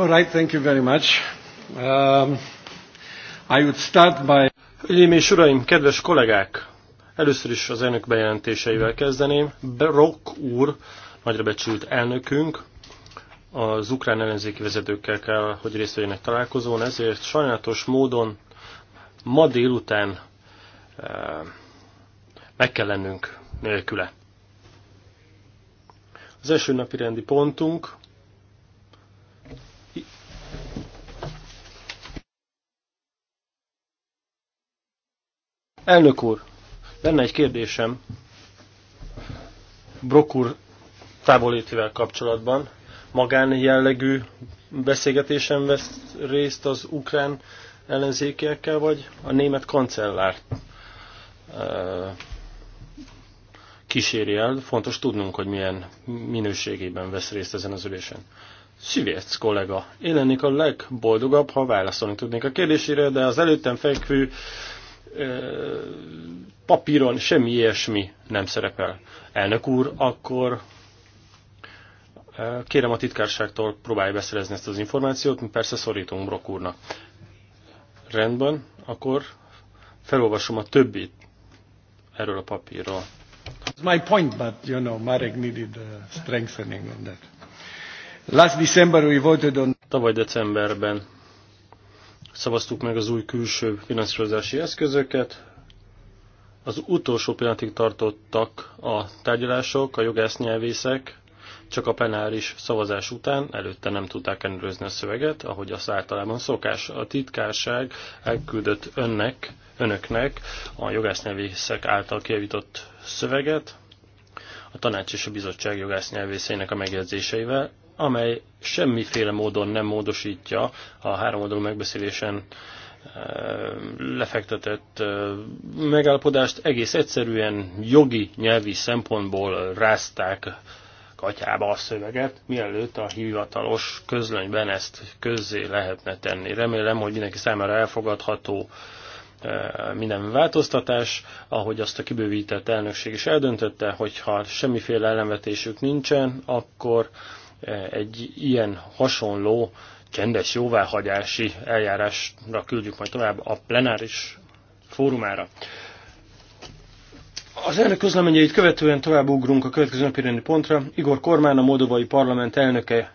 All right, thank you very much. Um, I would start by... Hölgyeim és uraim, kedves kollégák! Először is az elnök bejelentéseivel kezdeném. Brock úr, nagyra becsült elnökünk, az ukrán ellenzéki vezetőkkel kell, hogy részt vegyenek találkozón, ezért sajnálatos módon ma délután um, meg kell lennünk nélküle. Az első napi rendi pontunk Elnök úr, lenne egy kérdésem Brok úr kapcsolatban. Magán jellegű beszélgetésen vesz részt az ukrán ellenzékiekkel, vagy a német kancellár kíséri el. Fontos tudnunk, hogy milyen minőségében vesz részt ezen az ülésen. Szüvész kollega, én lennék a legboldogabb, ha válaszolni tudnék a kérdésére, de az előttem fekvő papíron semmi ilyesmi nem szerepel. Elnök úr, akkor kérem a titkárságtól próbálja beszerezni ezt az információt, mi persze szorítunk Brok úrnak. Rendben, akkor felolvasom a többit erről a papírról. It's my point, but you know, Marek needed uh, strengthening on that. Last December we voted on... Tavaly decemberben szavaztuk meg az új külső finanszírozási eszközöket. Az utolsó pillanatig tartottak a tárgyalások, a jogásznyelvészek, csak a penális szavazás után előtte nem tudták ellenőrizni a szöveget, ahogy az általában szokás. A titkárság elküldött önnek, önöknek a jogásznyelvészek által kijavított szöveget, a tanács és a bizottság jogásznyelvészeinek a megjegyzéseivel amely semmiféle módon nem módosítja a háromoldalú megbeszélésen eh, lefektetett eh, megállapodást. Egész egyszerűen jogi, nyelvi szempontból rázták katyába a szöveget, mielőtt a hivatalos közlönyben ezt közzé lehetne tenni. Remélem, hogy mindenki számára elfogadható eh, minden változtatás, ahogy azt a kibővített elnökség is eldöntötte, hogyha semmiféle ellenvetésük nincsen, akkor egy ilyen hasonló csendes jóváhagyási eljárásra küldjük majd tovább a plenáris fórumára. Az elnök közleményeit követően tovább ugrunk a következő napirendi pontra. Igor Kormán, a Moldovai Parlament elnöke,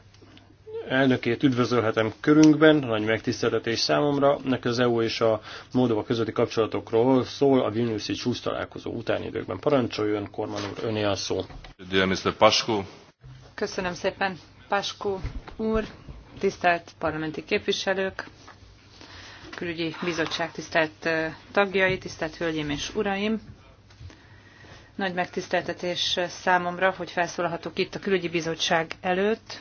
elnökét üdvözölhetem körünkben, nagy megtiszteltetés számomra. Nek az EU és a Moldova közötti kapcsolatokról szól a Vilniuszi csúsz találkozó utáni időkben. Parancsoljon, Kormán úr, öné a szó. Dear Mr. Köszönöm szépen, Páskó úr, tisztelt parlamenti képviselők, külügyi bizottság tisztelt tagjai, tisztelt hölgyeim és uraim. Nagy megtiszteltetés számomra, hogy felszólalhatok itt a külügyi bizottság előtt,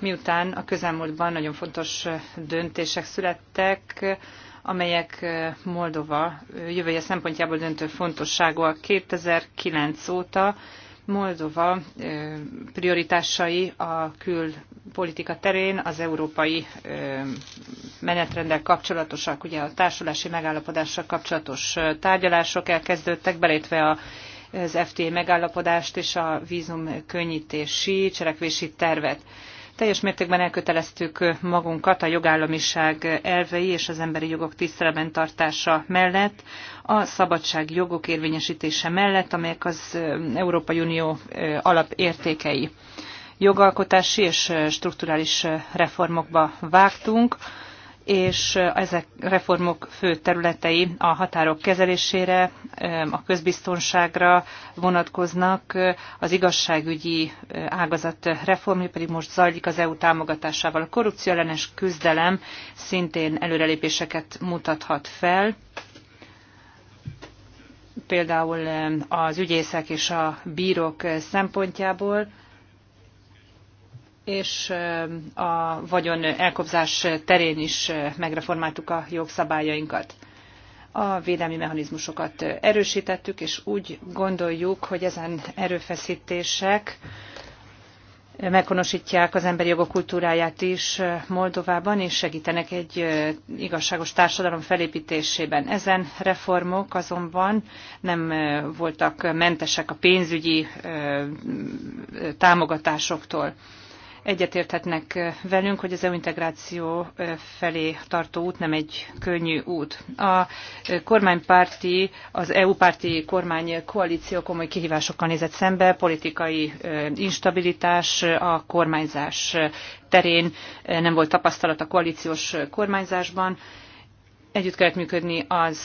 miután a közelmúltban nagyon fontos döntések születtek, amelyek Moldova jövője szempontjából döntő fontosságúak 2009 óta Moldova prioritásai a külpolitika terén az európai menetrendel kapcsolatosak, ugye a társulási megállapodással kapcsolatos tárgyalások elkezdődtek, belétve a az FTA megállapodást és a vízum könnyítési cselekvési tervet. Teljes mértékben elköteleztük magunkat a jogállamiság elvei és az emberi jogok tiszteletben tartása mellett, a szabadság jogok érvényesítése mellett, amelyek az Európai Unió alapértékei. Jogalkotási és strukturális reformokba vágtunk, és ezek reformok fő területei a határok kezelésére, a közbiztonságra vonatkoznak, az igazságügyi ágazat reformja pedig most zajlik az EU támogatásával. A korrupció ellenes küzdelem szintén előrelépéseket mutathat fel például az ügyészek és a bírók szempontjából és a vagyon elkobzás terén is megreformáltuk a jogszabályainkat. A védelmi mechanizmusokat erősítettük, és úgy gondoljuk, hogy ezen erőfeszítések meghonosítják az emberi jogok kultúráját is Moldovában, és segítenek egy igazságos társadalom felépítésében. Ezen reformok azonban nem voltak mentesek a pénzügyi támogatásoktól egyetérthetnek velünk, hogy az EU integráció felé tartó út nem egy könnyű út. A kormánypárti, az EU párti kormány koalíció komoly kihívásokkal nézett szembe, politikai instabilitás, a kormányzás terén nem volt tapasztalat a koalíciós kormányzásban, Együtt kellett működni az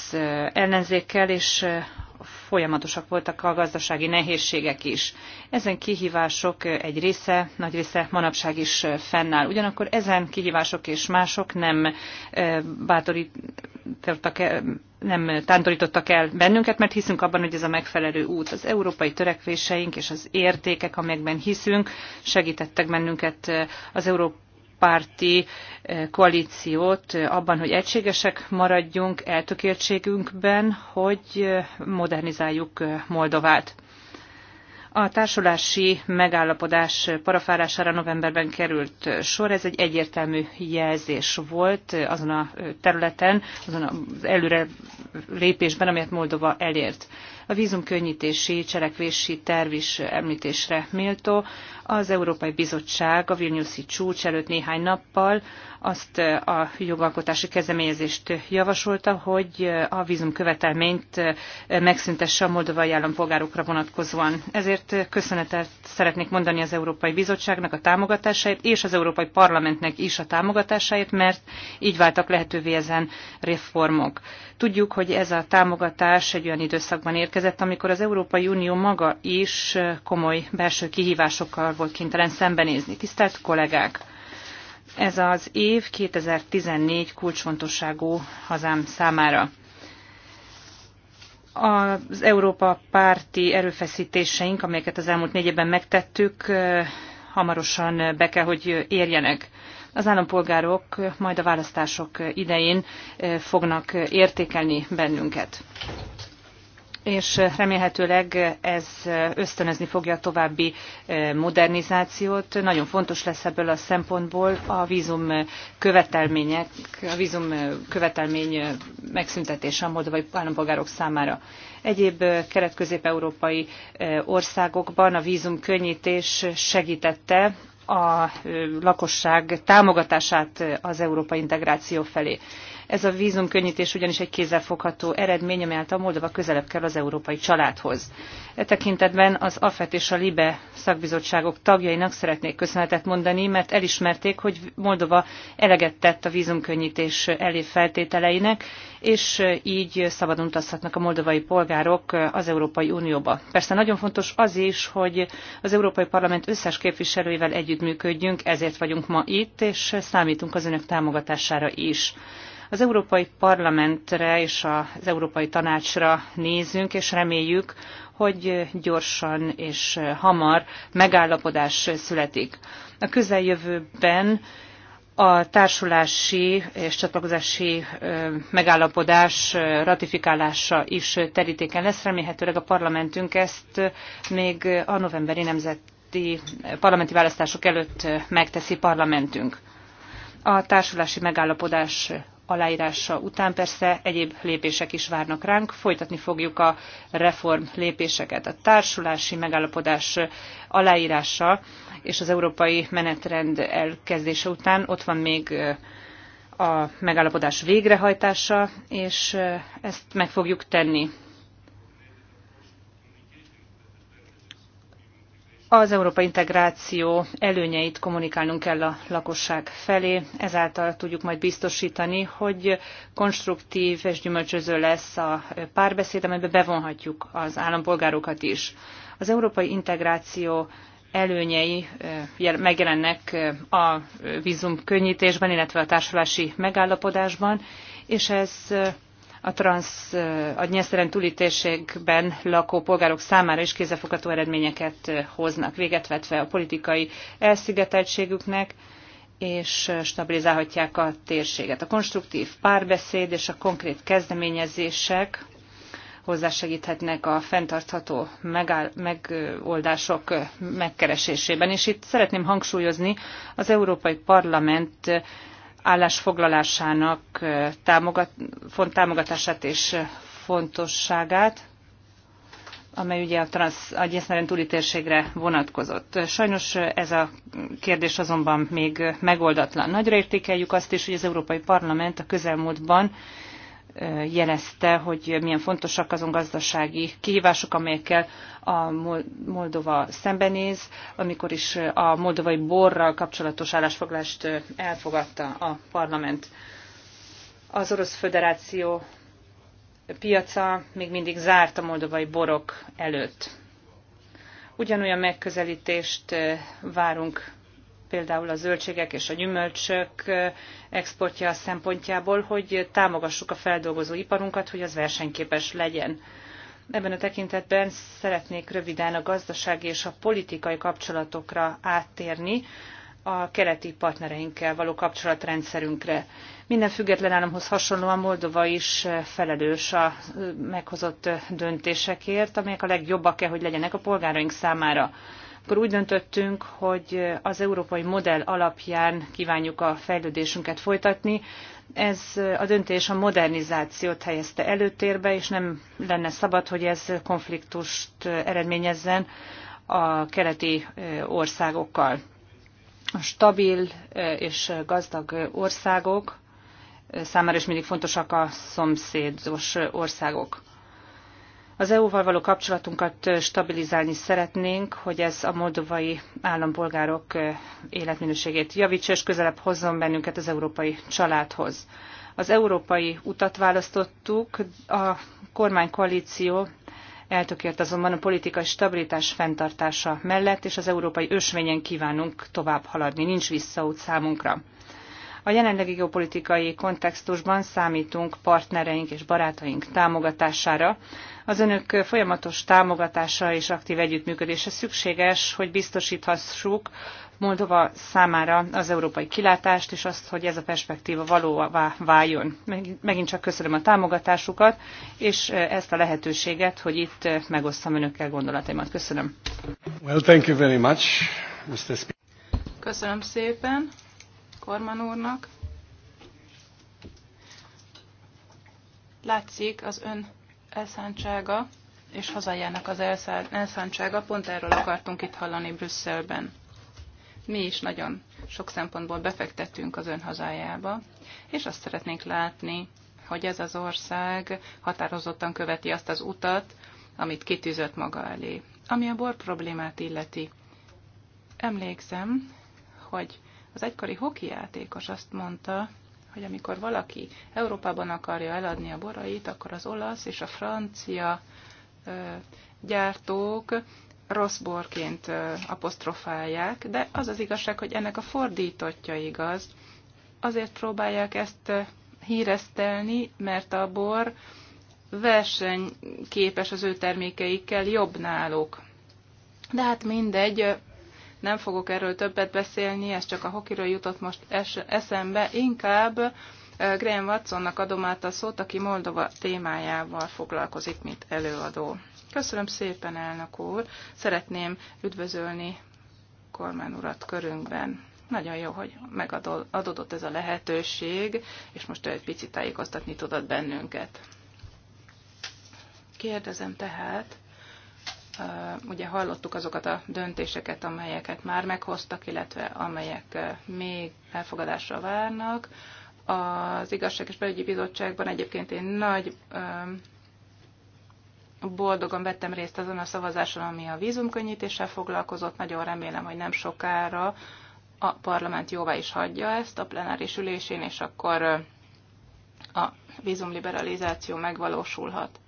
ellenzékkel, és folyamatosak voltak a gazdasági nehézségek is. Ezen kihívások egy része, nagy része manapság is fennáll. Ugyanakkor ezen kihívások és mások nem bátorítottak el, nem tántorítottak el bennünket, mert hiszünk abban, hogy ez a megfelelő út. Az európai törekvéseink és az értékek, amelyekben hiszünk, segítettek bennünket az európai párti eh, koalíciót eh, abban, hogy egységesek maradjunk eltökéltségünkben, hogy eh, modernizáljuk Moldovát. A társulási megállapodás parafálására novemberben került sor. Ez egy egyértelmű jelzés volt azon a területen, azon az előre lépésben, amelyet Moldova elért. A vízumkönnyítési cselekvési terv is említésre méltó. Az Európai Bizottság a Vilniuszi csúcs előtt néhány nappal azt a jogalkotási kezdeményezést javasolta, hogy a vízumkövetelményt megszüntesse a moldovai állampolgárokra vonatkozóan. Ezért köszönetet szeretnék mondani az Európai Bizottságnak a támogatásáért, és az Európai Parlamentnek is a támogatásáért, mert így váltak lehetővé ezen reformok. Tudjuk, hogy ez a támogatás egy olyan időszakban érkezett, amikor az Európai Unió maga is komoly belső kihívásokkal volt kénytelen szembenézni. Tisztelt kollégák! Ez az év 2014 kulcsfontosságú hazám számára. Az Európa párti erőfeszítéseink, amelyeket az elmúlt négy évben megtettük, hamarosan be kell, hogy érjenek az állampolgárok majd a választások idején fognak értékelni bennünket és remélhetőleg ez ösztönözni fogja a további modernizációt. Nagyon fontos lesz ebből a szempontból a vízum követelmények, a vízum követelmény megszüntetése a moldovai állampolgárok számára. Egyéb kelet-közép-európai országokban a vízum könnyítés segítette a lakosság támogatását az európai integráció felé. Ez a vízumkönnyítés ugyanis egy kézzelfogható eredmény, amely által Moldova közelebb kell az európai családhoz. E tekintetben az AFET és a LIBE szakbizottságok tagjainak szeretnék köszönetet mondani, mert elismerték, hogy Moldova eleget tett a vízumkönnyítés elé feltételeinek, és így szabadon utazhatnak a moldovai polgárok az Európai Unióba. Persze nagyon fontos az is, hogy az Európai Parlament összes képviselőivel együttműködjünk, ezért vagyunk ma itt, és számítunk az önök támogatására is. Az Európai Parlamentre és az Európai Tanácsra nézünk, és reméljük, hogy gyorsan és hamar megállapodás születik. A közeljövőben a társulási és csatlakozási megállapodás ratifikálása is terítéken lesz. Remélhetőleg a parlamentünk ezt még a novemberi nemzeti parlamenti választások előtt megteszi parlamentünk. A társulási megállapodás aláírása után persze egyéb lépések is várnak ránk. Folytatni fogjuk a reform lépéseket. A társulási megállapodás aláírása és az európai menetrend elkezdése után ott van még a megállapodás végrehajtása, és ezt meg fogjuk tenni. az európai integráció előnyeit kommunikálnunk kell a lakosság felé, ezáltal tudjuk majd biztosítani, hogy konstruktív és gyümölcsöző lesz a párbeszéd, amelyben bevonhatjuk az állampolgárokat is. Az európai integráció előnyei megjelennek a vízum könnyítésben, illetve a társulási megállapodásban, és ez a transz, a Nyeszeren túli térségben lakó polgárok számára is kézzelfogható eredményeket hoznak, véget vetve a politikai elszigeteltségüknek, és stabilizálhatják a térséget. A konstruktív párbeszéd és a konkrét kezdeményezések hozzásegíthetnek a fenntartható megáll, megoldások megkeresésében. És itt szeretném hangsúlyozni az Európai Parlament állásfoglalásának támogat, font, támogatását és fontosságát, amely ugye a, transz, a Gyeszneren túli térségre vonatkozott. Sajnos ez a kérdés azonban még megoldatlan. Nagyra értékeljük azt is, hogy az Európai Parlament a közelmúltban jelezte, hogy milyen fontosak azon gazdasági kihívások, amelyekkel a Moldova szembenéz, amikor is a moldovai borral kapcsolatos állásfoglást elfogadta a parlament. Az Orosz Föderáció piaca még mindig zárt a moldovai borok előtt. Ugyanolyan megközelítést várunk például a zöldségek és a gyümölcsök exportja szempontjából, hogy támogassuk a feldolgozó iparunkat, hogy az versenyképes legyen. Ebben a tekintetben szeretnék röviden a gazdasági és a politikai kapcsolatokra áttérni, a keleti partnereinkkel való kapcsolatrendszerünkre. Minden független államhoz hasonlóan Moldova is felelős a meghozott döntésekért, amelyek a legjobbak kell, hogy legyenek a polgáraink számára akkor úgy döntöttünk, hogy az európai modell alapján kívánjuk a fejlődésünket folytatni. Ez a döntés a modernizációt helyezte előtérbe, és nem lenne szabad, hogy ez konfliktust eredményezzen a keleti országokkal. A stabil és gazdag országok számára is mindig fontosak a szomszédos országok. Az EU-val való kapcsolatunkat stabilizálni szeretnénk, hogy ez a moldovai állampolgárok életminőségét javítsa, és közelebb hozzon bennünket az európai családhoz. Az európai utat választottuk, a kormánykoalíció eltökélt azonban a politikai stabilitás fenntartása mellett, és az európai ösvényen kívánunk tovább haladni, nincs visszaút számunkra. A jelenlegi geopolitikai kontextusban számítunk partnereink és barátaink támogatására, az önök folyamatos támogatása és aktív együttműködése szükséges, hogy biztosíthassuk Moldova számára az európai kilátást, és azt, hogy ez a perspektíva valóvá váljon. Megint csak köszönöm a támogatásukat, és eh, ezt a lehetőséget, hogy itt eh, megosztam önökkel gondolataimat. Köszönöm. Well, thank you very much, Mr. Speaker. Köszönöm szépen Korman úrnak. Látszik az ön elszántsága és hazájának az elszántsága, pont erről akartunk itt hallani Brüsszelben. Mi is nagyon sok szempontból befektettünk az ön hazájába, és azt szeretnénk látni, hogy ez az ország határozottan követi azt az utat, amit kitűzött maga elé. Ami a bor problémát illeti. Emlékszem, hogy az egykori hoki játékos azt mondta, hogy amikor valaki Európában akarja eladni a borait, akkor az olasz és a francia gyártók rossz borként apostrofálják, de az az igazság, hogy ennek a fordítottja igaz. Azért próbálják ezt híresztelni, mert a bor versenyképes az ő termékeikkel jobb náluk. De hát mindegy, nem fogok erről többet beszélni, ez csak a hokiről jutott most es- eszembe. Inkább eh, Graham Watsonnak adom át a szót, aki Moldova témájával foglalkozik, mint előadó. Köszönöm szépen, elnök úr. Szeretném üdvözölni kormány urat körünkben. Nagyon jó, hogy megadódott ez a lehetőség, és most egy picit tájékoztatni tudod bennünket. Kérdezem tehát, ugye hallottuk azokat a döntéseket, amelyeket már meghoztak, illetve amelyek még elfogadásra várnak. Az Igazság és Belügyi Bizottságban egyébként én nagy boldogan vettem részt azon a szavazáson, ami a vízumkönnyítéssel foglalkozott. Nagyon remélem, hogy nem sokára a parlament jóvá is hagyja ezt a plenáris ülésén, és akkor a vízumliberalizáció megvalósulhat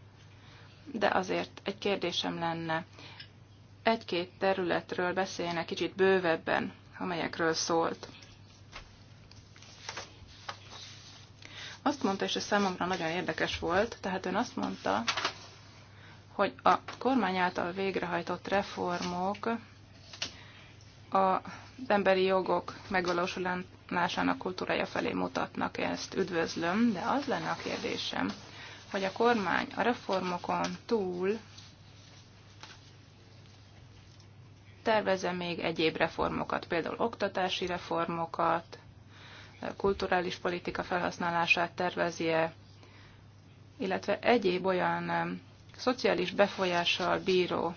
de azért egy kérdésem lenne. Egy-két területről beszélne kicsit bővebben, amelyekről szólt. Azt mondta, és ez számomra nagyon érdekes volt, tehát ön azt mondta, hogy a kormány által végrehajtott reformok az emberi jogok megvalósulásának kultúrája felé mutatnak, ezt üdvözlöm, de az lenne a kérdésem, hogy a kormány a reformokon túl tervezze még egyéb reformokat, például oktatási reformokat, kulturális politika felhasználását tervezi-e, illetve egyéb olyan szociális befolyással bíró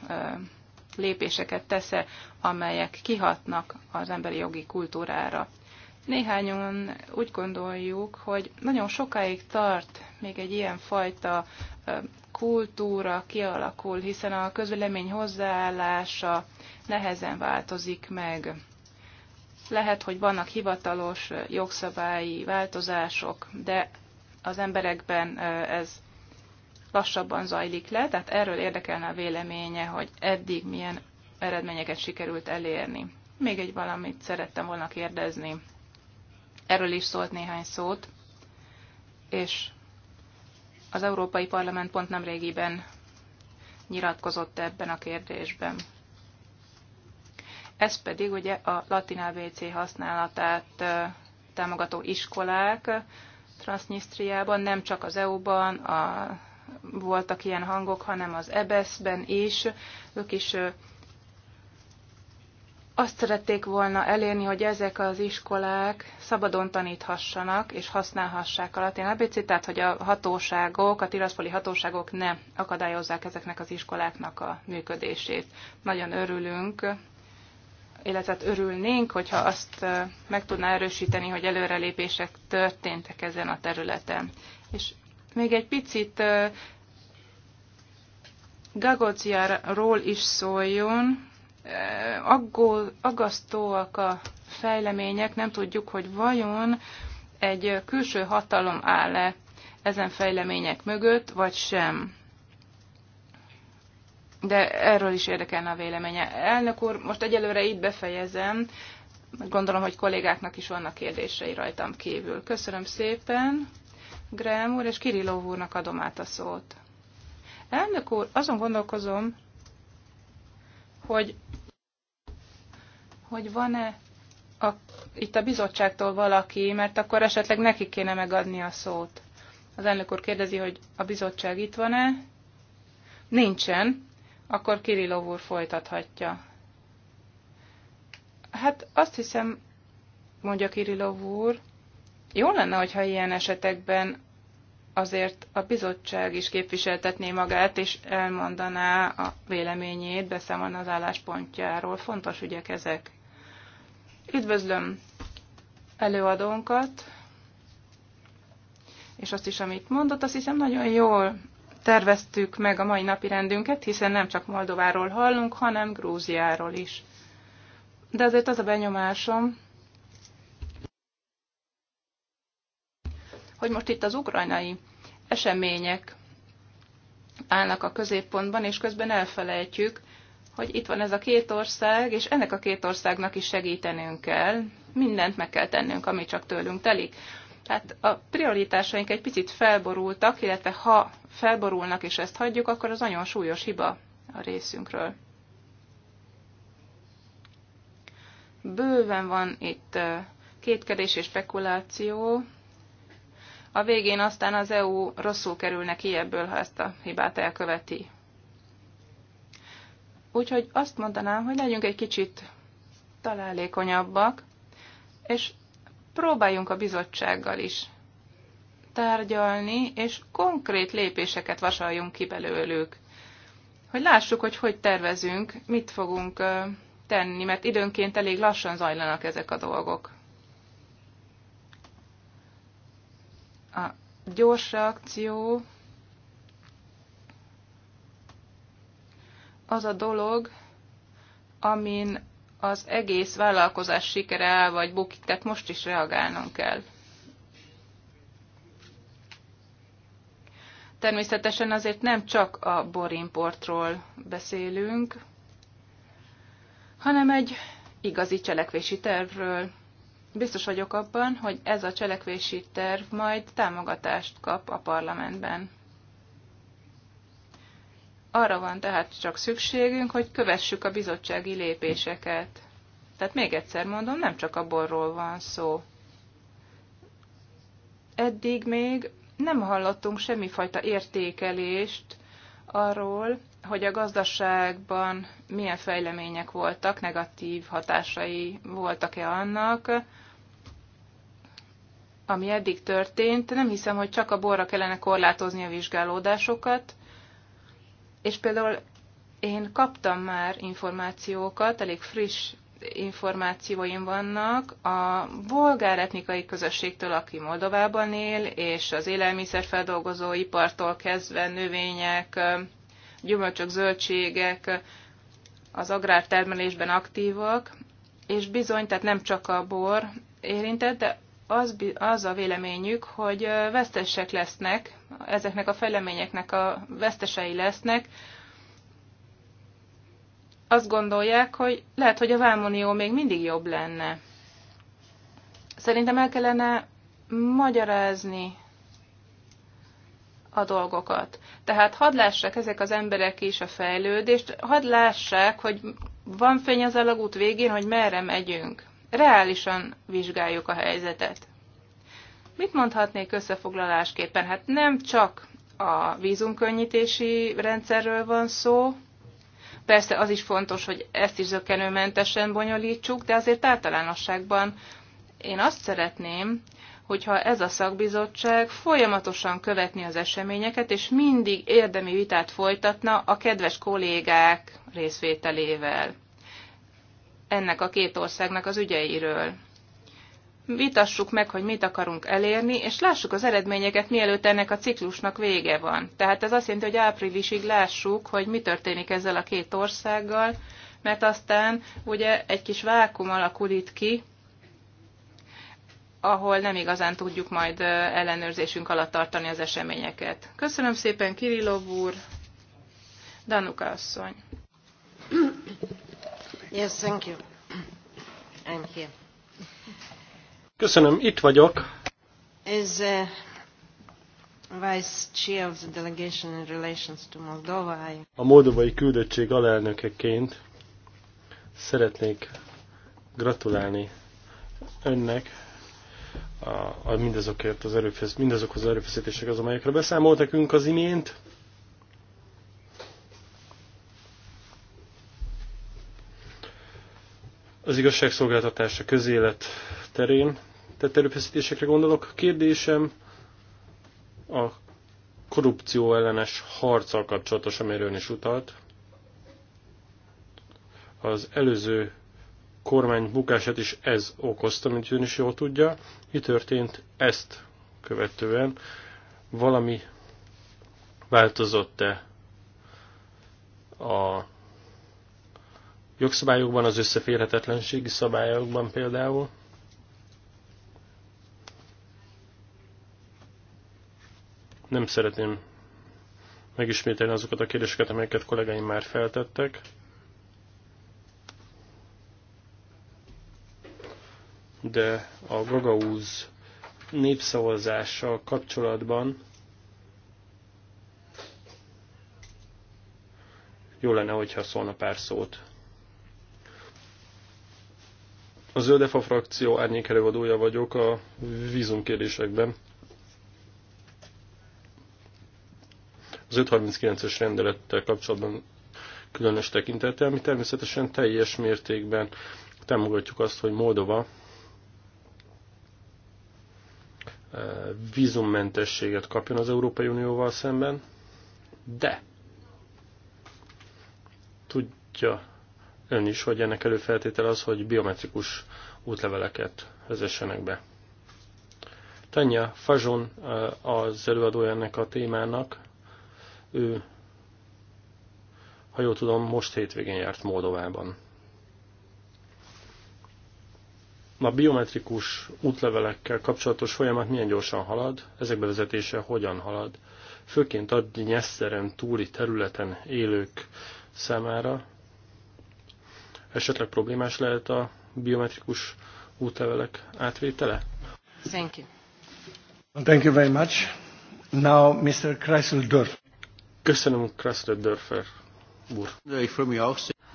lépéseket tesz-e, amelyek kihatnak az emberi jogi kultúrára Néhányan úgy gondoljuk, hogy nagyon sokáig tart még egy ilyen fajta kultúra kialakul, hiszen a közvélemény hozzáállása nehezen változik meg. Lehet, hogy vannak hivatalos jogszabályi változások, de az emberekben ez lassabban zajlik le, tehát erről érdekelne a véleménye, hogy eddig milyen eredményeket sikerült elérni. Még egy valamit szerettem volna kérdezni Erről is szólt néhány szót, és az Európai Parlament pont nemrégiben nyilatkozott ebben a kérdésben. Ez pedig ugye a latin ABC használatát támogató iskolák Transnistriában, nem csak az EU-ban a, voltak ilyen hangok, hanem az EBS-ben e is. Ők is azt szerették volna elérni, hogy ezek az iskolák szabadon taníthassanak és használhassák a latin abc tehát hogy a hatóságok, a tiraszpoli hatóságok ne akadályozzák ezeknek az iskoláknak a működését. Nagyon örülünk, illetve hát örülnénk, hogyha azt meg tudná erősíteni, hogy előrelépések történtek ezen a területen. És még egy picit Gagociáról is szóljon, Eh, aggó, aggasztóak a fejlemények, nem tudjuk, hogy vajon egy külső hatalom áll-e ezen fejlemények mögött, vagy sem. De erről is érdekelne a véleménye. Elnök úr, most egyelőre itt befejezem. Gondolom, hogy kollégáknak is vannak kérdései rajtam kívül. Köszönöm szépen, Graham úr, és Kirillov úrnak adom át a szót. Elnök úr, azon gondolkozom, hogy hogy van-e a, itt a bizottságtól valaki, mert akkor esetleg neki kéne megadni a szót. Az elnök úr kérdezi, hogy a bizottság itt van-e? Nincsen. Akkor Kirillov úr folytathatja. Hát azt hiszem, mondja Kirillov úr, jó lenne, hogyha ilyen esetekben azért a bizottság is képviseltetné magát, és elmondaná a véleményét, beszámolna az álláspontjáról. Fontos ügyek ezek. Üdvözlöm előadónkat, és azt is, amit mondott, azt hiszem nagyon jól terveztük meg a mai napi rendünket, hiszen nem csak Moldováról hallunk, hanem Grúziáról is. De azért az a benyomásom, hogy most itt az ukrajnai események állnak a középpontban, és közben elfelejtjük, hogy itt van ez a két ország, és ennek a két országnak is segítenünk kell, mindent meg kell tennünk, ami csak tőlünk telik. Tehát a prioritásaink egy picit felborultak, illetve ha felborulnak és ezt hagyjuk, akkor az nagyon súlyos hiba a részünkről. Bőven van itt kétkedés és spekuláció. A végén aztán az EU rosszul kerül neki ebből, ha ezt a hibát elköveti. Úgyhogy azt mondanám, hogy legyünk egy kicsit találékonyabbak, és próbáljunk a bizottsággal is tárgyalni, és konkrét lépéseket vasaljunk ki belőlük. Hogy lássuk, hogy hogy tervezünk, mit fogunk tenni, mert időnként elég lassan zajlanak ezek a dolgok. A gyors reakció az a dolog, amin az egész vállalkozás sikere el vagy bukik, tehát most is reagálnunk kell. Természetesen azért nem csak a borimportról beszélünk, hanem egy igazi cselekvési tervről. Biztos vagyok abban, hogy ez a cselekvési terv majd támogatást kap a parlamentben. Arra van tehát csak szükségünk, hogy kövessük a bizottsági lépéseket. Tehát még egyszer mondom, nem csak a borról van szó. Eddig még nem hallottunk semmifajta értékelést arról, hogy a gazdaságban milyen fejlemények voltak, negatív hatásai voltak-e annak, ami eddig történt. Nem hiszem, hogy csak a borra kellene korlátozni a vizsgálódásokat, és például én kaptam már információkat, elég friss információim vannak a bolgár etnikai közösségtől, aki Moldovában él, és az élelmiszerfeldolgozó ipartól kezdve növények, gyümölcsök, zöldségek az agrártermelésben aktívak, és bizony, tehát nem csak a bor érintett, de az, az a véleményük, hogy vesztesek lesznek, ezeknek a fejleményeknek a vesztesei lesznek, azt gondolják, hogy lehet, hogy a vámunió még mindig jobb lenne. Szerintem el kellene magyarázni a dolgokat. Tehát hadd lássák ezek az emberek is a fejlődést, hadd lássák, hogy van fény az alagút végén, hogy merre megyünk reálisan vizsgáljuk a helyzetet. Mit mondhatnék összefoglalásképpen? Hát nem csak a vízumkönnyítési rendszerről van szó, persze az is fontos, hogy ezt is zökenőmentesen bonyolítsuk, de azért általánosságban én azt szeretném, hogyha ez a szakbizottság folyamatosan követni az eseményeket, és mindig érdemi vitát folytatna a kedves kollégák részvételével ennek a két országnak az ügyeiről. Vitassuk meg, hogy mit akarunk elérni, és lássuk az eredményeket, mielőtt ennek a ciklusnak vége van. Tehát ez azt jelenti, hogy áprilisig lássuk, hogy mi történik ezzel a két országgal, mert aztán ugye egy kis vákum alakul itt ki, ahol nem igazán tudjuk majd ellenőrzésünk alatt tartani az eseményeket. Köszönöm szépen, Kirillov úr, Danuka asszony. Köszönöm, itt vagyok. uh, vice chair of the delegation in relations to Moldova, I... A moldovai küldöttség alelnökeként szeretnék gratulálni önnek a, a mindazokért az erőfesz, mindazokhoz az erőfeszítésekhez, amelyekről beszámoltakünk az imént. az igazságszolgáltatás a közélet terén tett erőfeszítésekre gondolok. Kérdésem a korrupció ellenes harccal kapcsolatos, amiről is utalt. Az előző kormány bukását is ez okozta, mint ön is jól tudja. Mi történt ezt követően? Valami változott-e a jogszabályokban, az összeférhetetlenségi szabályokban például. Nem szeretném megismételni azokat a kérdéseket, amelyeket kollégáim már feltettek. De a Gagauz népszavazással kapcsolatban jó lenne, hogyha szólna pár szót. A Zöldefa frakció előadója vagyok a kérdésekben. Az 539-es rendelettel kapcsolatban különös tekintettel, mi természetesen teljes mértékben támogatjuk azt, hogy Moldova eh, vízummentességet kapjon az Európai Unióval szemben, de tudja ön is, hogy ennek előfeltétele az, hogy biometrikus útleveleket vezessenek be. Tanya Fajon eh, az előadója ennek a témának. Ő, ha jól tudom, most hétvégén járt Moldovában. A biometrikus útlevelekkel kapcsolatos folyamat milyen gyorsan halad, ezek bevezetése hogyan halad, főként a Nyeszteren túli területen élők számára, esetleg problémás lehet a biometrikus útlevelek átvétele? Thank you. Thank you very much. Now Mr. kreisler dörf Köszönöm, kreisler dörfer úr.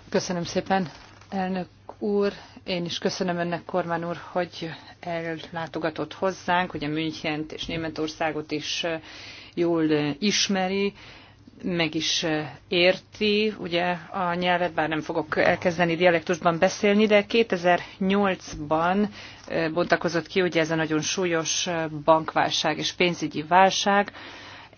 Köszönöm szépen, elnök úr. Én is köszönöm önnek, kormán úr, hogy ellátogatott hozzánk, hogy a Münchent és Németországot is jól ismeri, meg is eh, érti, ugye a nyelvet, bár nem fogok elkezdeni dialektusban beszélni, de 2008-ban eh, bontakozott ki ugye ez a nagyon súlyos eh, bankválság és pénzügyi válság,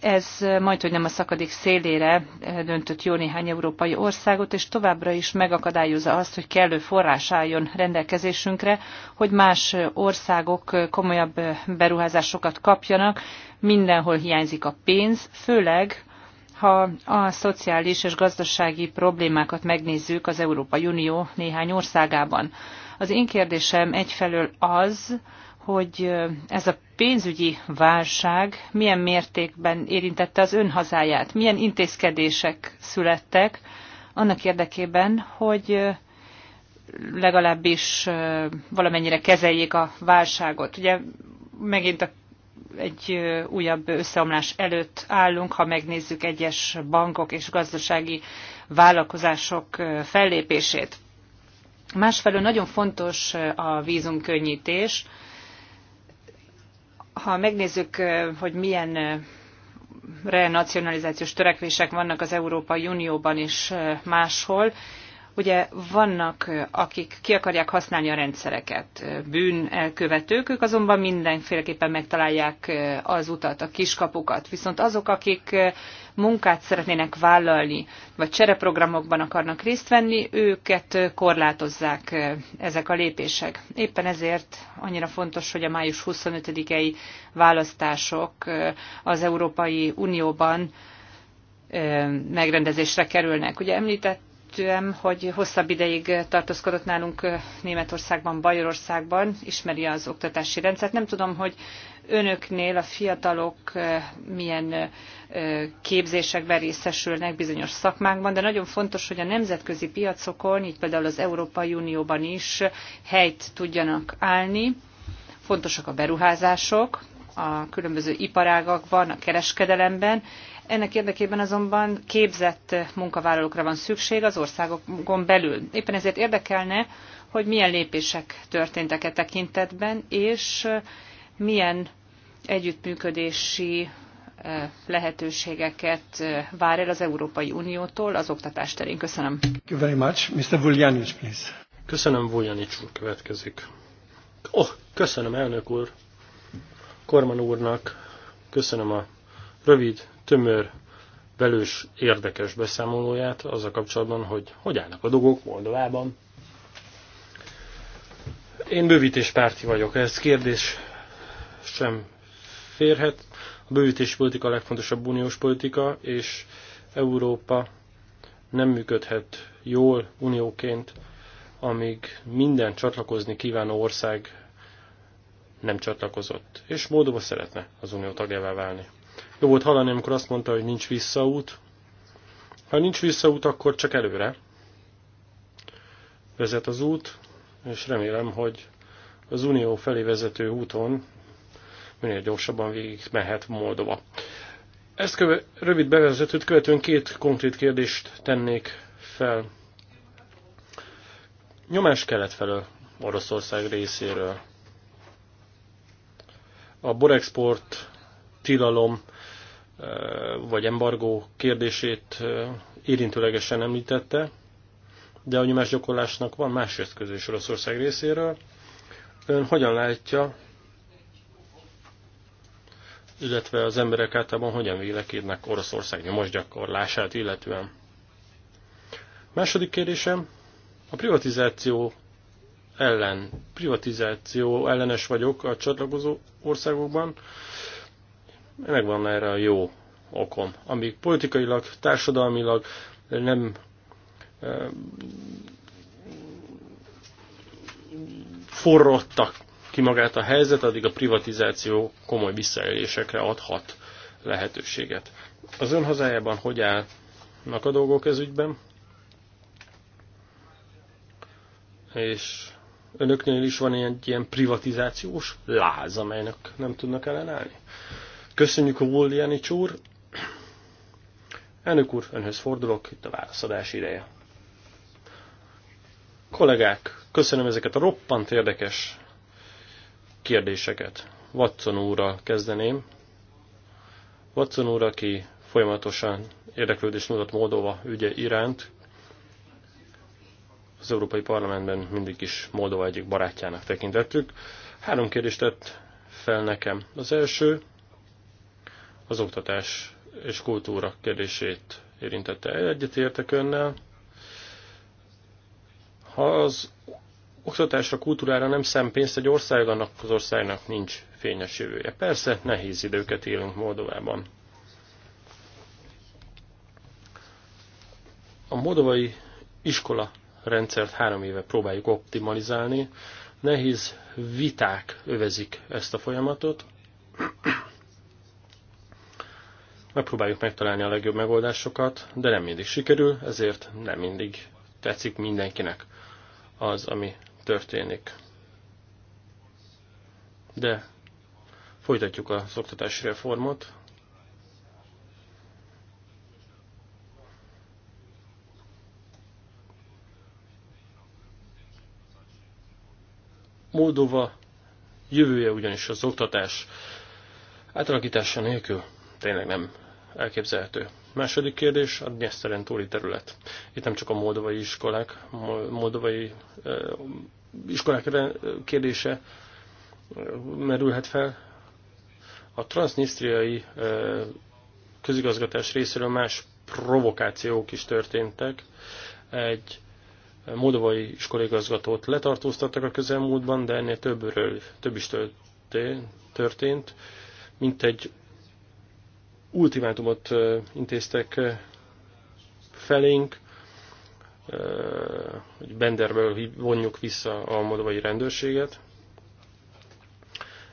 ez majd, hogy nem a szakadék szélére döntött jó néhány európai országot, és továbbra is megakadályozza azt, hogy kellő forrás álljon rendelkezésünkre, hogy más országok komolyabb beruházásokat kapjanak, mindenhol hiányzik a pénz, főleg ha a szociális és gazdasági problémákat megnézzük az Európai Unió néhány országában, az én kérdésem egyfelől az, hogy ez a pénzügyi válság milyen mértékben érintette az ön hazáját, milyen intézkedések születtek annak érdekében, hogy legalábbis valamennyire kezeljék a válságot. Ugye megint a egy újabb összeomlás előtt állunk, ha megnézzük egyes bankok és gazdasági vállalkozások fellépését. Másfelől nagyon fontos a vízumkönnyítés. Ha megnézzük, hogy milyen renacionalizációs törekvések vannak az Európai Unióban és máshol, Ugye vannak, akik ki akarják használni a rendszereket, bűn elkövetők, ők azonban mindenféleképpen megtalálják az utat, a kiskapukat. Viszont azok, akik munkát szeretnének vállalni, vagy csereprogramokban akarnak részt venni, őket korlátozzák ezek a lépések. Éppen ezért annyira fontos, hogy a május 25-i választások az Európai Unióban megrendezésre kerülnek. Ugye említett illetően, hogy hosszabb ideig tartózkodott nálunk Németországban, Bajorországban, ismeri az oktatási rendszert. Nem tudom, hogy önöknél a fiatalok milyen képzésekben részesülnek bizonyos szakmákban, de nagyon fontos, hogy a nemzetközi piacokon, így például az Európai Unióban is helyt tudjanak állni. Fontosak a beruházások, a különböző iparágakban, a kereskedelemben, ennek érdekében azonban képzett munkavállalókra van szükség az országokon belül. Éppen ezért érdekelne, hogy milyen lépések történtek e tekintetben, és milyen együttműködési eh, lehetőségeket eh, vár el az Európai Uniótól az oktatás terén. Köszönöm. Thank you very much. Mr. Vuljanic, please. Köszönöm, Vuljanic úr következik. Oh, köszönöm, elnök úr. Korman úrnak köszönöm a rövid tömör, velős, érdekes beszámolóját az a kapcsolatban, hogy hogy állnak a dolgok Moldovában. Én bővítéspárti vagyok, ez kérdés sem férhet. A bővítési politika a legfontosabb uniós politika, és Európa nem működhet jól unióként, amíg minden csatlakozni kívánó ország nem csatlakozott, és Moldova szeretne az unió tagjává válni. Jó volt hallani, amikor azt mondta, hogy nincs visszaút. Ha nincs visszaút, akkor csak előre vezet az út, és remélem, hogy az Unió felé vezető úton minél gyorsabban végig mehet Moldova. Ezt köve, rövid bevezetőt követően két konkrét kérdést tennék fel. Nyomás kelet felől, Oroszország részéről. A borexport tilalom vagy embargó kérdését érintőlegesen említette, de a nyomásgyakorlásnak van más eszköz is Oroszország részéről. Ön hogyan látja, illetve az emberek általában hogyan vélekednek Oroszország nyomásgyakorlását illetően? Második kérdésem, a privatizáció ellen, privatizáció ellenes vagyok a csatlakozó országokban megvan erre a jó okom, amik politikailag, társadalmilag nem forrottak ki magát a helyzet, addig a privatizáció komoly visszaélésekre adhat lehetőséget. Az ön hazájában hogy állnak a dolgok ez ügyben? És önöknél is van egy ilyen privatizációs láz, amelynek nem tudnak ellenállni? Köszönjük, Vuljanics úr! Elnök úr, önhöz fordulok, itt a válaszadás ideje. Kollégák, köszönöm ezeket a roppant érdekes kérdéseket. Watson úrral kezdeném. Watson úr, aki folyamatosan érdeklődés mutat Moldova ügye iránt, az Európai Parlamentben mindig is Moldova egyik barátjának tekintettük. Három kérdést tett fel nekem. Az első, az oktatás és kultúra kérdését érintette. Egyetértek önnel. Ha az oktatásra, kultúrára nem szempénzt egy ország, annak az országnak nincs fényes jövője. Persze, nehéz időket élünk Moldovában. A moldovai iskola rendszert három éve próbáljuk optimalizálni. Nehéz viták övezik ezt a folyamatot. Megpróbáljuk megtalálni a legjobb megoldásokat, de nem mindig sikerül, ezért nem mindig tetszik mindenkinek az, ami történik. De folytatjuk az oktatási reformot. Moldova jövője ugyanis az oktatás átalakítása nélkül tényleg nem elképzelhető. Második kérdés, a Dnyeszteren túli terület. Itt nem csak a moldovai iskolák, moldovai eh, iskolák kérdése eh, merülhet fel. A transznisztriai eh, közigazgatás részéről más provokációk is történtek. Egy moldovai iskolégazgatót letartóztattak a közelmúltban, de ennél többről, több is történt, mint egy ultimátumot intéztek felénk, hogy Benderből vonjuk vissza a modovai rendőrséget.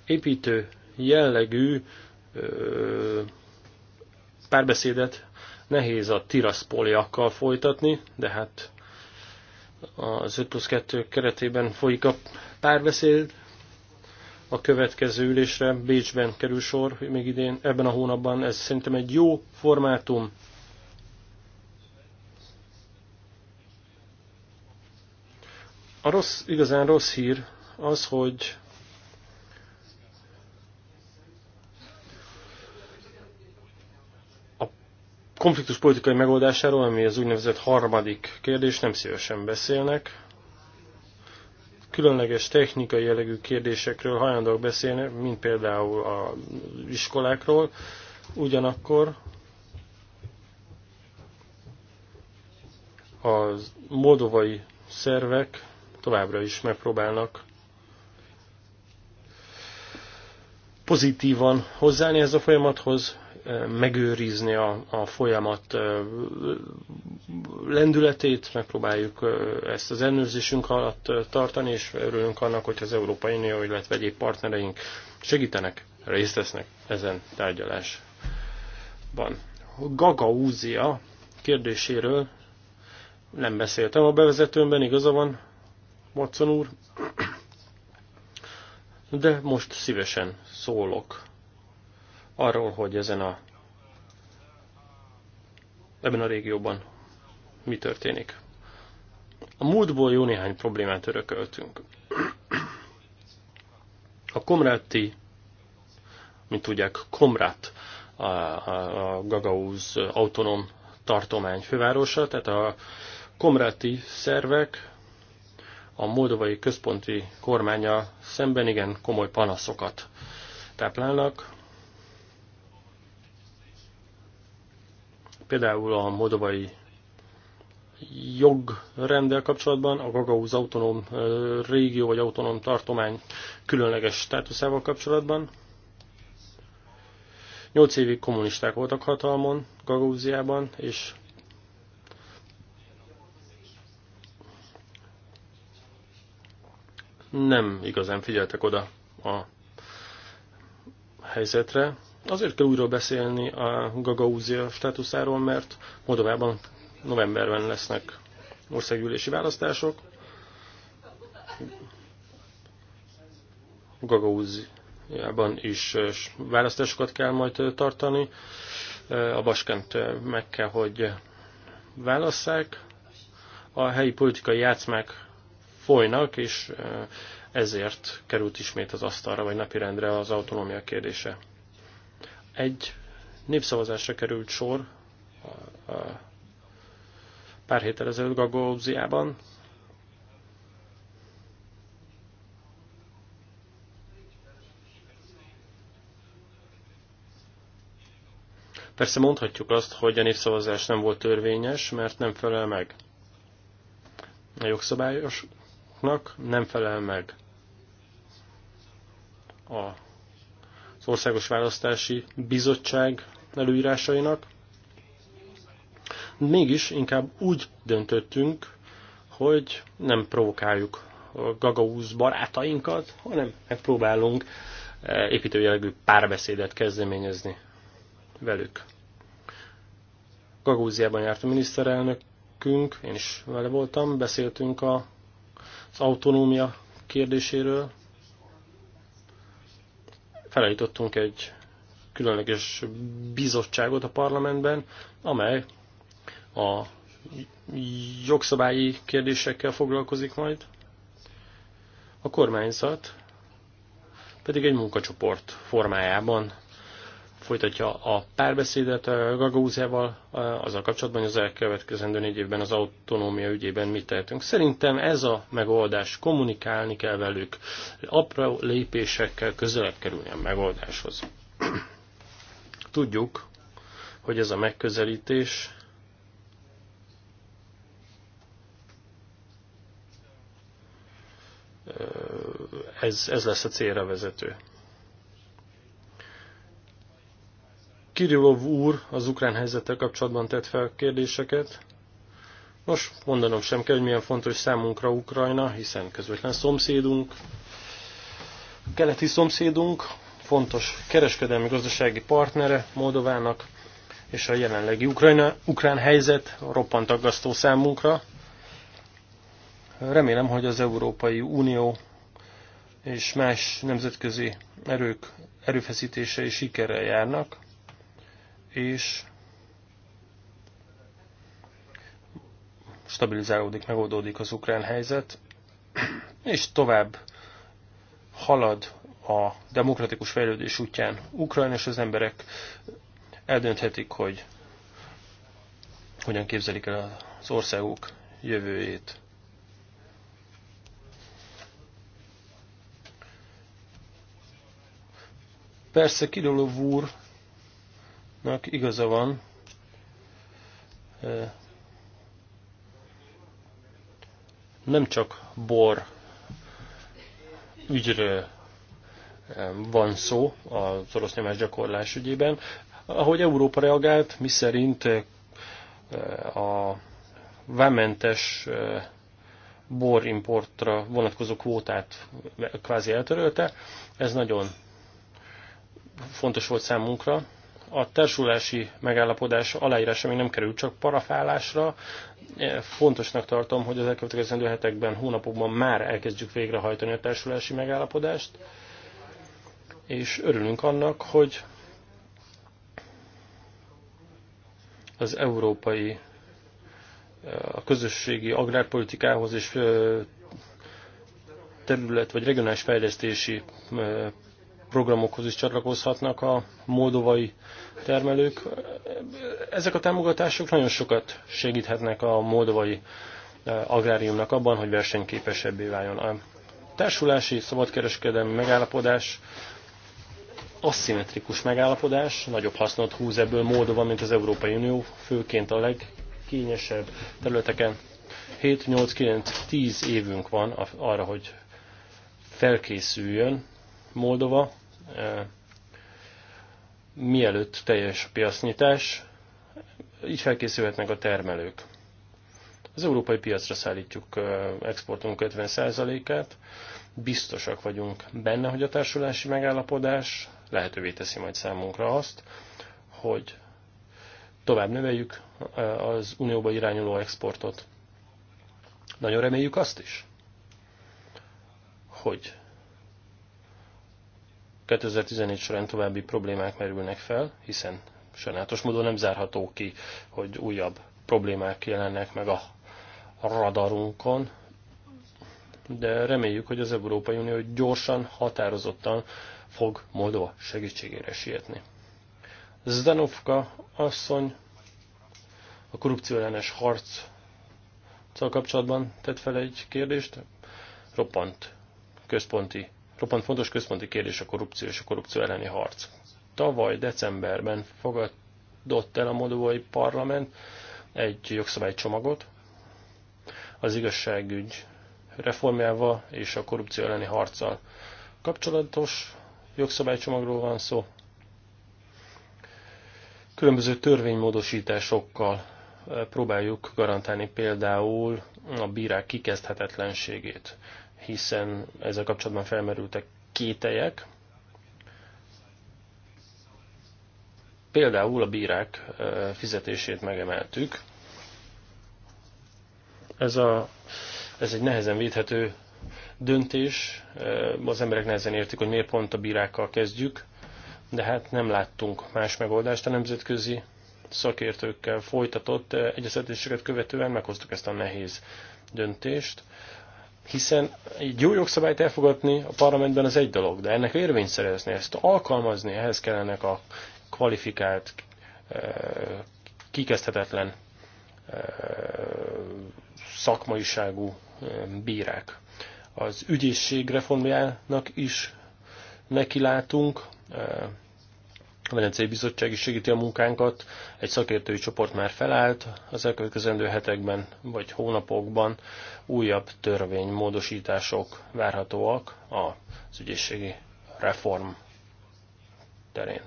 Építő jellegű párbeszédet nehéz a tiraszpoliakkal folytatni, de hát az 5 plusz 2 keretében folyik a párbeszéd, a következő ülésre Bécsben kerül sor, még idén, ebben a hónapban. Ez szerintem egy jó formátum. A rossz, igazán rossz hír az, hogy a konfliktus politikai megoldásáról, ami az úgynevezett harmadik kérdés, nem szívesen beszélnek különleges technikai jellegű kérdésekről hajlandóak beszélni, mint például a iskolákról, ugyanakkor a moldovai szervek továbbra is megpróbálnak pozitívan hozzáállni ez a folyamathoz, megőrizni a, a folyamat lendületét, megpróbáljuk ezt az ellenőrzésünk alatt tartani, és örülünk annak, hogy az Európai Unió, illetve egyéb partnereink segítenek, részt vesznek ezen tárgyalásban. Gagaúzia kérdéséről nem beszéltem a bevezetőmben, igaza van, Watson úr, de most szívesen szólok arról, hogy ezen a ebben a régióban mi történik. A múltból jó néhány problémát örököltünk. A komráti, mint tudják, komrát, a, a, a Gagauz autonóm tartomány fővárosa, tehát a komráti szervek a moldovai központi kormánya szemben igen komoly panaszokat táplálnak. Például a moldovai jogrendel kapcsolatban, a Gagauz autonóm régió vagy autonóm tartomány különleges státuszával kapcsolatban. Nyolc évig kommunisták voltak hatalmon Gagauziában, és nem igazán figyeltek oda a helyzetre. Azért kell újra beszélni a Gagauzia státuszáról, mert Moldovában novemberben lesznek országgyűlési választások. Gagauziában is választásokat kell majd tartani. A Baskent meg kell, hogy válasszák. A helyi politikai játszmák folynak, és ezért került ismét az asztalra vagy napirendre az autonómia kérdése. Egy népszavazásra került sor pár héttel ezelőtt Gagóziában. Persze mondhatjuk azt, hogy a népszavazás nem volt törvényes, mert nem felel meg a jogszabályosnak, nem felel meg a az Országos Választási Bizottság előírásainak, Mégis inkább úgy döntöttünk, hogy nem provokáljuk a gagauz barátainkat, hanem megpróbálunk e, építőjelegű párbeszédet kezdeményezni velük. Gagúziában járt a miniszterelnökünk, én is vele voltam, beszéltünk a, az autonómia kérdéséről. Felállítottunk egy különleges bizottságot a parlamentben, amely a jogszabályi kérdésekkel foglalkozik majd, a kormányzat pedig egy munkacsoport formájában folytatja a párbeszédet eh, Gagauzával eh, azzal kapcsolatban, hogy az elkövetkezendő négy évben az autonómia ügyében mit tehetünk. Szerintem ez a megoldás, kommunikálni kell velük, apró lépésekkel közelebb kerülni a megoldáshoz. Tudjuk, hogy ez a megközelítés ez, ez lesz a célra vezető. Kirillov úr az ukrán helyzettel kapcsolatban tett fel kérdéseket. Nos, mondanom sem kell, hogy milyen fontos számunkra Ukrajna, hiszen közvetlen szomszédunk, keleti szomszédunk, fontos kereskedelmi gazdasági partnere Moldovának, és a jelenlegi Ukrajna, ukrán helyzet roppant aggasztó számunkra. Remélem, hogy az Európai Unió és más nemzetközi erők erőfeszítései sikerrel járnak, és stabilizálódik, megoldódik az ukrán helyzet, és tovább halad a demokratikus fejlődés útján Ukrajna, és az emberek eldönthetik, hogy hogyan képzelik el az országuk jövőjét. Persze Kirillov úrnak igaza van, nem csak bor ügyről van szó az orosz nyomás gyakorlás ügyében. Ahogy Európa reagált, mi szerint a vámentes borimportra vonatkozó kvótát kvázi eltörölte, ez nagyon fontos volt számunkra. A társulási megállapodás aláírása még nem került csak parafálásra. E, fontosnak tartom, hogy az elkövetkezendő hetekben, hónapokban már elkezdjük végrehajtani a társulási megállapodást, és örülünk annak, hogy az európai e, a közösségi agrárpolitikához és e, terület vagy regionális fejlesztési programokhoz is csatlakozhatnak a moldovai termelők. Ezek a támogatások nagyon sokat segíthetnek a moldovai e, agráriumnak abban, hogy versenyképesebbé váljon. A társulási szabadkereskedelmi megállapodás aszimmetrikus megállapodás, nagyobb hasznot húz ebből Moldova, mint az Európai Unió, főként a legkényesebb területeken. 7, 8, 9, 10 évünk van arra, hogy felkészüljön Moldova mielőtt teljes piacnyitás, így felkészülhetnek a termelők. Az európai piacra szállítjuk exportunk 50%-át, biztosak vagyunk benne, hogy a társulási megállapodás lehetővé teszi majd számunkra azt, hogy tovább növeljük az unióba irányuló exportot. Nagyon reméljük azt is, hogy 2014 során további problémák merülnek fel, hiszen sajnálatos módon nem zárható ki, hogy újabb problémák jelennek meg a radarunkon, de reméljük, hogy az Európai Unió gyorsan, határozottan fog Moldova segítségére sietni. Zdanovka asszony a korrupció ellenes harc kapcsolatban tett fel egy kérdést, roppant központi Roppant fontos központi kérdés a korrupció és a korrupció elleni harc. Tavaly decemberben fogadott el a moldovai parlament egy jogszabálycsomagot az igazságügy reformjával és a korrupció elleni harccal kapcsolatos jogszabálycsomagról van szó. Különböző törvénymódosításokkal eh, próbáljuk garantálni például a bírák kikezdhetetlenségét hiszen ezzel kapcsolatban felmerültek kételyek. Például a bírák fizetését megemeltük. Ez, a, ez egy nehezen védhető döntés, az emberek nehezen értik, hogy miért pont a bírákkal kezdjük, de hát nem láttunk más megoldást a nemzetközi szakértőkkel folytatott egyeztetéseket követően meghoztuk ezt a nehéz döntést. Hiszen egy jó jogszabályt elfogadni a parlamentben az egy dolog, de ennek érvényt szerezni, ezt alkalmazni, ehhez kell ennek a kvalifikált, eh, kikezdhetetlen eh, szakmaiságú eh, bírák. Az ügyészség reformjának is nekilátunk, a Medencei Bizottság is segíti a munkánkat, egy szakértői csoport már felállt, az elkövetkezendő hetekben vagy hónapokban újabb törvénymódosítások várhatóak az ügyészségi reform terén.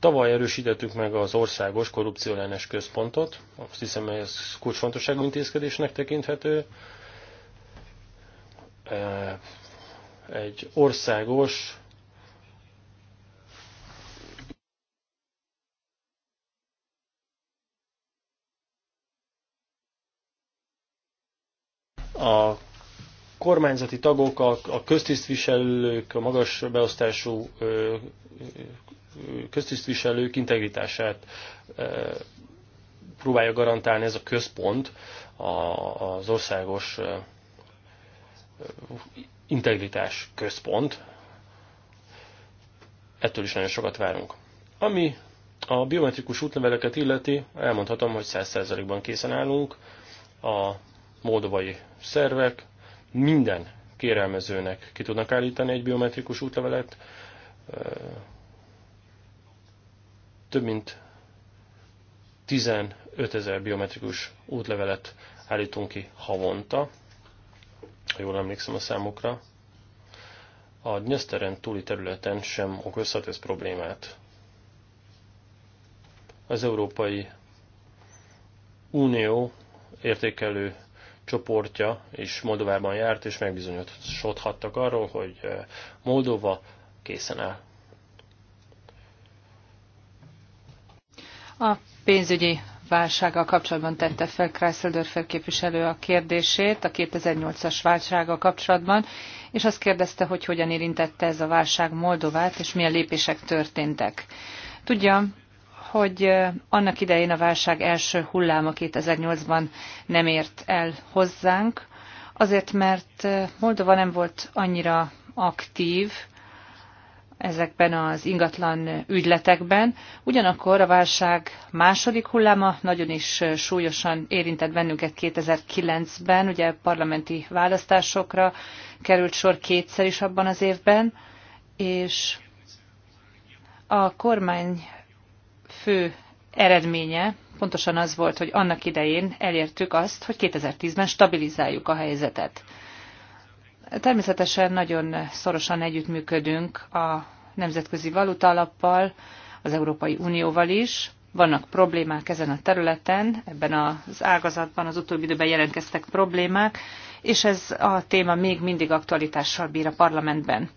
Tavaly erősítettük meg az Országos Korrupcióellenes Központot, azt hiszem ez kulcsfontosságú intézkedésnek tekinthető. Egy országos a kormányzati tagok, a, a köztisztviselők, a magas beosztású köztisztviselők integritását próbálja garantálni ez a központ az országos integritás központ. Ettől is nagyon sokat várunk. Ami a biometrikus útleveleket illeti, elmondhatom, hogy 100%-ban készen állunk. A moldovai szervek minden kérelmezőnek ki tudnak állítani egy biometrikus útlevelet. Több mint 15 ezer biometrikus útlevelet állítunk ki havonta, ha jól emlékszem a számokra. A Dnyeszteren túli területen sem okozhat ez problémát. Az Európai Unió értékelő csoportja is Moldovában járt, és megbizonyosodhattak arról, hogy eh, Moldova készen áll. A pénzügyi válsággal kapcsolatban tette fel Kreisler képviselő a kérdését a 2008-as válsággal kapcsolatban, és azt kérdezte, hogy hogyan érintette ez a válság Moldovát, és milyen lépések történtek. Tudja, hogy annak idején a válság első hulláma 2008-ban nem ért el hozzánk, azért mert Moldova nem volt annyira aktív ezekben az ingatlan ügyletekben. Ugyanakkor a válság második hulláma nagyon is súlyosan érintett bennünket 2009-ben, ugye parlamenti választásokra került sor kétszer is abban az évben, és a kormány fő eredménye pontosan az volt, hogy annak idején elértük azt, hogy 2010-ben stabilizáljuk a helyzetet. Természetesen nagyon szorosan együttműködünk a Nemzetközi Valuta Alappal, az Európai Unióval is. Vannak problémák ezen a területen, ebben az ágazatban az utóbbi időben jelentkeztek problémák, és ez a téma még mindig aktualitással bír a parlamentben.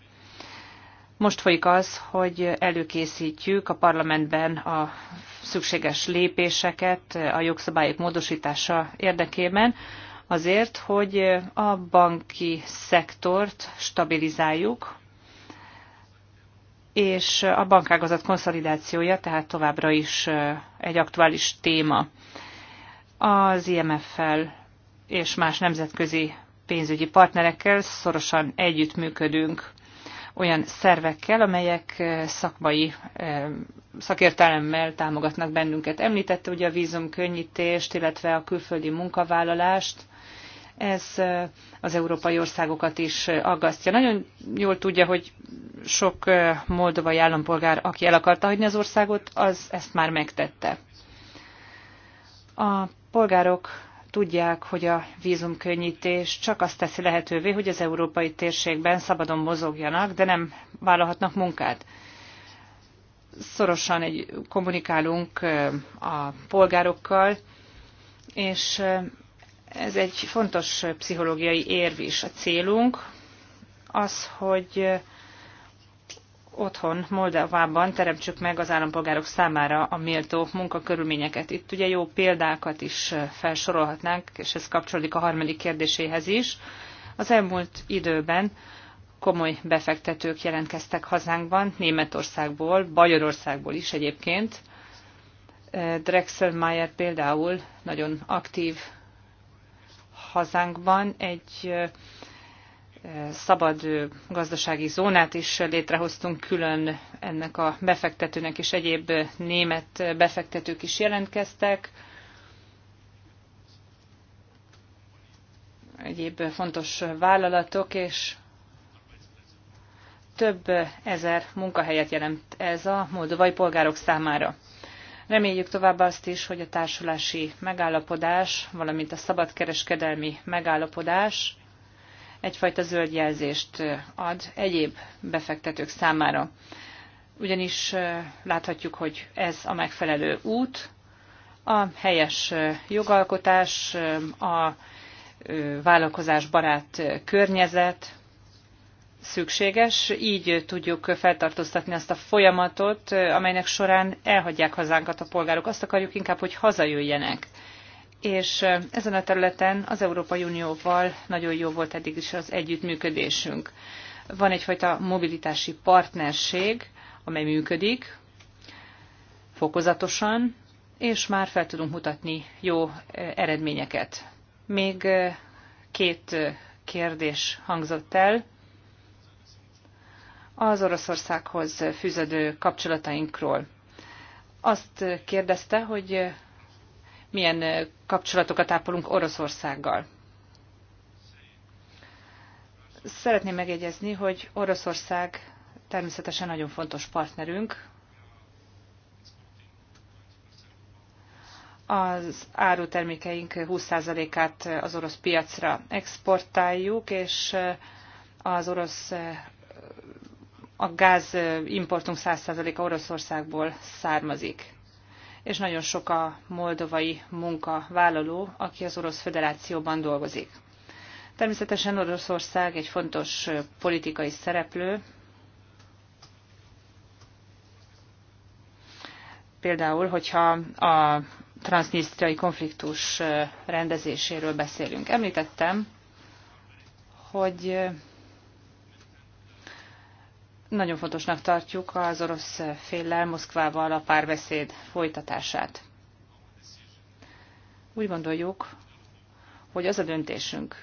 Most folyik az, hogy előkészítjük a parlamentben a szükséges lépéseket a jogszabályok módosítása érdekében, azért, hogy a banki szektort stabilizáljuk, és a bankágazat konszolidációja tehát továbbra is egy aktuális téma. Az IMF-fel és más nemzetközi pénzügyi partnerekkel szorosan együttműködünk olyan szervekkel, amelyek szakmai szakértelemmel támogatnak bennünket. Említette ugye a vízumkönnyítést, illetve a külföldi munkavállalást. Ez az európai országokat is aggasztja. Nagyon jól tudja, hogy sok moldovai állampolgár, aki el akarta hagyni az országot, az ezt már megtette. A polgárok tudják, hogy a vízumkönnyítés csak azt teszi lehetővé, hogy az európai térségben szabadon mozogjanak, de nem vállalhatnak munkát. Szorosan egy, kommunikálunk a polgárokkal, és ez egy fontos pszichológiai érv is. A célunk az, hogy otthon, Moldovában teremtsük meg az állampolgárok számára a méltó munkakörülményeket. Itt ugye jó példákat is felsorolhatnánk, és ez kapcsolódik a harmadik kérdéséhez is. Az elmúlt időben komoly befektetők jelentkeztek hazánkban, Németországból, Bajorországból is egyébként. Drexelmeier például nagyon aktív hazánkban egy szabad gazdasági zónát is létrehoztunk külön ennek a befektetőnek, és egyéb német befektetők is jelentkeztek. Egyéb fontos vállalatok, és több ezer munkahelyet jelent ez a moldovai polgárok számára. Reméljük tovább azt is, hogy a társulási megállapodás, valamint a szabadkereskedelmi megállapodás egyfajta zöld jelzést ad egyéb befektetők számára. Ugyanis láthatjuk, hogy ez a megfelelő út, a helyes jogalkotás, a barát környezet szükséges. Így tudjuk feltartóztatni azt a folyamatot, amelynek során elhagyják hazánkat a polgárok. Azt akarjuk inkább, hogy hazajöjjenek és ezen a területen az Európai Unióval nagyon jó volt eddig is az együttműködésünk. Van egyfajta mobilitási partnerség, amely működik fokozatosan, és már fel tudunk mutatni jó eredményeket. Még két kérdés hangzott el. Az Oroszországhoz fűződő kapcsolatainkról. Azt kérdezte, hogy milyen kapcsolatokat ápolunk Oroszországgal. Szeretném megjegyezni, hogy Oroszország természetesen nagyon fontos partnerünk. Az árutermékeink 20%-át az orosz piacra exportáljuk, és az orosz a gáz importunk 100%-a Oroszországból származik és nagyon sok a moldovai munkavállaló, aki az Orosz Föderációban dolgozik. Természetesen Oroszország egy fontos politikai szereplő, például, hogyha a transznisztriai konfliktus rendezéséről beszélünk. Említettem, hogy nagyon fontosnak tartjuk az orosz féllel Moszkvával a párbeszéd folytatását. Úgy gondoljuk, hogy az a döntésünk,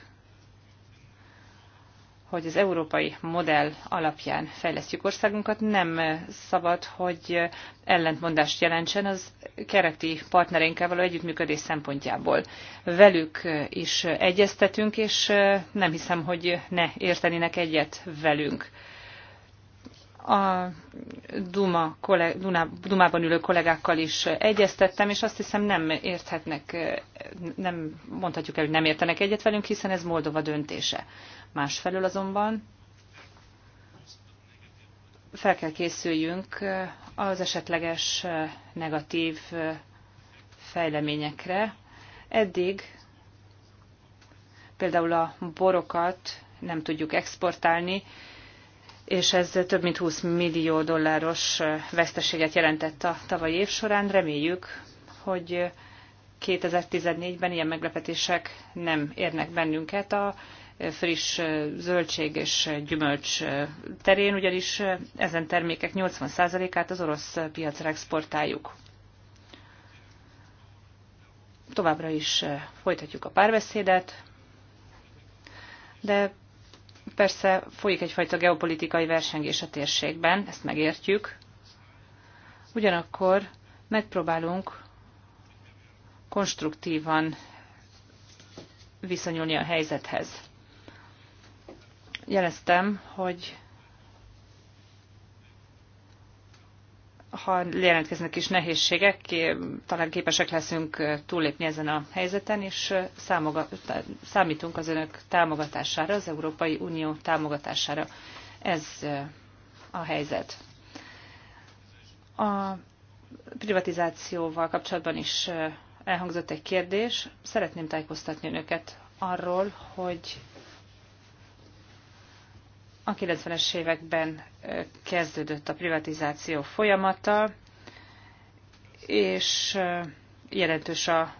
hogy az európai modell alapján fejlesztjük országunkat, nem szabad, hogy ellentmondást jelentsen az kereti partnereinkkel való együttműködés szempontjából. Velük is egyeztetünk, és nem hiszem, hogy ne értenének egyet velünk a Duma, ban Dumában ülő kollégákkal is egyeztettem, és azt hiszem nem érthetnek, nem mondhatjuk el, hogy nem értenek egyet velünk, hiszen ez Moldova döntése. Másfelől azonban fel kell készüljünk az esetleges negatív fejleményekre. Eddig például a borokat nem tudjuk exportálni, és ez több mint 20 millió dolláros veszteséget jelentett a tavalyi év során. Reméljük, hogy 2014-ben ilyen meglepetések nem érnek bennünket a friss zöldség és gyümölcs terén, ugyanis ezen termékek 80%-át az orosz piacra exportáljuk. Továbbra is folytatjuk a párbeszédet, de Persze folyik egyfajta geopolitikai versengés a térségben, ezt megértjük. Ugyanakkor megpróbálunk konstruktívan viszonyulni a helyzethez. Jeleztem, hogy ha jelentkeznek is nehézségek, talán képesek leszünk túllépni ezen a helyzeten, és számítunk az önök támogatására, az Európai Unió támogatására. Ez a helyzet. A privatizációval kapcsolatban is elhangzott egy kérdés. Szeretném tájékoztatni önöket arról, hogy a 90-es években kezdődött a privatizáció folyamata, és jelentős a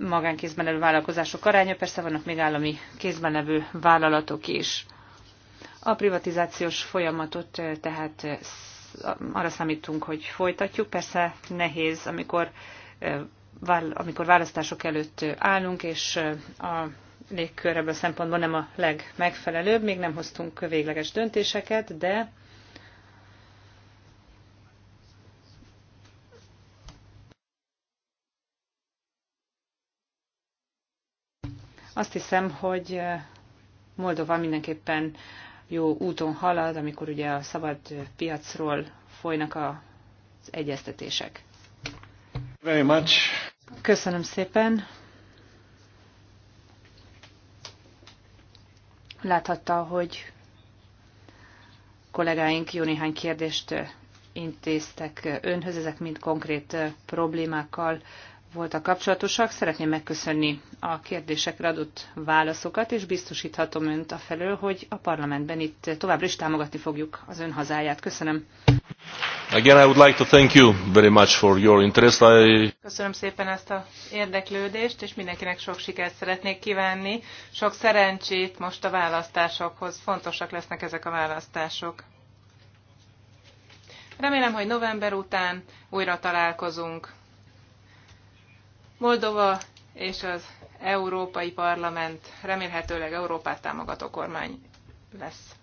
magánkézben levő vállalkozások aránya, persze vannak még állami kézben levő vállalatok is. A privatizációs folyamatot tehát arra számítunk, hogy folytatjuk. Persze nehéz, amikor, amikor választások előtt állunk, és a légkör ebből a szempontból nem a legmegfelelőbb, még nem hoztunk végleges döntéseket, de azt hiszem, hogy Moldova mindenképpen jó úton halad, amikor ugye a szabad piacról folynak az egyeztetések. Very much. Köszönöm szépen. Láthatta, hogy kollégáink jó néhány kérdést intéztek önhöz, ezek mind konkrét problémákkal voltak kapcsolatosak. Szeretném megköszönni a kérdésekre adott válaszokat, és biztosíthatom önt a felől, hogy a parlamentben itt továbbra is támogatni fogjuk az ön hazáját. Köszönöm. Again, I would like to thank you very much for your interest. I... Köszönöm szépen ezt a érdeklődést, és mindenkinek sok sikert szeretnék kívánni. Sok szerencsét most a választásokhoz. Fontosak lesznek ezek a választások. Remélem, hogy november után újra találkozunk Moldova és az Európai Parlament remélhetőleg Európát támogató kormány lesz.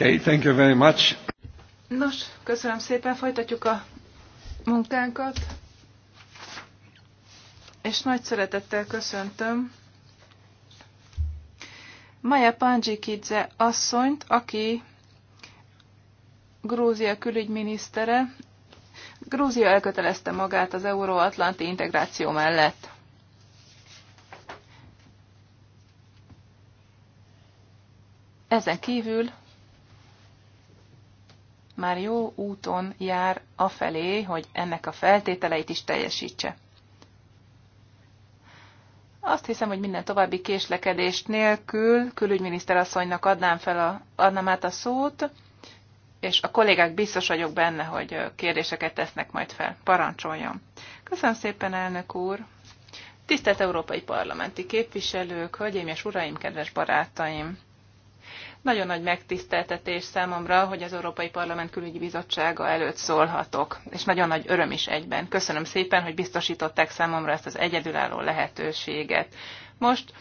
Okay, thank you very much. Nos, köszönöm szépen, folytatjuk a munkánkat, és nagy szeretettel köszöntöm Maja Pandzsikidze asszonyt, aki Grúzia külügyminisztere. Grúzia elkötelezte magát az euróatlanti integráció mellett. Ezen kívül már jó úton jár afelé, hogy ennek a feltételeit is teljesítse. Azt hiszem, hogy minden további késlekedést nélkül külügyminiszter asszonynak adnám, fel a, adnám át a szót, és a kollégák biztos vagyok benne, hogy kérdéseket tesznek majd fel. Parancsoljon. Köszönöm szépen, elnök úr! Tisztelt Európai Parlamenti képviselők, hölgyeim és uraim, kedves barátaim! Nagyon nagy megtiszteltetés számomra, hogy az Európai Parlament Külügyi Bizottsága előtt szólhatok, és nagyon nagy öröm is egyben. Köszönöm szépen, hogy biztosították számomra ezt az egyedülálló lehetőséget. Most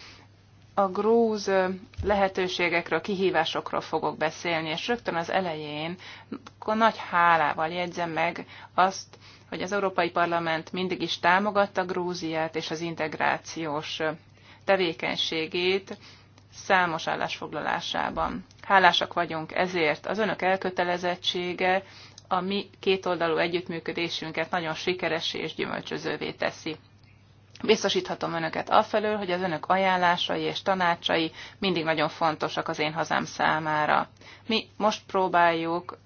a grúz lehetőségekről, kihívásokról fogok beszélni, és rögtön az elején nagy hálával jegyzem meg azt, hogy az Európai Parlament mindig is támogatta Grúziát és az integrációs tevékenységét számos állásfoglalásában. Hálásak vagyunk ezért. Az önök elkötelezettsége a mi kétoldalú együttműködésünket nagyon sikeres és gyümölcsözővé teszi. Biztosíthatom önöket afelől, hogy az önök ajánlásai és tanácsai mindig nagyon fontosak az én hazám számára. Mi most próbáljuk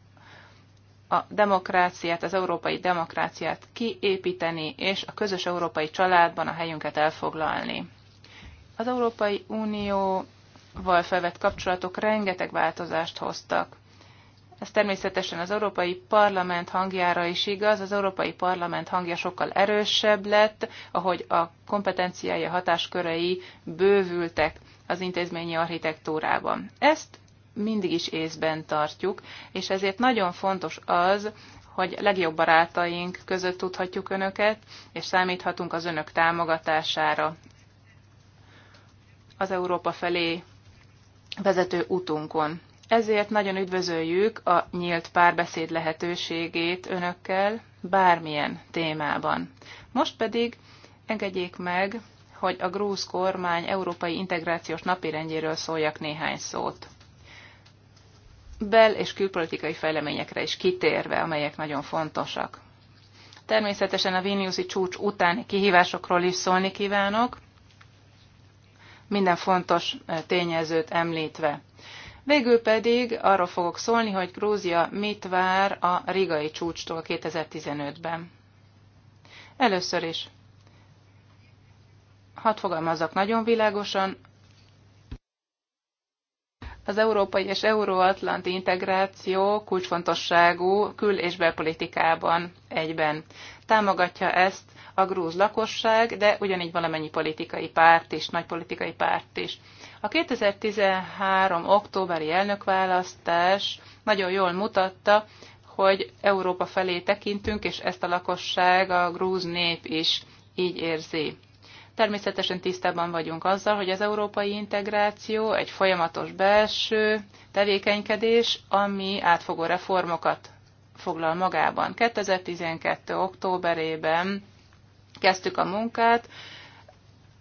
a demokráciát, az európai demokráciát kiépíteni, és a közös európai családban a helyünket elfoglalni. Az Európai Unió val felvett kapcsolatok rengeteg változást hoztak. Ez természetesen az Európai Parlament hangjára is igaz, az Európai Parlament hangja sokkal erősebb lett, ahogy a kompetenciája hatáskörei bővültek az intézményi architektúrában. Ezt mindig is észben tartjuk, és ezért nagyon fontos az, hogy legjobb barátaink között tudhatjuk önöket, és számíthatunk az önök támogatására az Európa felé vezető utunkon. Ezért nagyon üdvözöljük a nyílt párbeszéd lehetőségét önökkel bármilyen témában. Most pedig engedjék meg, hogy a grúz kormány európai integrációs napirendjéről szóljak néhány szót. Bel- és külpolitikai fejleményekre is kitérve, amelyek nagyon fontosak. Természetesen a Vilniuszi csúcs utáni kihívásokról is szólni kívánok, minden fontos tényezőt említve. Végül pedig arról fogok szólni, hogy Grúzia mit vár a rigai csúcstól 2015-ben. Először is, hadd fogalmazzak nagyon világosan, az európai és euróatlanti integráció kulcsfontosságú kül- és belpolitikában egyben. Támogatja ezt a grúz lakosság, de ugyanígy valamennyi politikai párt is, nagy politikai párt is. A 2013. októberi elnökválasztás nagyon jól mutatta, hogy Európa felé tekintünk, és ezt a lakosság, a grúz nép is így érzi. Természetesen tisztában vagyunk azzal, hogy az európai integráció egy folyamatos belső tevékenykedés, ami átfogó reformokat foglal magában. 2012. októberében kezdtük a munkát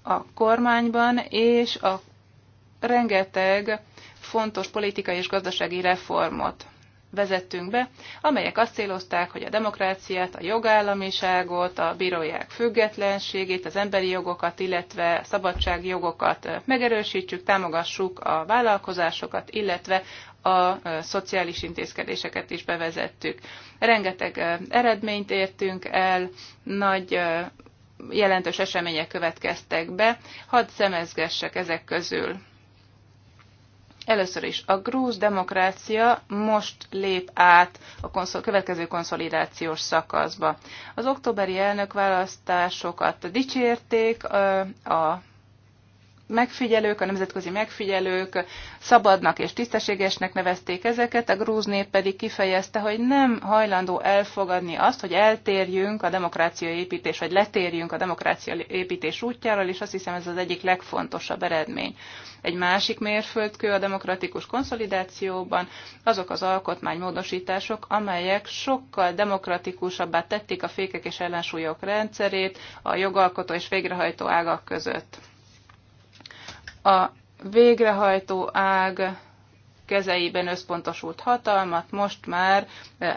a kormányban, és a rengeteg fontos politikai és gazdasági reformot vezettünk be, amelyek azt célozták, hogy a demokráciát, a jogállamiságot, a bíróják függetlenségét, az emberi jogokat, illetve szabadságjogokat megerősítsük, támogassuk a vállalkozásokat, illetve a szociális intézkedéseket is bevezettük. Rengeteg eredményt értünk el, nagy jelentős események következtek be. Hadd szemezgessek ezek közül. Először is a grúz demokrácia most lép át a konszol, következő konszolidációs szakaszba. Az októberi elnökválasztásokat dicsérték, a megfigyelők, a nemzetközi megfigyelők szabadnak és tisztességesnek nevezték ezeket, a grúz nép pedig kifejezte, hogy nem hajlandó elfogadni azt, hogy eltérjünk a demokrácia építés, vagy letérjünk a demokrácia építés útjáról, és azt hiszem ez az egyik legfontosabb eredmény. Egy másik mérföldkő a demokratikus konszolidációban azok az alkotmánymódosítások, amelyek sokkal demokratikusabbá tették a fékek és ellensúlyok rendszerét a jogalkotó és végrehajtó ágak között a végrehajtó ág kezeiben összpontosult hatalmat most már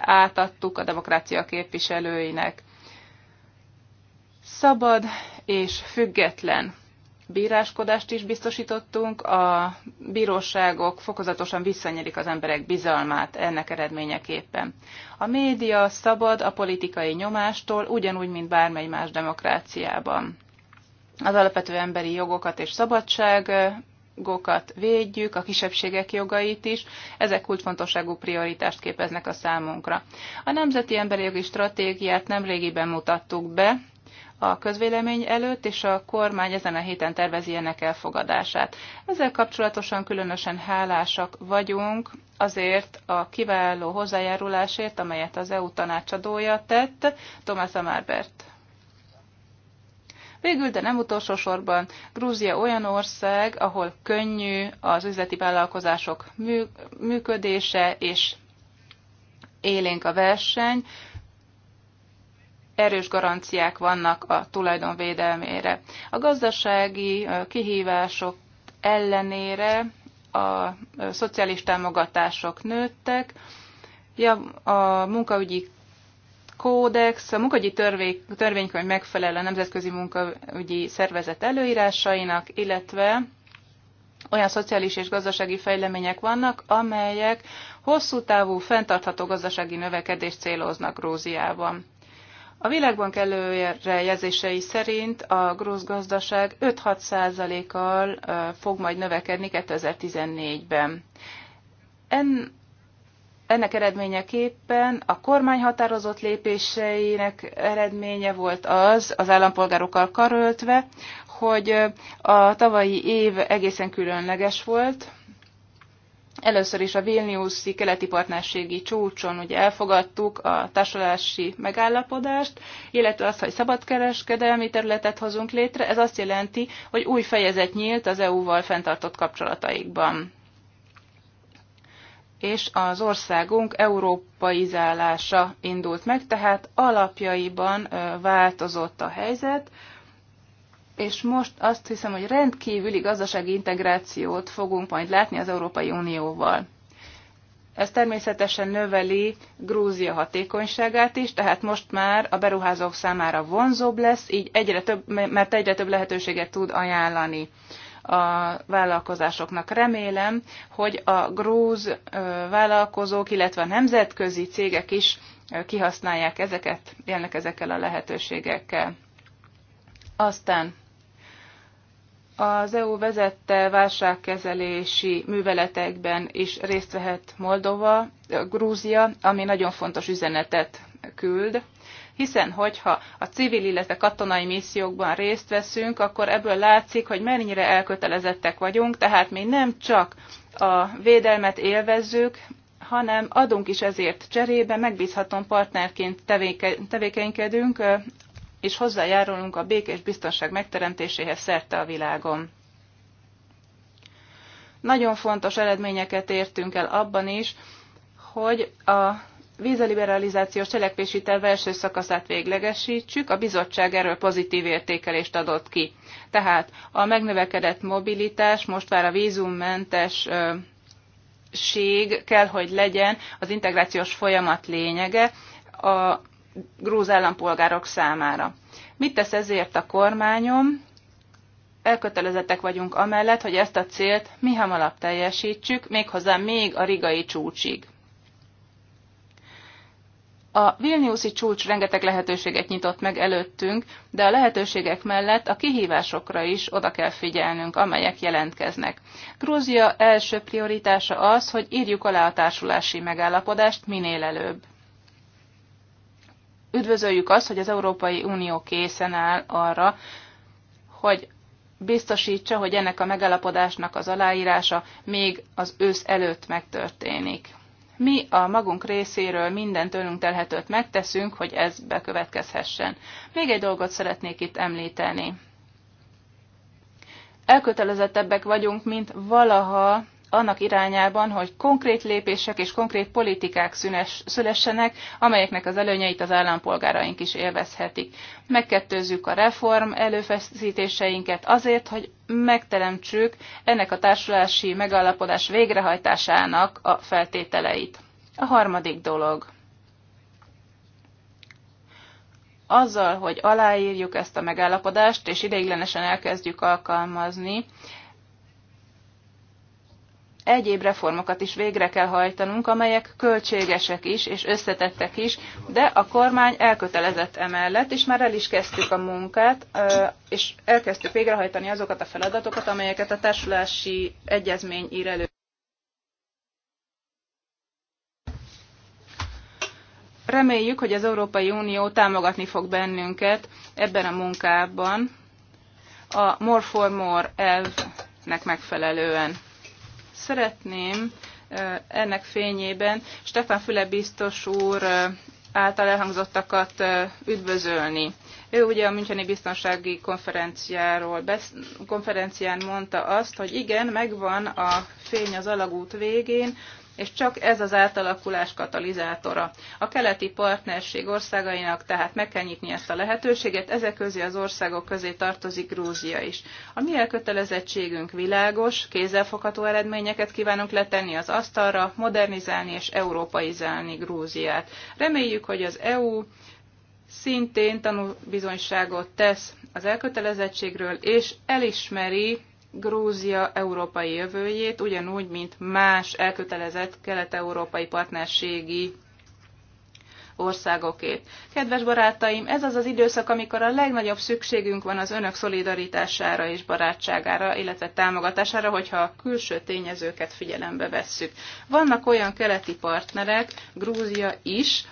átadtuk a demokrácia képviselőinek. Szabad és független bíráskodást is biztosítottunk, a bíróságok fokozatosan visszanyerik az emberek bizalmát ennek eredményeképpen. A média szabad a politikai nyomástól, ugyanúgy, mint bármely más demokráciában az alapvető emberi jogokat és szabadságokat védjük, a kisebbségek jogait is, ezek kultfontosságú prioritást képeznek a számunkra. A Nemzeti Emberi Jogi Stratégiát nemrégiben mutattuk be, a közvélemény előtt, és a kormány ezen a héten tervezi ennek elfogadását. Ezzel kapcsolatosan különösen hálásak vagyunk azért a kiváló hozzájárulásért, amelyet az EU tanácsadója tett, Tomás Amárbert Végül, de nem utolsó sorban, Grúzia olyan ország, ahol könnyű az üzleti vállalkozások működése, és élénk a verseny, erős garanciák vannak a tulajdonvédelmére. A gazdasági kihívások ellenére a szociális támogatások nőttek, a munkaügyi kódex, a munkagyi törvény, törvénykönyv megfelel a Nemzetközi Munkaügyi Szervezet előírásainak, illetve olyan szociális és gazdasági fejlemények vannak, amelyek hosszú távú, fenntartható gazdasági növekedést céloznak Gróziában. A Világbank előrejelzései szerint a grúz gazdaság 5-6 kal fog majd növekedni 2014-ben. En, ennek eredményeképpen a kormány határozott lépéseinek eredménye volt az, az állampolgárokkal karöltve, hogy a tavalyi év egészen különleges volt. Először is a Vilniuszi keleti partnerségi csúcson ugye elfogadtuk a társadalási megállapodást, illetve azt, hogy szabadkereskedelmi területet hozunk létre. Ez azt jelenti, hogy új fejezet nyílt az EU-val fenntartott kapcsolataikban és az országunk európaizálása indult meg, tehát alapjaiban változott a helyzet, és most azt hiszem, hogy rendkívüli gazdasági integrációt fogunk majd látni az Európai Unióval. Ez természetesen növeli Grúzia hatékonyságát is, tehát most már a beruházók számára vonzóbb lesz, így egyre több, mert egyre több lehetőséget tud ajánlani a vállalkozásoknak. Remélem, hogy a grúz vállalkozók, illetve a nemzetközi cégek is kihasználják ezeket, élnek ezekkel a lehetőségekkel. Aztán az EU vezette válságkezelési műveletekben is részt vehet Moldova, Grúzia, ami nagyon fontos üzenetet küld hiszen hogyha a civil, illetve katonai missziókban részt veszünk, akkor ebből látszik, hogy mennyire elkötelezettek vagyunk, tehát mi nem csak a védelmet élvezzük, hanem adunk is ezért cserébe, megbízhatom partnerként tevéke, tevékenykedünk, és hozzájárulunk a békés biztonság megteremtéséhez szerte a világon. Nagyon fontos eredményeket értünk el abban is, hogy a vízaliberalizációs cselekvési terv első szakaszát véglegesítsük, a bizottság erről pozitív értékelést adott ki. Tehát a megnövekedett mobilitás most már a vízummentes ség kell, hogy legyen az integrációs folyamat lényege a grúz állampolgárok számára. Mit tesz ezért a kormányom? Elkötelezettek vagyunk amellett, hogy ezt a célt mi hamarabb teljesítsük, méghozzá még a rigai csúcsig. A Vilniuszi csúcs rengeteg lehetőséget nyitott meg előttünk, de a lehetőségek mellett a kihívásokra is oda kell figyelnünk, amelyek jelentkeznek. Grúzia első prioritása az, hogy írjuk alá a társulási megállapodást minél előbb. Üdvözöljük azt, hogy az Európai Unió készen áll arra, hogy biztosítsa, hogy ennek a megállapodásnak az aláírása még az ősz előtt megtörténik mi a magunk részéről minden tőlünk telhetőt megteszünk, hogy ez bekövetkezhessen. Még egy dolgot szeretnék itt említeni. Elkötelezettebbek vagyunk, mint valaha annak irányában, hogy konkrét lépések és konkrét politikák szülessenek, amelyeknek az előnyeit az állampolgáraink is élvezhetik. Megkettőzzük a reform előfeszítéseinket azért, hogy megteremtsük ennek a társulási megállapodás végrehajtásának a feltételeit. A harmadik dolog azzal, hogy aláírjuk ezt a megállapodást, és ideiglenesen elkezdjük alkalmazni, egyéb reformokat is végre kell hajtanunk, amelyek költségesek is és összetettek is, de a kormány elkötelezett emellett, és már el is kezdtük a munkát, és elkezdtük végrehajtani azokat a feladatokat, amelyeket a társulási egyezmény ír elő. Reméljük, hogy az Európai Unió támogatni fog bennünket ebben a munkában a More for More elvnek megfelelően. Szeretném ennek fényében Stefan Füle biztos úr által elhangzottakat üdvözölni. Ő ugye a Müncheni Biztonsági konferenciáról konferencián mondta azt, hogy igen, megvan a fény az alagút végén, és csak ez az átalakulás katalizátora. A keleti partnerség országainak tehát meg kell nyitni ezt a lehetőséget, ezek közé az országok közé tartozik Grúzia is. A mi elkötelezettségünk világos, kézzelfogható eredményeket kívánunk letenni az asztalra, modernizálni és európaizálni Grúziát. Reméljük, hogy az EU szintén tanúbizonyságot tesz az elkötelezettségről, és elismeri Grúzia európai jövőjét, ugyanúgy, mint más elkötelezett kelet-európai partnerségi országokét. Kedves barátaim, ez az az időszak, amikor a legnagyobb szükségünk van az önök szolidaritására és barátságára, illetve támogatására, hogyha a külső tényezőket figyelembe vesszük. Vannak olyan keleti partnerek, Grúzia is,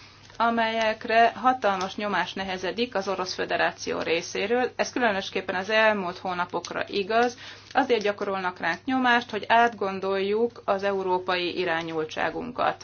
amelyekre hatalmas nyomás nehezedik az Orosz Föderáció részéről. Ez különösképpen az elmúlt hónapokra igaz. Azért gyakorolnak ránk nyomást, hogy átgondoljuk az európai irányultságunkat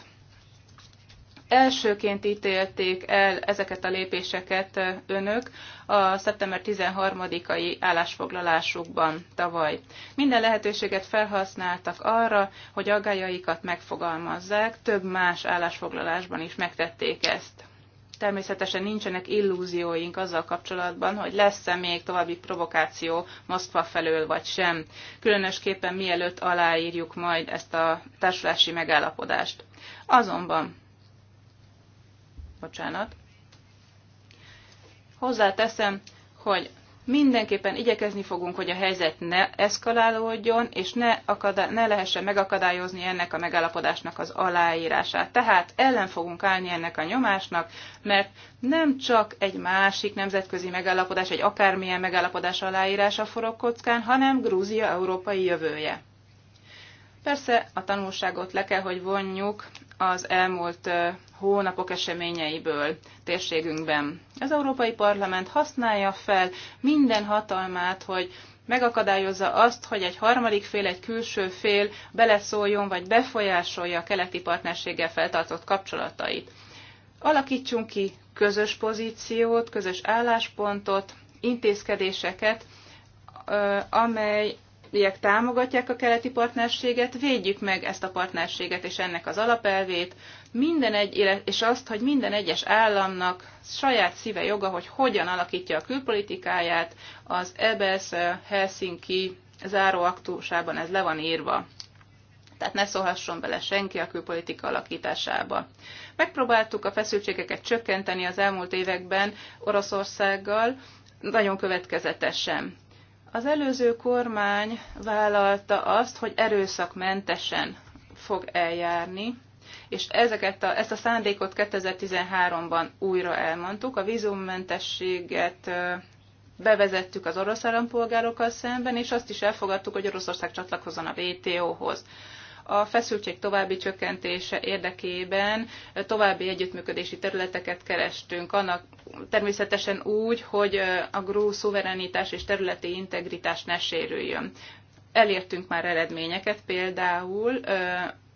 elsőként ítélték el ezeket a lépéseket önök a szeptember 13-ai állásfoglalásukban tavaly. Minden lehetőséget felhasználtak arra, hogy aggájaikat megfogalmazzák, több más állásfoglalásban is megtették ezt. Természetesen nincsenek illúzióink azzal kapcsolatban, hogy lesz-e még további provokáció Moszkva felől vagy sem, különösképpen mielőtt aláírjuk majd ezt a társulási megállapodást. Azonban bocsánat. Hozzáteszem, hogy mindenképpen igyekezni fogunk, hogy a helyzet ne eszkalálódjon, és ne, akadá- ne lehessen megakadályozni ennek a megállapodásnak az aláírását. Tehát ellen fogunk állni ennek a nyomásnak, mert nem csak egy másik nemzetközi megállapodás, egy akármilyen megállapodás aláírása forog kockán, hanem Grúzia európai jövője. Persze a tanulságot le kell, hogy vonjuk az elmúlt hónapok eseményeiből térségünkben. Az Európai Parlament használja fel minden hatalmát, hogy megakadályozza azt, hogy egy harmadik fél, egy külső fél beleszóljon vagy befolyásolja a keleti partnerséggel feltartott kapcsolatait. Alakítsunk ki közös pozíciót, közös álláspontot, intézkedéseket, amely amelyek támogatják a keleti partnerséget, védjük meg ezt a partnerséget és ennek az alapelvét, minden egy, és azt, hogy minden egyes államnak saját szíve joga, hogy hogyan alakítja a külpolitikáját, az EBS eh, Helsinki záróaktusában ez le van írva. Tehát ne szólhasson bele senki a külpolitika alakításába. Megpróbáltuk a feszültségeket csökkenteni az elmúlt években Oroszországgal, nagyon következetesen az előző kormány vállalta azt, hogy erőszakmentesen fog eljárni, és ezeket a, ezt a szándékot 2013-ban újra elmondtuk. A vízummentességet bevezettük az orosz állampolgárokkal szemben, és azt is elfogadtuk, hogy Oroszország csatlakozzon a WTO-hoz a feszültség további csökkentése érdekében további együttműködési területeket kerestünk, annak természetesen úgy, hogy a grúz szuverenitás és területi integritás ne sérüljön. Elértünk már eredményeket, például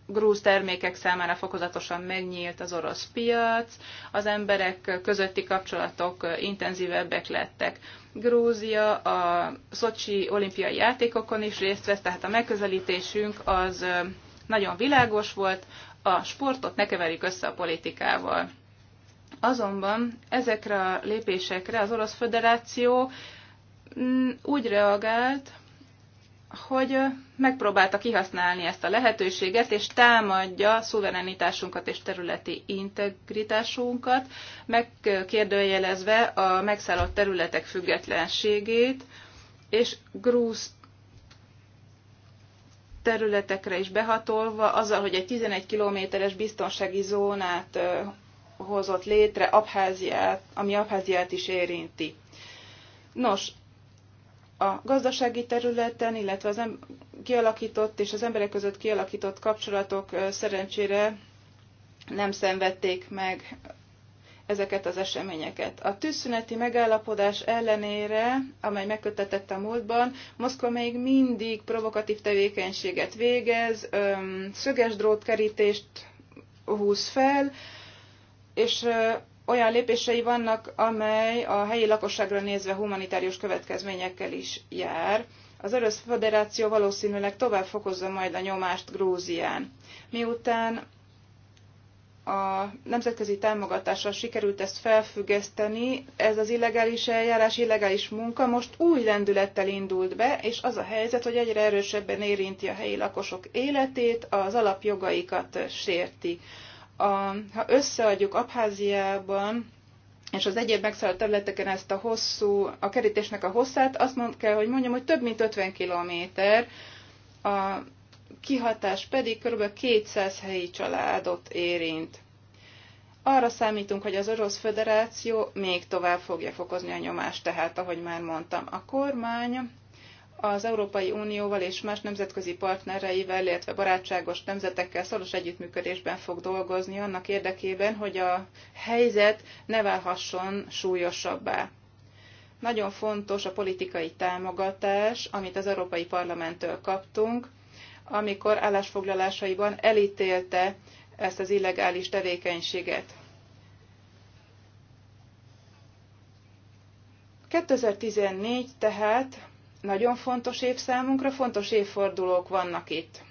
grúz termékek számára fokozatosan megnyílt az orosz piac, az emberek közötti kapcsolatok intenzívebbek lettek. Grúzia a Szocsi olimpiai játékokon is részt vesz, tehát a megközelítésünk az nagyon világos volt, a sportot ne keverjük össze a politikával. Azonban ezekre a lépésekre az Orosz Föderáció mm, úgy reagált, hogy megpróbálta kihasználni ezt a lehetőséget, és támadja szuverenitásunkat és területi integritásunkat, megkérdőjelezve a megszállott területek függetlenségét, és grúz területekre is behatolva, azzal, hogy egy 11 kilométeres biztonsági zónát hozott létre, Abháziát, ami Abháziát is érinti. Nos, a gazdasági területen, illetve az em- kialakított és az emberek között kialakított kapcsolatok szerencsére nem szenvedték meg ezeket az eseményeket. A tűzszüneti megállapodás ellenére, amely megkötetett a múltban, Moszkva még mindig provokatív tevékenységet végez, szöges drótkerítést húz fel, és olyan lépései vannak, amely a helyi lakosságra nézve humanitárius következményekkel is jár. Az Orosz Föderáció valószínűleg tovább fokozza majd a nyomást Grúzián. Miután a nemzetközi támogatásra sikerült ezt felfüggeszteni, ez az illegális eljárás, illegális munka most új lendülettel indult be, és az a helyzet, hogy egyre erősebben érinti a helyi lakosok életét, az alapjogaikat sérti. A, ha összeadjuk Abháziában és az egyéb megszállott területeken ezt a hosszú, a kerítésnek a hosszát, azt mond, kell, hogy mondjam, hogy több mint 50 kilométer, a kihatás pedig kb. 200 helyi családot érint. Arra számítunk, hogy az Orosz Föderáció még tovább fogja fokozni a nyomást, tehát ahogy már mondtam, a kormány az Európai Unióval és más nemzetközi partnereivel, illetve barátságos nemzetekkel szoros együttműködésben fog dolgozni annak érdekében, hogy a helyzet ne válhasson súlyosabbá. Nagyon fontos a politikai támogatás, amit az Európai Parlamenttől kaptunk, amikor állásfoglalásaiban elítélte ezt az illegális tevékenységet. 2014 tehát nagyon fontos év számunkra, fontos évfordulók vannak itt.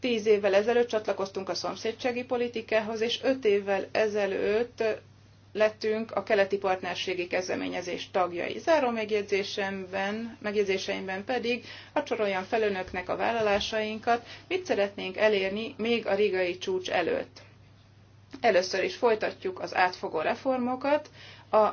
Tíz évvel ezelőtt csatlakoztunk a szomszédsági politikához, és öt évvel ezelőtt lettünk a keleti partnerségi kezdeményezés tagjai. Záró megjegyzésemben, megjegyzéseimben pedig a önöknek a vállalásainkat, mit szeretnénk elérni még a rigai csúcs előtt. Először is folytatjuk az átfogó reformokat, a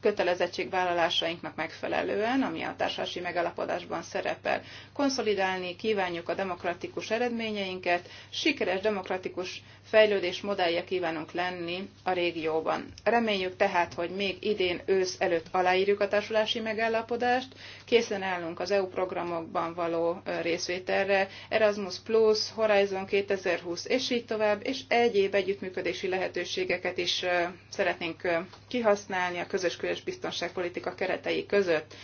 kötelezettségvállalásainknak megfelelően, ami a társasi megalapodásban szerepel. Konszolidálni kívánjuk a demokratikus eredményeinket, sikeres demokratikus fejlődés modellje kívánunk lenni a régióban. Reméljük tehát, hogy még idén ősz előtt aláírjuk a társulási megállapodást, készen állunk az EU programokban való részvételre, Erasmus Plus, Horizon 2020 és így tovább, és egyéb együttműködési lehetőségeket is szeretnénk kihasználni a közös kül- és biztonságpolitika keretei között.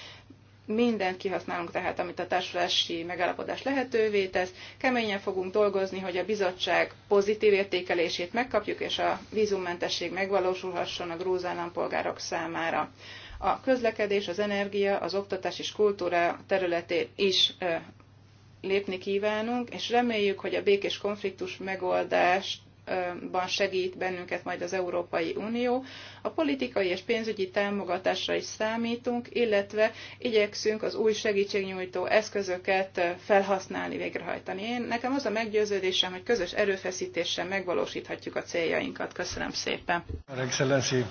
Mindent kihasználunk tehát, amit a társulási megállapodás lehetővé tesz. Keményen fogunk dolgozni, hogy a bizottság pozitív értékelését megkapjuk, és a vízummentesség megvalósulhasson a grúz állampolgárok számára. A közlekedés, az energia, az oktatás és kultúra területén is lépni kívánunk, és reméljük, hogy a békés konfliktus megoldást ban segít bennünket majd az Európai Unió. A politikai és pénzügyi támogatásra is számítunk, illetve igyekszünk az új segítségnyújtó eszközöket felhasználni, végrehajtani. Én, nekem az a meggyőződésem, hogy közös erőfeszítéssel megvalósíthatjuk a céljainkat. Köszönöm szépen. Excellency.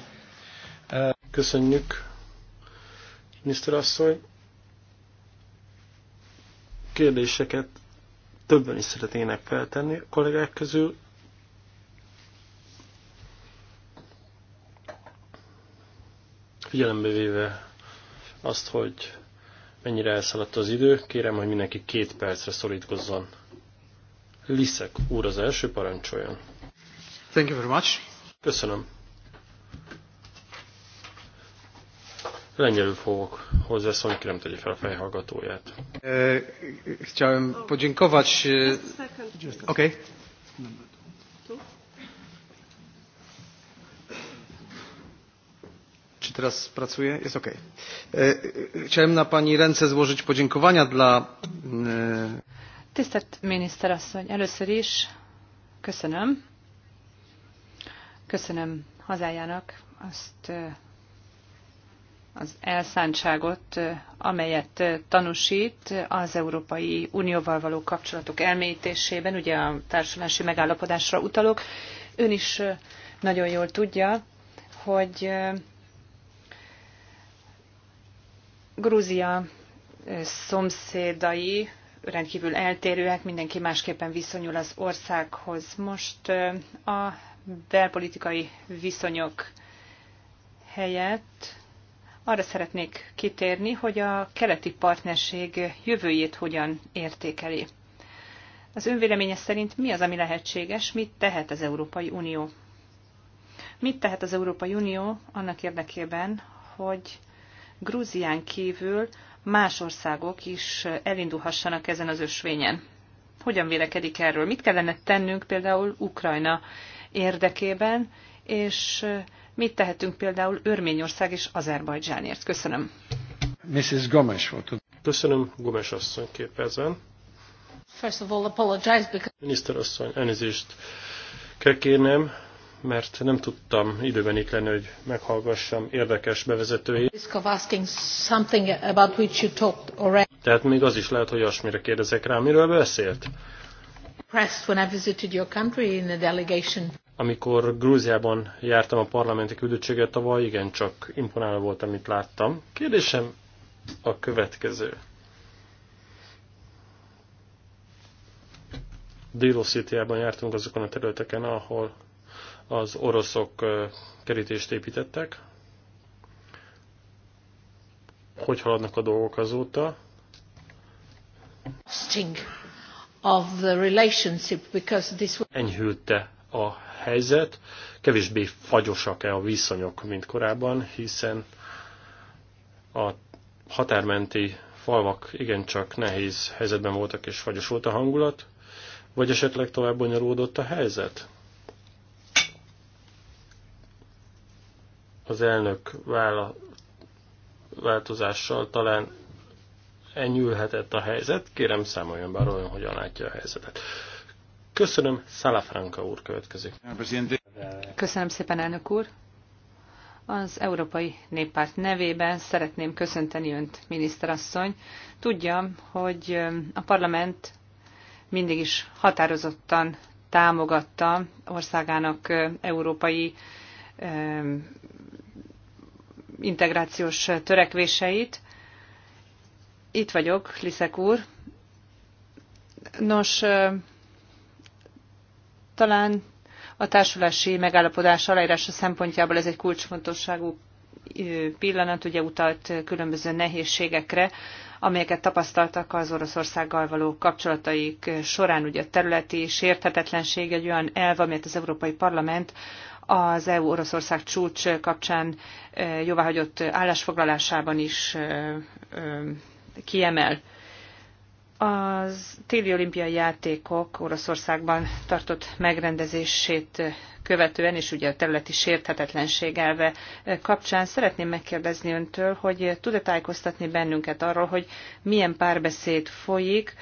Köszönjük, miniszter asszony. Kérdéseket többen is szeretnének feltenni a kollégák közül. Figyelembe véve azt, hogy mennyire elszaladt az idő, kérem, hogy mindenki két percre szorítkozzon. Liszek úr az első parancsoljon. Thank you very much. Köszönöm. Lengyelül fogok hozzászólni, kérem tegye fel a fejhallgatóját. Eh, chciałem podziękować... Eh, okej. Okay. Czy teraz pracuje? Jest e, Chciałem na Pani ręce złożyć podziękowania dla... E, Tisztelt asszony, először is köszönöm. Köszönöm hazájának azt e, az elszántságot, amelyet tanúsít az Európai Unióval való kapcsolatok elmélyítésében, ugye a társulási megállapodásra utalok. Ön is nagyon jól tudja, hogy Grúzia szomszédai rendkívül eltérőek, mindenki másképpen viszonyul az országhoz. Most a belpolitikai viszonyok helyett arra szeretnék kitérni, hogy a keleti partnerség jövőjét hogyan értékeli. Az önvéleménye szerint mi az, ami lehetséges, mit tehet az Európai Unió? Mit tehet az Európai Unió annak érdekében, hogy Grúzián kívül más országok is elindulhassanak ezen az ösvényen. Hogyan vélekedik erről? Mit kellene tennünk például Ukrajna érdekében, és mit tehetünk például Örményország és Azerbajdzsánért? Köszönöm. Mrs. Gomes volt. Köszönöm, Gomes asszony képezen. First of all, apologize because... Miniszter asszony, elnézést kell kérnem, mert nem tudtam időben itt lenni, hogy meghallgassam érdekes bevezetőjét. Tehát még az is lehet, hogy asmire kérdezek rá, miről beszélt. Amikor Grúziában jártam a parlamenti küldöttséget tavaly, igen, csak imponáló volt, amit láttam. Kérdésem a következő. Dilo jártunk azokon a területeken, ahol az oroszok kerítést építettek. Hogy haladnak a dolgok azóta? Of the relationship because this... Enyhülte a helyzet, kevésbé fagyosak-e a viszonyok, mint korábban, hiszen a határmenti falvak igencsak nehéz helyzetben voltak és fagyos volt a hangulat, vagy esetleg tovább bonyolódott a helyzet? az elnök vála, változással talán enyülhetett a helyzet. Kérem számoljon bár olyan, hogyan látja a helyzetet. Köszönöm, Salafranca úr következik. Köszönöm szépen, elnök úr. Az Európai Néppárt nevében szeretném köszönteni Önt, miniszterasszony. Tudjam, hogy a parlament mindig is határozottan támogatta országának európai integrációs törekvéseit. Itt vagyok, Liszek úr. Nos, talán a társulási megállapodás aláírása szempontjából ez egy kulcsfontosságú pillanat, ugye utalt különböző nehézségekre, amelyeket tapasztaltak az Oroszországgal való kapcsolataik során, ugye a területi sérthetetlenség egy olyan elv, amelyet az Európai Parlament az EU-Oroszország csúcs kapcsán jóváhagyott állásfoglalásában is kiemel. Az téli olimpiai játékok Oroszországban tartott megrendezését követően, és ugye a területi sérthetetlenség elve kapcsán szeretném megkérdezni öntől, hogy tud-e tájékoztatni bennünket arról, hogy milyen párbeszéd folyik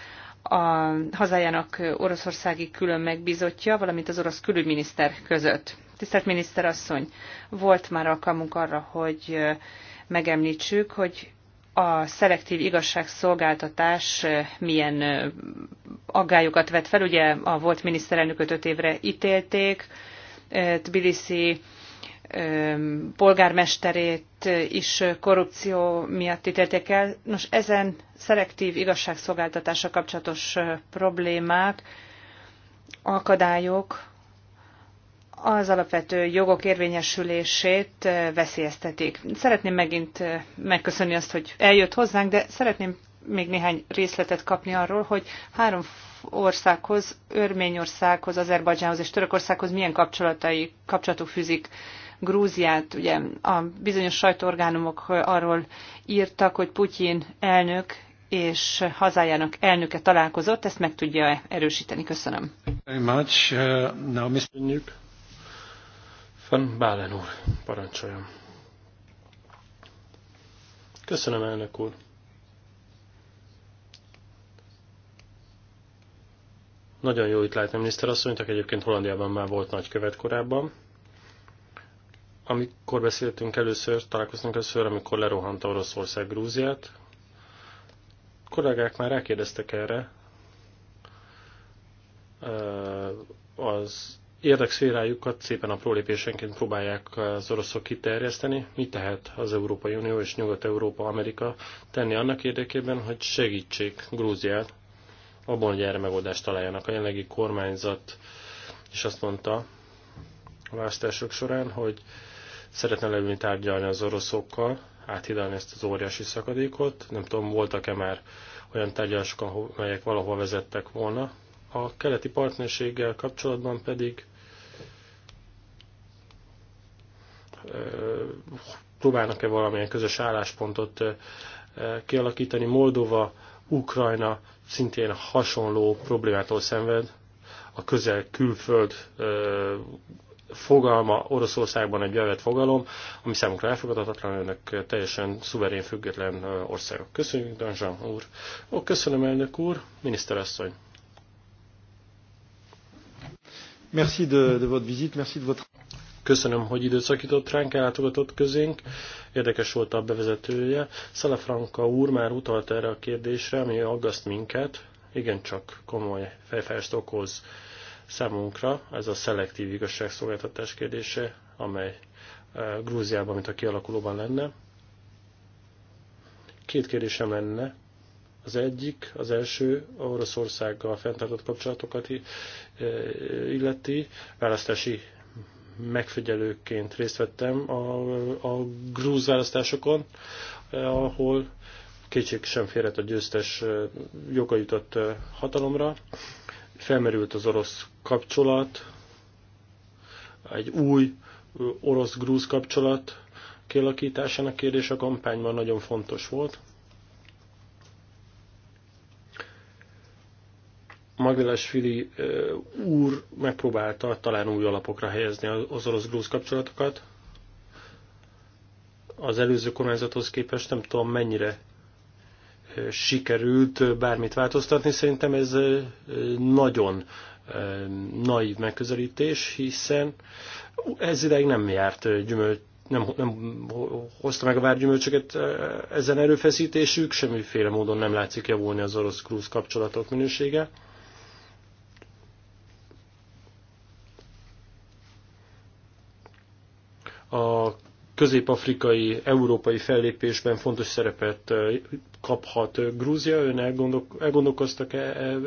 a hazájának oroszországi külön megbizotja, valamint az orosz külügyminiszter között. Tisztelt miniszterasszony, volt már alkalmunk arra, hogy megemlítsük, hogy a szelektív igazságszolgáltatás milyen aggályokat vet fel. Ugye a volt miniszterelnököt öt évre ítélték, Tbilisi polgármesterét is korrupció miatt ítélték el. Nos, ezen szelektív igazságszolgáltatása kapcsolatos problémák, akadályok az alapvető jogok érvényesülését eh, veszélyeztetik. Szeretném megint eh, megköszönni azt, hogy eljött hozzánk, de szeretném még néhány részletet kapni arról, hogy három országhoz, Örményországhoz, Azerbajdzsánhoz és Törökországhoz milyen kapcsolatai, kapcsolatok fűzik Grúziát. Ugye a bizonyos sajtóorgánumok arról írtak, hogy Putyin elnök és hazájának elnöke találkozott, ezt meg tudja erősíteni. Köszönöm. Very much. Uh, now, Mr. Nuke. Van Bálen úr, parancsoljon. Köszönöm, elnök úr. Nagyon jó itt látni a miniszterasszonyt, aki egyébként Hollandiában már volt nagy követ korábban. Amikor beszéltünk először, találkoztunk először, amikor lerohant Oroszország Grúziát, kollégák már rákérdeztek erre az érdekszférájukat szépen apró lépésenként próbálják az oroszok kiterjeszteni. Mit tehet az Európai Unió és Nyugat-Európa, Amerika tenni annak érdekében, hogy segítsék Grúziát abban, hogy erre megoldást találjanak. A jelenlegi kormányzat is azt mondta a választások során, hogy szeretne leülni tárgyalni az oroszokkal, áthidalni ezt az óriási szakadékot. Nem tudom, voltak-e már olyan tárgyalások, amelyek valahol vezettek volna. A keleti partnerséggel kapcsolatban pedig próbálnak-e valamilyen közös álláspontot kialakítani. Moldova, Ukrajna szintén hasonló problémától szenved. A közel külföld fogalma Oroszországban egy bevett fogalom, ami számunkra elfogadhatatlan, önök teljesen szuverén, független országok. Köszönjük, Danzsán úr. Ó, köszönöm, elnök úr, miniszterasszony. Merci de, de votre visite, merci de votre... Köszönöm, hogy időt szakított ránk, ellátogatott közénk. Érdekes volt a bevezetője. Szelefranka úr már utalt erre a kérdésre, ami aggaszt minket. Igen, csak komoly fejfájást okoz számunkra. Ez a szelektív igazságszolgáltatás kérdése, amely e, Grúziában, mint a kialakulóban lenne. Két kérdésem lenne. Az egyik, az első Oroszországgal fenntartott kapcsolatokat e, illeti választási megfigyelőként részt vettem a, a grúz választásokon, ahol kétség sem férhet a győztes joga jutott hatalomra. Felmerült az orosz kapcsolat, egy új orosz-grúz kapcsolat kialakításának kérdés a kampányban nagyon fontos volt. Fili úr megpróbálta talán új alapokra helyezni az orosz-grúz kapcsolatokat. Az előző kormányzathoz képest nem tudom mennyire sikerült bármit változtatni. Szerintem ez nagyon naív megközelítés, hiszen ez ideig nem járt gyümölcs nem, nem hozta meg a várgyümölcsöket ezen erőfeszítésük, semmiféle módon nem látszik javulni az orosz-grúz kapcsolatok minősége. a közép-afrikai, európai fellépésben fontos szerepet kaphat Grúzia. Ön elgondol, elgondolkoztak -e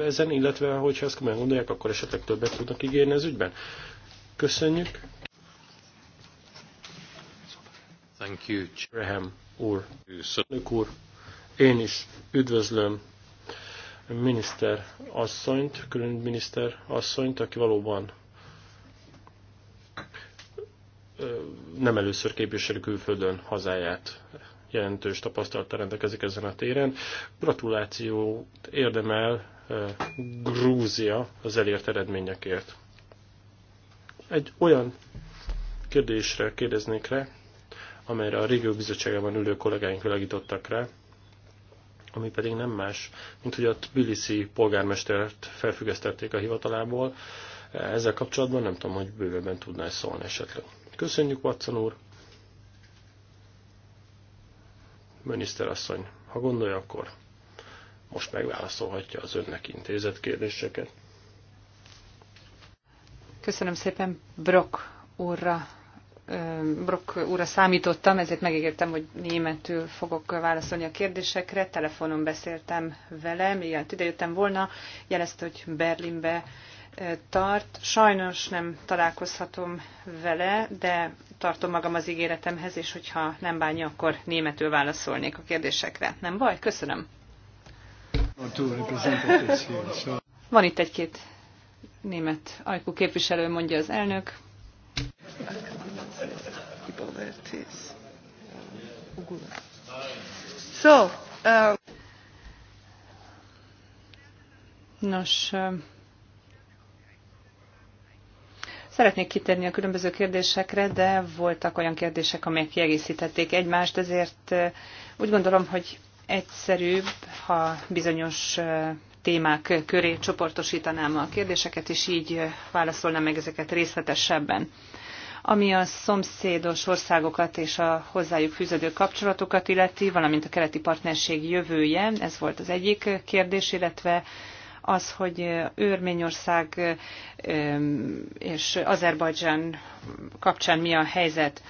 ezen, illetve hogyha ezt komolyan gondolják, akkor esetleg többet tudnak ígérni az ügyben? Köszönjük. Thank you, Graham úr. Köszönjük úr. Én is üdvözlöm miniszter asszonyt, külön miniszter asszonyt, aki valóban nem először képviseli külföldön hazáját jelentős tapasztalattal rendelkezik ezen a téren. Gratulációt érdemel eh, Grúzia az elért eredményekért. Egy olyan kérdésre kérdeznék rá, amelyre a régió bizottságában ülő kollégáink világítottak rá, ami pedig nem más, mint hogy a Tbilisi polgármestert felfüggesztették a hivatalából. Ezzel kapcsolatban nem tudom, hogy bővebben tudná szólni esetleg. Köszönjük, Watson úr! asszony, ha gondolja, akkor most megválaszolhatja az önnek intézett kérdéseket. Köszönöm szépen Brock úrra. Brock úrra számítottam, ezért megígértem, hogy németül fogok válaszolni a kérdésekre. Telefonon beszéltem vele, miért idejöttem volna, jelezte, hogy Berlinbe tart. Sajnos nem találkozhatom vele, de tartom magam az ígéretemhez, és hogyha nem bánja, akkor németül válaszolnék a kérdésekre. Nem baj? Köszönöm. Van itt egy-két német ajkú képviselő, mondja az elnök. So, um... Nos, um, Szeretnék kitérni a különböző kérdésekre, de voltak olyan kérdések, amelyek kiegészítették egymást, ezért úgy gondolom, hogy egyszerűbb, ha bizonyos témák köré csoportosítanám a kérdéseket, és így válaszolnám meg ezeket részletesebben. Ami a szomszédos országokat és a hozzájuk fűződő kapcsolatokat illeti, valamint a keleti partnerség jövője, ez volt az egyik kérdés, illetve az, hogy Örményország és Azerbajdzsán kapcsán mi a helyzet.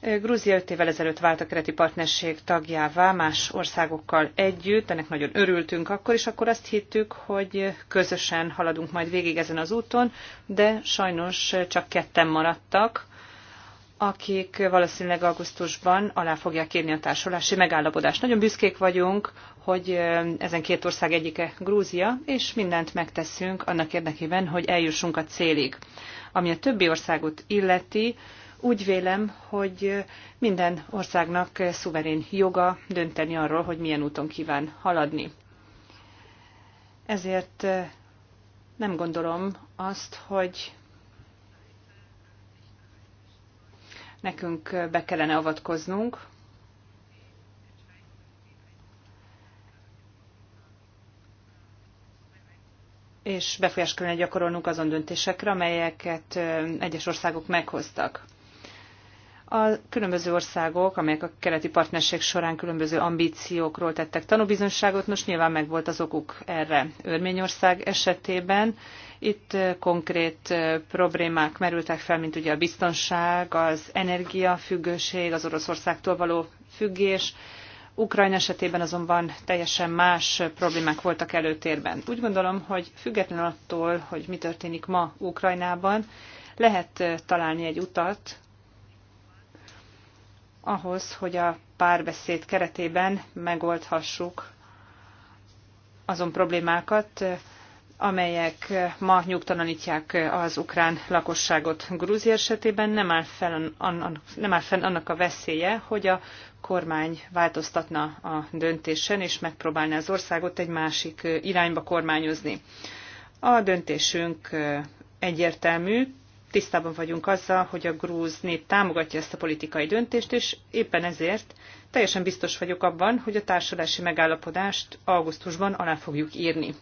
Grúzia öt évvel ezelőtt vált a kereti partnerség tagjává más országokkal együtt, ennek nagyon örültünk akkor, is, akkor azt hittük, hogy közösen haladunk majd végig ezen az úton, de sajnos csak ketten maradtak, akik valószínűleg augusztusban alá fogják írni a társulási megállapodást. Nagyon büszkék vagyunk hogy ezen két ország egyike Grúzia, és mindent megteszünk annak érdekében, hogy eljussunk a célig. Ami a többi országot illeti, úgy vélem, hogy minden országnak szuverén joga dönteni arról, hogy milyen úton kíván haladni. Ezért nem gondolom azt, hogy nekünk be kellene avatkoznunk, és befolyás kellene gyakorolnunk azon döntésekre, amelyeket egyes országok meghoztak. A különböző országok, amelyek a keleti partnerség során különböző ambíciókról tettek tanúbizonságot, most nyilván megvolt az okuk erre Örményország esetében. Itt konkrét problémák merültek fel, mint ugye a biztonság, az energiafüggőség, az Oroszországtól való függés, Ukrajna esetében azonban teljesen más problémák voltak előtérben. Úgy gondolom, hogy független attól, hogy mi történik ma Ukrajnában, lehet eh, találni egy utat ahhoz, hogy a párbeszéd keretében megoldhassuk azon problémákat, eh, amelyek ma nyugtalanítják az ukrán lakosságot. Grúzia esetében nem áll, fel, nem áll fenn annak a veszélye, hogy a kormány változtatna a döntésen, és megpróbálná az országot egy másik irányba kormányozni. A döntésünk egyértelmű, tisztában vagyunk azzal, hogy a grúz nép támogatja ezt a politikai döntést, és éppen ezért teljesen biztos vagyok abban, hogy a társulási megállapodást augusztusban alá fogjuk írni.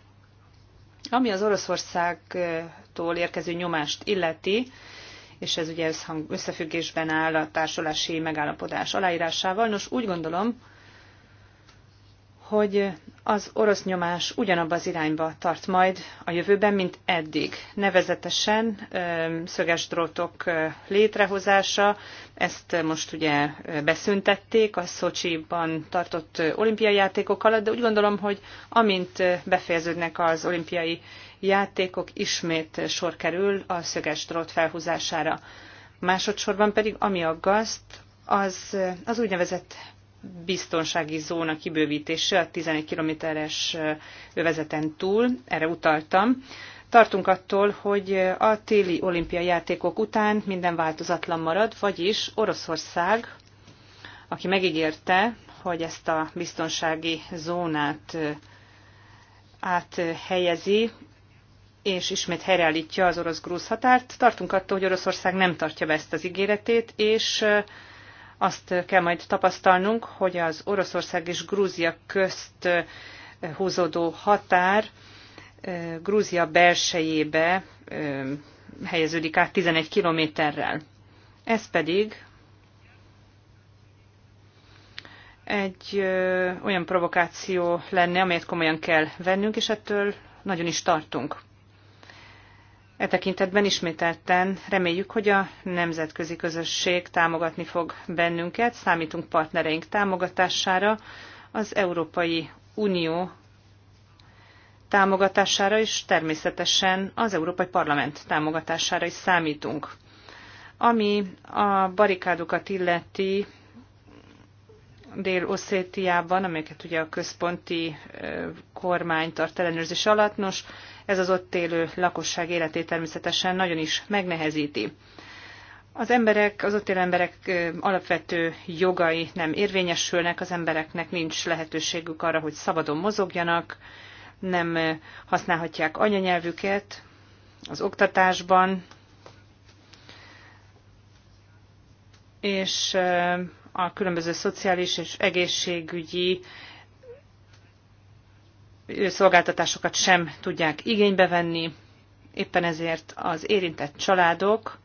Ami az Oroszországtól érkező nyomást illeti, és ez ugye összefüggésben áll a társulási megállapodás aláírásával, nos úgy gondolom, hogy az orosz nyomás ugyanabba az irányba tart majd a jövőben, mint eddig. Nevezetesen szöges drótok létrehozása, ezt most ugye beszüntették a Szocsiban tartott olimpiai játékok alatt, de úgy gondolom, hogy amint befejeződnek az olimpiai játékok, ismét sor kerül a szöges drót felhúzására. Másodszorban pedig ami aggaszt, az, az úgynevezett biztonsági zóna kibővítése a 11 kilométeres övezeten túl, erre utaltam. Tartunk attól, hogy a téli olimpiai játékok után minden változatlan marad, vagyis Oroszország, aki megígérte, hogy ezt a biztonsági zónát áthelyezi, és ismét helyreállítja az orosz-grúz határt. Tartunk attól, hogy Oroszország nem tartja be ezt az ígéretét, és azt kell majd tapasztalnunk, hogy az Oroszország és Grúzia közt húzódó határ Grúzia belsejébe helyeződik át 11 kilométerrel. Ez pedig egy olyan provokáció lenne, amelyet komolyan kell vennünk, és ettől nagyon is tartunk. E tekintetben ismételten reméljük, hogy a nemzetközi közösség támogatni fog bennünket, számítunk partnereink támogatására, az Európai Unió támogatására, is természetesen az Európai Parlament támogatására is számítunk. Ami a barikádokat illeti Dél-Oszétiában, amelyeket ugye a központi kormány tart ellenőrzés alatt, nos, ez az ott élő lakosság életét természetesen nagyon is megnehezíti. Az emberek, az ott élő emberek alapvető jogai nem érvényesülnek, az embereknek nincs lehetőségük arra, hogy szabadon mozogjanak, nem használhatják anyanyelvüket az oktatásban, és a különböző szociális és egészségügyi szolgáltatásokat sem tudják igénybe venni. Éppen ezért az érintett családok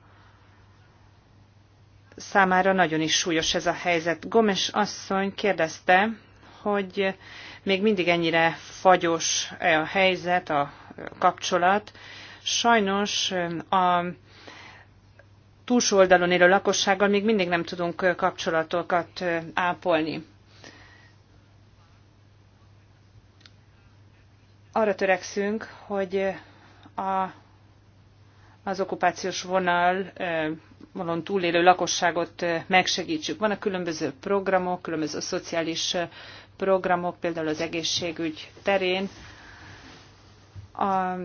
számára nagyon is súlyos ez a helyzet. Gomes asszony kérdezte, hogy még mindig ennyire fagyos -e a helyzet, a kapcsolat. Sajnos a túlsó oldalon élő lakossággal még mindig nem tudunk kapcsolatokat ápolni. arra törekszünk, hogy a, az okupációs vonal valóban túlélő lakosságot megsegítsük. Vannak különböző programok, különböző szociális programok, például az egészségügy terén. A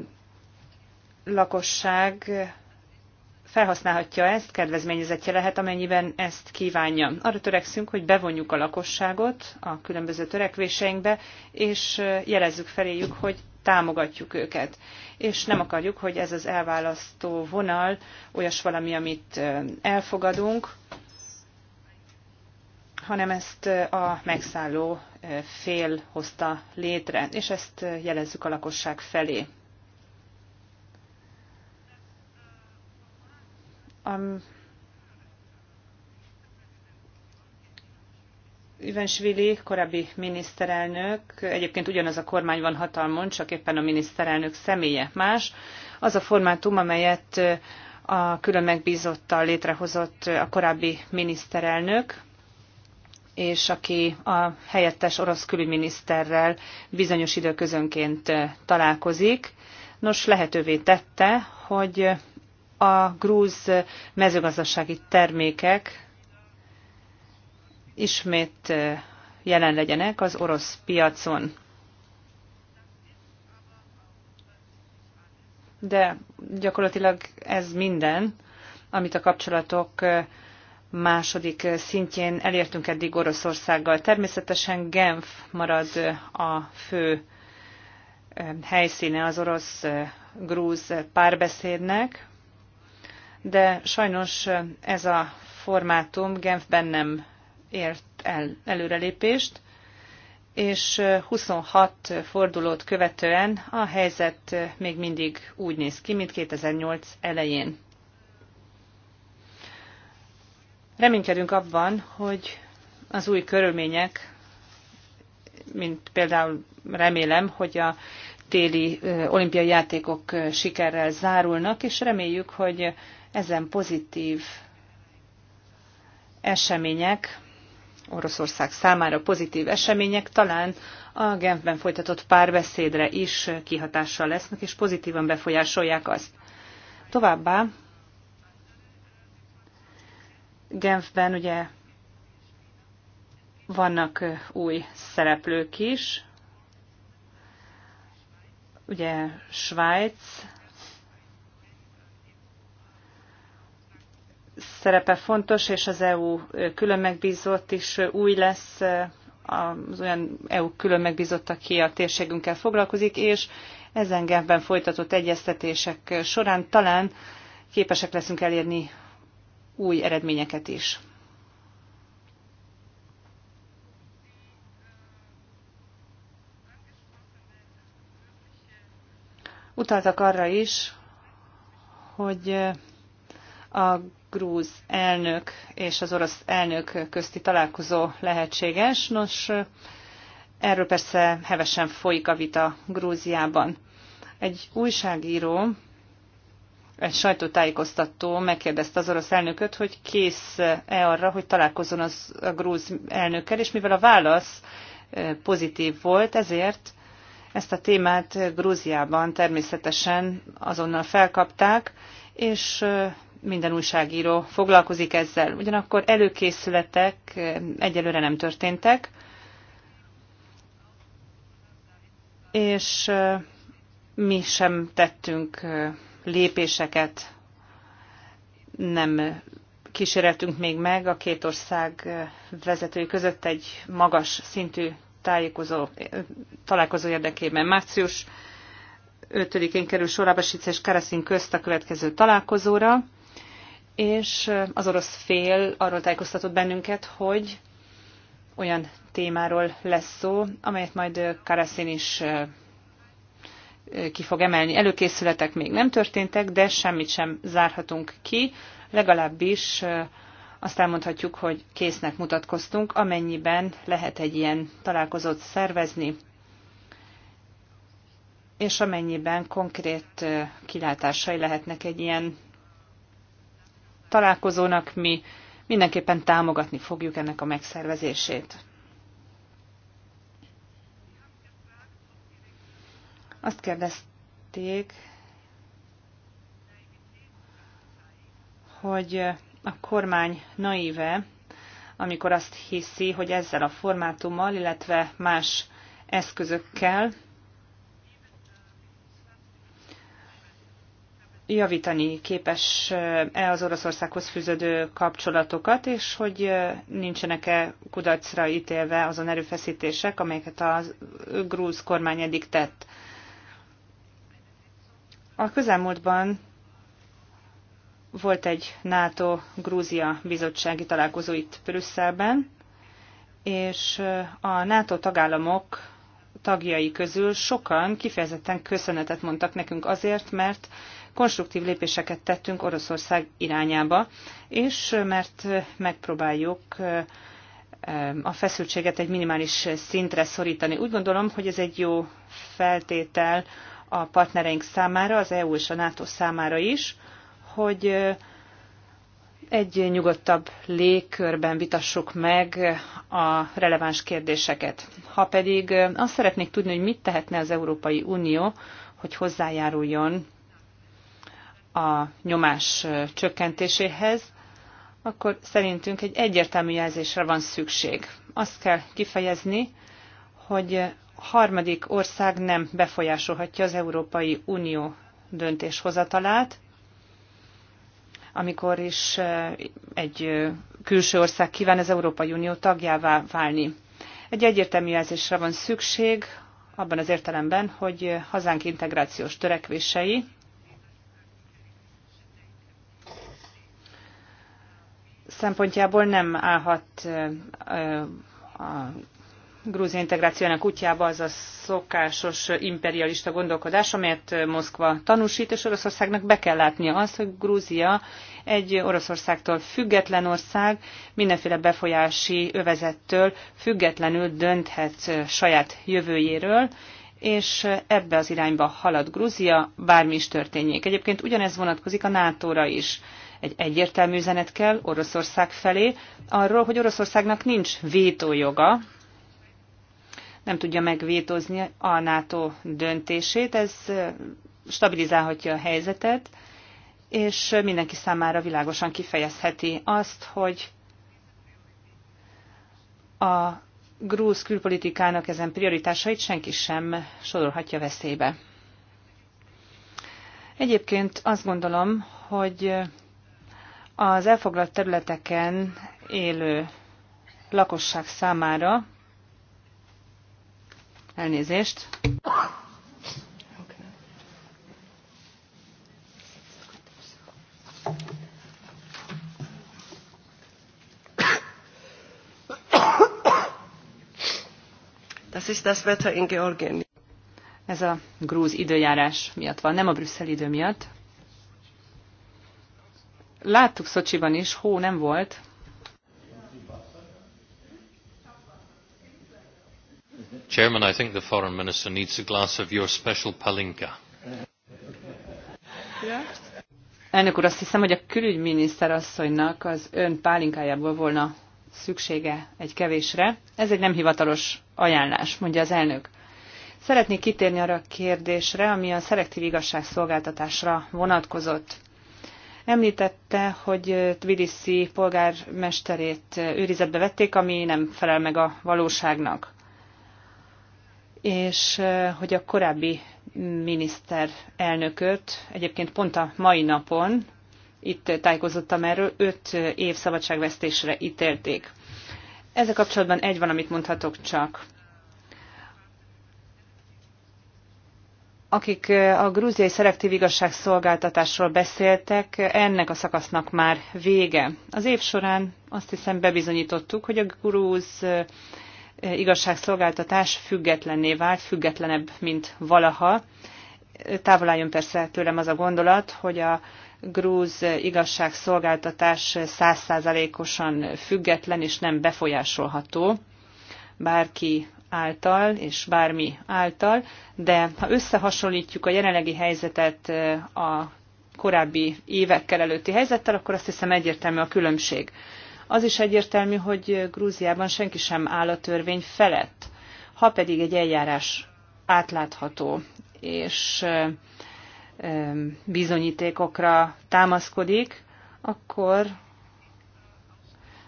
lakosság felhasználhatja ezt, kedvezményezetje lehet, amennyiben ezt kívánja. Arra törekszünk, hogy bevonjuk a lakosságot a különböző törekvéseinkbe, és jelezzük feléjük, hogy támogatjuk őket. És nem akarjuk, hogy ez az elválasztó vonal olyas valami, amit elfogadunk, hanem ezt a megszálló fél hozta létre, és ezt jelezzük a lakosság felé. a Ivensvili, korábbi miniszterelnök, egyébként ugyanaz a kormány van hatalmon, csak éppen a miniszterelnök személye más. Az a formátum, amelyet a külön megbízottal létrehozott a korábbi miniszterelnök, és aki a helyettes orosz külügyminiszterrel bizonyos időközönként találkozik. Nos, lehetővé tette, hogy a grúz mezőgazdasági termékek ismét jelen legyenek az orosz piacon. De gyakorlatilag ez minden, amit a kapcsolatok második szintjén elértünk eddig Oroszországgal. Természetesen Genf marad a fő helyszíne az orosz-grúz párbeszédnek, de sajnos eh, ez a formátum Genfben nem ért el előrelépést, és 26 eh, fordulót követően a helyzet eh, még mindig úgy néz ki, mint 2008 elején. Reménykedünk abban, hogy az új körülmények, mint például remélem, hogy a téli olimpiai játékok sikerrel zárulnak, és reméljük, hogy ezen pozitív események, Oroszország számára pozitív események talán a Genfben folytatott párbeszédre is kihatással lesznek, és pozitívan befolyásolják azt. Továbbá Genfben ugye vannak új szereplők is, ugye Svájc, szerepe fontos, és az EU külön megbízott is új lesz, az olyan EU külön megbízott, aki a térségünkkel foglalkozik, és ezen gerben folytatott egyeztetések során talán képesek leszünk elérni új eredményeket is. Utaltak arra is, hogy a grúz elnök és az orosz elnök közti találkozó lehetséges. Nos, erről persze hevesen folyik a vita Grúziában. Egy újságíró, egy sajtótájékoztató megkérdezte az orosz elnököt, hogy kész-e arra, hogy találkozon az a grúz elnökkel, és mivel a válasz pozitív volt, ezért ezt a témát Grúziában természetesen azonnal felkapták, és minden újságíró foglalkozik ezzel. Ugyanakkor előkészületek egyelőre nem történtek, és mi sem tettünk lépéseket, nem kíséreltünk még meg a két ország vezetői között egy magas szintű tájékozó, találkozó érdekében. Március 5-én kerül sor Abasic és Kereszin közt a következő találkozóra és az orosz fél arról tájékoztatott bennünket, hogy olyan témáról lesz szó, amelyet majd Karaszin is ki fog emelni. Előkészületek még nem történtek, de semmit sem zárhatunk ki, legalábbis azt elmondhatjuk, hogy késznek mutatkoztunk, amennyiben lehet egy ilyen találkozót szervezni, és amennyiben konkrét kilátásai lehetnek egy ilyen találkozónak mi mindenképpen támogatni fogjuk ennek a megszervezését. Azt kérdezték, hogy a kormány naíve, amikor azt hiszi, hogy ezzel a formátummal, illetve más eszközökkel javítani képes-e az Oroszországhoz fűződő kapcsolatokat, és hogy e, nincsenek-e kudarcra ítélve azon erőfeszítések, amelyeket a grúz kormány eddig tett. A közelmúltban volt egy NATO-Grúzia bizottsági találkozó itt Brüsszelben, és e, a NATO tagállamok tagjai közül sokan kifejezetten köszönetet mondtak nekünk azért, mert konstruktív lépéseket tettünk Oroszország irányába, és mert megpróbáljuk a feszültséget egy minimális szintre szorítani. Úgy gondolom, hogy ez egy jó feltétel a partnereink számára, az EU és a NATO számára is, hogy egy nyugodtabb légkörben vitassuk meg a releváns kérdéseket. Ha pedig azt szeretnék tudni, hogy mit tehetne az Európai Unió, hogy hozzájáruljon a nyomás csökkentéséhez, akkor szerintünk egy egyértelmű jelzésre van szükség. Azt kell kifejezni, hogy harmadik ország nem befolyásolhatja az Európai Unió döntéshozatalát, amikor is egy külső ország kíván az Európai Unió tagjává válni. Egy egyértelmű jelzésre van szükség, abban az értelemben, hogy hazánk integrációs törekvései szempontjából nem állhat a grúzia integrációnak útjába az a szokásos imperialista gondolkodás, amelyet Moszkva tanúsít, és Oroszországnak be kell látnia azt, hogy Grúzia egy Oroszországtól független ország, mindenféle befolyási övezettől függetlenül dönthet saját jövőjéről, és ebbe az irányba halad Grúzia, bármi is történjék. Egyébként ugyanez vonatkozik a NATO-ra is. Egy egyértelmű üzenet kell Oroszország felé arról, hogy Oroszországnak nincs vétójoga, nem tudja megvétózni a NATO döntését, ez stabilizálhatja a helyzetet, és mindenki számára világosan kifejezheti azt, hogy a grúz külpolitikának ezen prioritásait senki sem sorolhatja veszélybe. Egyébként azt gondolom, hogy az elfoglalt területeken élő lakosság számára elnézést. Das ist das Wetter in Georgien. Ez a grúz időjárás miatt van, nem a brüsszeli idő miatt. Láttuk Szocsiban is, hó nem volt. Chairman, I think the foreign minister needs a glass of your special palinka. Elnök úr, azt hiszem, hogy a külügyminiszter asszonynak az ön pálinkájából volna szüksége egy kevésre. Ez egy nem hivatalos ajánlás, mondja az elnök. Szeretnék kitérni arra a kérdésre, ami a szelektív igazságszolgáltatásra vonatkozott. Említette, hogy Tbilisi polgármesterét őrizetbe vették, ami nem felel meg a valóságnak. És eh, hogy a korábbi miniszter elnököt egyébként pont a mai napon, itt tájékozottam erről, öt év szabadságvesztésre ítélték. Ezzel kapcsolatban egy van, amit mondhatok csak. akik a grúziai szelektív igazságszolgáltatásról beszéltek, ennek a szakasznak már vége. Az év során azt hiszem bebizonyítottuk, hogy a grúz igazságszolgáltatás függetlenné vált, függetlenebb, mint valaha. Távol álljon persze tőlem az a gondolat, hogy a grúz igazságszolgáltatás százszázalékosan független és nem befolyásolható bárki által, és bármi által, de ha összehasonlítjuk a jelenlegi helyzetet eh, a korábbi évekkel előtti helyzettel, akkor azt hiszem egyértelmű a különbség. Az is egyértelmű, hogy Grúziában senki sem áll a törvény felett. Ha pedig egy eljárás átlátható és eh, eh, bizonyítékokra támaszkodik, akkor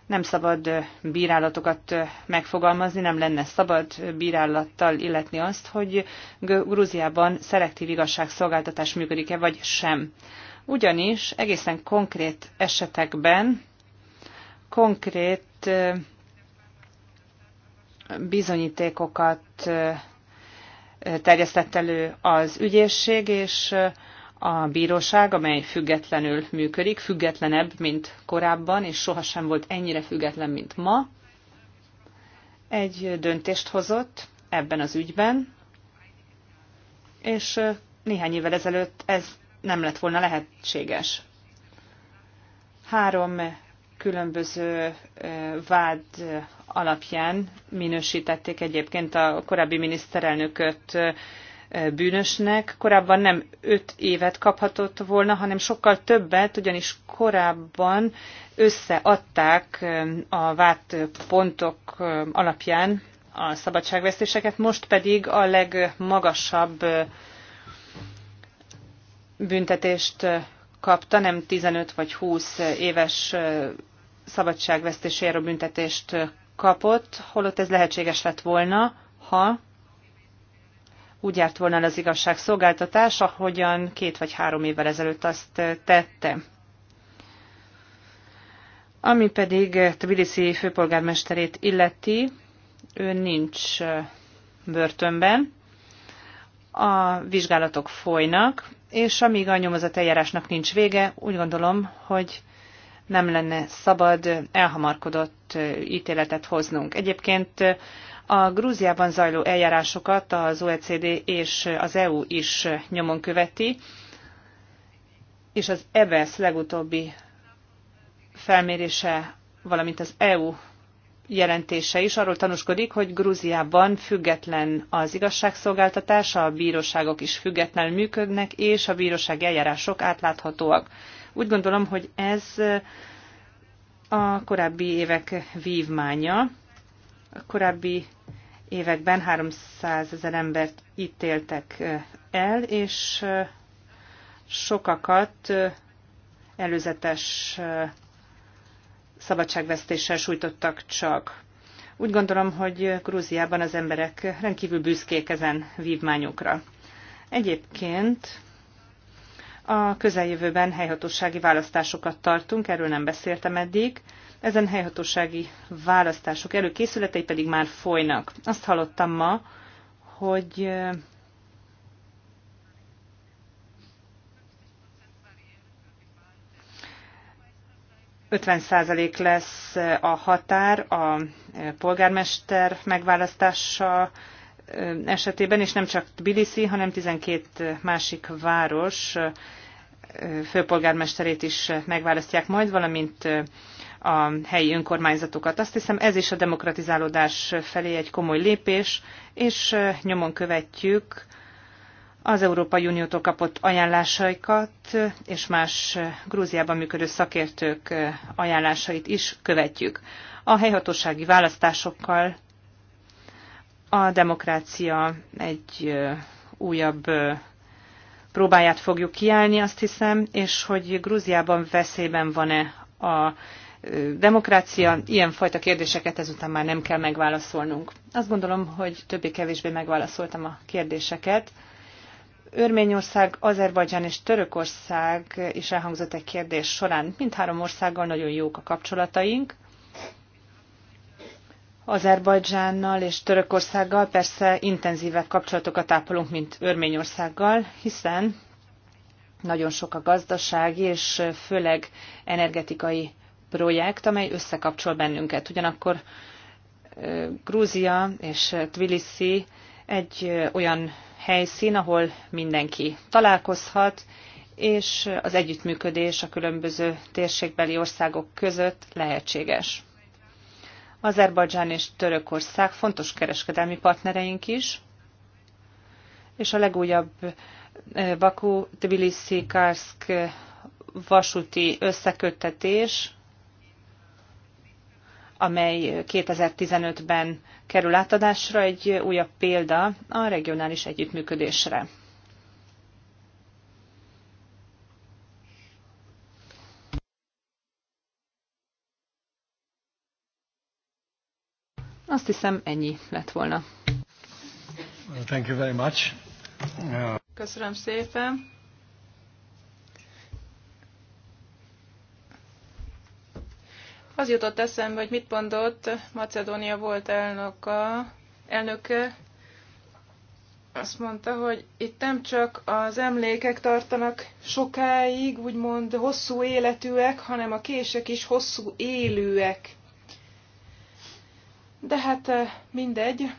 nem szabad bírálatokat megfogalmazni, nem lenne szabad bírálattal illetni azt, hogy Grúziában szelektív igazságszolgáltatás működik-e vagy sem. Ugyanis egészen konkrét esetekben konkrét bizonyítékokat terjesztett elő az ügyészség, és a bíróság, amely függetlenül működik, függetlenebb, mint korábban, és sohasem volt ennyire független, mint ma, egy döntést hozott ebben az ügyben, és néhány évvel ezelőtt ez nem lett volna lehetséges. Három különböző vád alapján minősítették egyébként a korábbi miniszterelnököt E, bűnösnek. Korábban nem 5 évet kaphatott volna, hanem sokkal többet, ugyanis korábban összeadták e, a vált pontok e, alapján a szabadságvesztéseket, most pedig a legmagasabb büntetést kapta, nem 15 vagy 20 éves szabadságvesztéséről büntetést kapott, holott ez lehetséges lett volna, ha úgy járt volna az igazság szolgáltatása, ahogyan két vagy három évvel ezelőtt azt eh, tette. Ami pedig Tbilisi főpolgármesterét illeti, ő nincs eh, börtönben, a vizsgálatok folynak, és amíg a nyomozat eljárásnak nincs vége, úgy gondolom, hogy nem lenne szabad elhamarkodott eh, ítéletet hoznunk. Egyébként a Grúziában zajló eljárásokat az OECD és az EU is nyomon követi, és az EBS e legutóbbi felmérése, valamint az EU jelentése is arról tanúskodik, hogy Grúziában független az igazságszolgáltatás, a bíróságok is függetlenül működnek, és a bírósági eljárások átláthatóak. Úgy gondolom, hogy ez a korábbi évek vívmánya, a korábbi években 300 ezer embert ítéltek el, és sokakat előzetes szabadságvesztéssel sújtottak csak. Úgy gondolom, hogy Grúziában az emberek rendkívül büszkék ezen vívmányokra. Egyébként a közeljövőben helyhatósági választásokat tartunk, erről nem beszéltem eddig. Ezen helyhatósági választások előkészületei pedig már folynak. Azt hallottam ma, hogy százalék lesz a határ a polgármester megválasztása esetében, és nem csak Tbilisi, hanem 12 másik város főpolgármesterét is megválasztják majd, valamint a helyi önkormányzatokat. Azt hiszem ez is a demokratizálódás felé egy komoly lépés, és nyomon követjük az Európai Uniótól kapott ajánlásaikat, és más Grúziában működő szakértők ajánlásait is követjük. A helyhatósági választásokkal a demokrácia egy újabb próbáját fogjuk kiállni, azt hiszem, és hogy Grúziában veszélyben van-e a demokrácia, ilyenfajta kérdéseket ezután már nem kell megválaszolnunk. Azt gondolom, hogy többé-kevésbé megválaszoltam a kérdéseket. Örményország, Azerbajdzsán és Törökország is elhangzott egy kérdés során. Mindhárom országgal nagyon jók a kapcsolataink. Azerbajdzsánnal és Törökországgal persze intenzívebb kapcsolatokat ápolunk, mint Örményországgal, hiszen nagyon sok a gazdasági és főleg energetikai projekt, amely összekapcsol bennünket. Ugyanakkor Grúzia és Tbilisi egy olyan helyszín, ahol mindenki találkozhat, és az együttműködés a különböző térségbeli országok között lehetséges. Azerbajdzsán és Törökország fontos kereskedelmi partnereink is, és a legújabb Baku, Tbilisi, Karsk vasúti összeköttetés, amely 2015-ben kerül átadásra, egy újabb példa a regionális együttműködésre. Azt hiszem, ennyi lett volna. Thank you very much. Köszönöm szépen. Az jutott eszembe, hogy mit mondott Macedónia volt elnöka, elnöke. Azt mondta, hogy itt nem csak az emlékek tartanak sokáig, úgymond hosszú életűek, hanem a kések is hosszú élőek. De hát mindegy.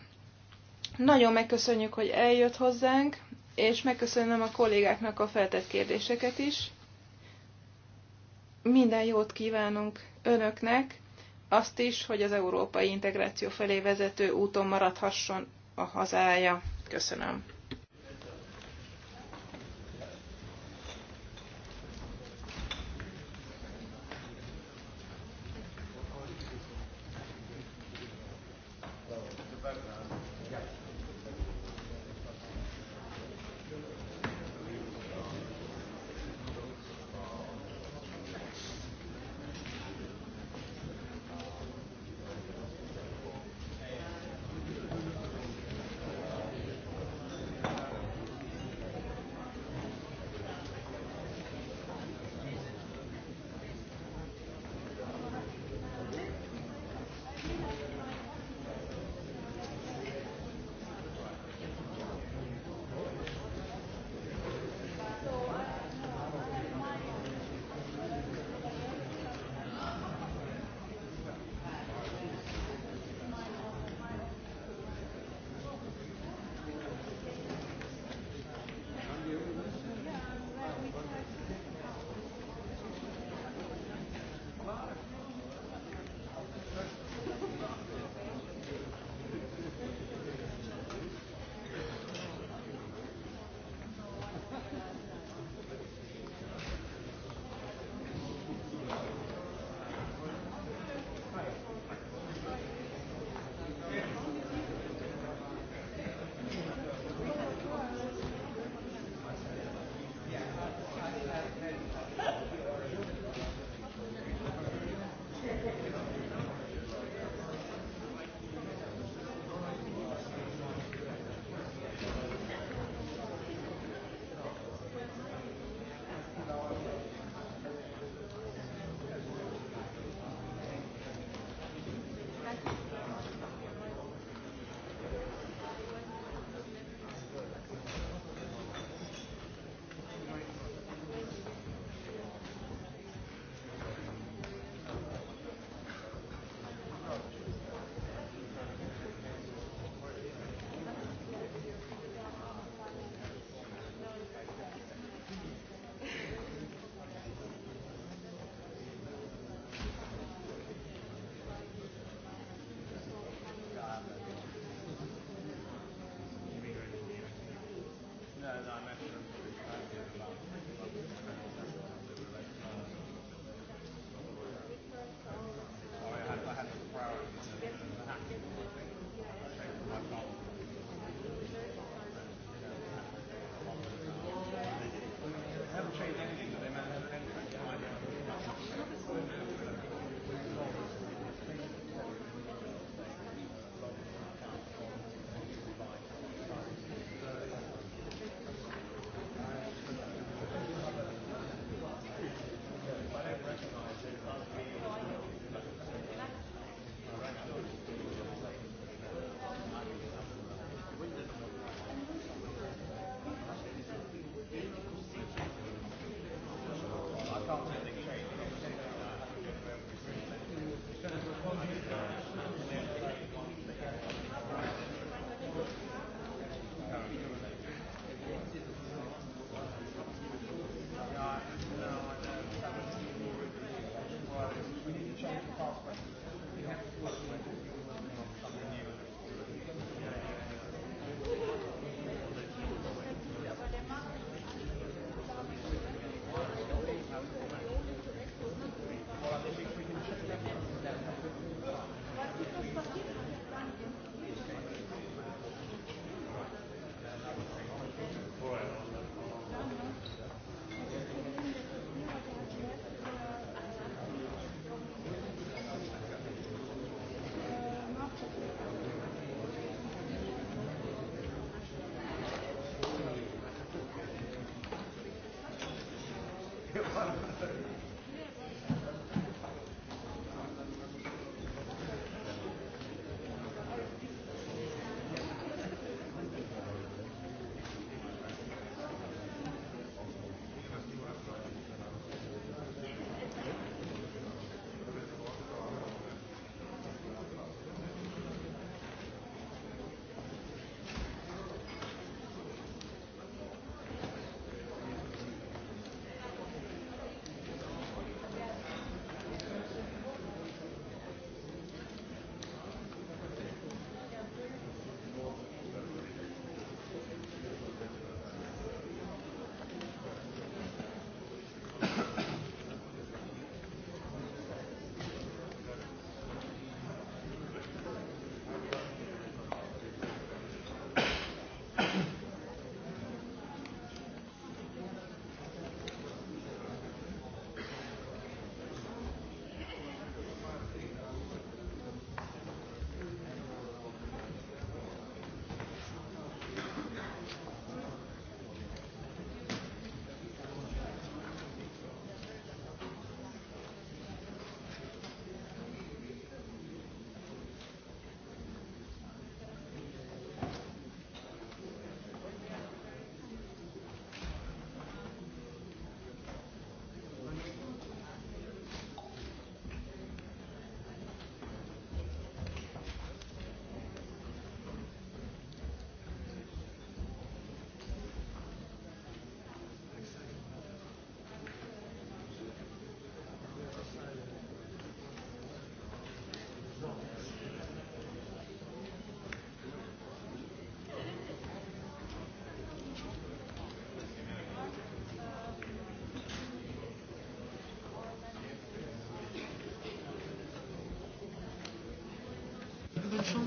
Nagyon megköszönjük, hogy eljött hozzánk, és megköszönöm a kollégáknak a feltett kérdéseket is. Minden jót kívánunk önöknek, azt is, hogy az európai integráció felé vezető úton maradhasson a hazája. Köszönöm.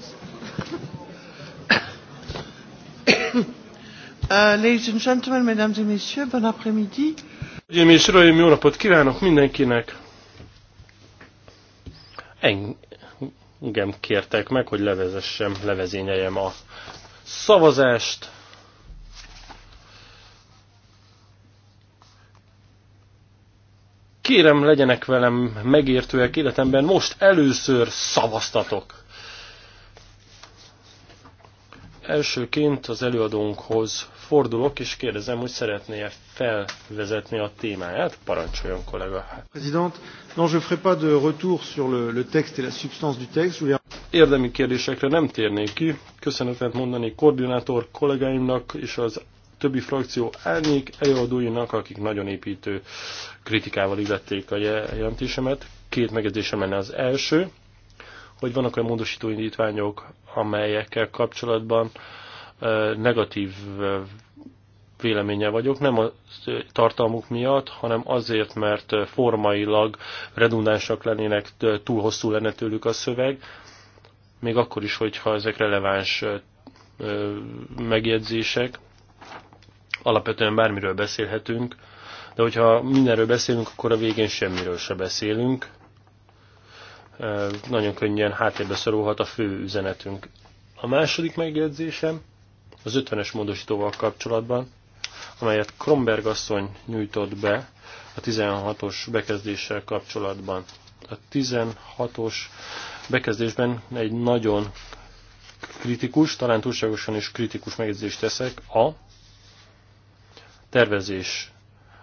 Euh, ladies and gentlemen, bon après-midi. Hölgyeim és uraim, jó napot kívánok mindenkinek! Engem kértek meg, hogy levezessem, levezényeljem a szavazást. Kérem, legyenek velem megértőek életemben, most először szavaztatok. Elsőként az előadónkhoz fordulok, és kérdezem, hogy szeretné-e felvezetni a témáját. Parancsoljon, kollega. President, non, je ferai pas de retour sur le, le texte et la substance du texte. Érdemi kérdésekre nem térnék ki. Köszönetet mondani koordinátor kollégáimnak és az többi frakció árnyék előadóinak, akik nagyon építő kritikával illették a jelentésemet. Két megjegyzésem lenne az első hogy vannak olyan módosító indítványok, amelyekkel kapcsolatban negatív véleménye vagyok, nem a tartalmuk miatt, hanem azért, mert formailag redundánsak lennének, túl hosszú lenne tőlük a szöveg, még akkor is, hogyha ezek releváns megjegyzések, alapvetően bármiről beszélhetünk, de hogyha mindenről beszélünk, akkor a végén semmiről se beszélünk nagyon könnyen háttérbe szorulhat a fő üzenetünk. A második megjegyzésem az 50-es módosítóval kapcsolatban, amelyet Kromberg asszony nyújtott be a 16-os bekezdéssel kapcsolatban. A 16-os bekezdésben egy nagyon kritikus, talán túlságosan is kritikus megjegyzést teszek, a tervezés,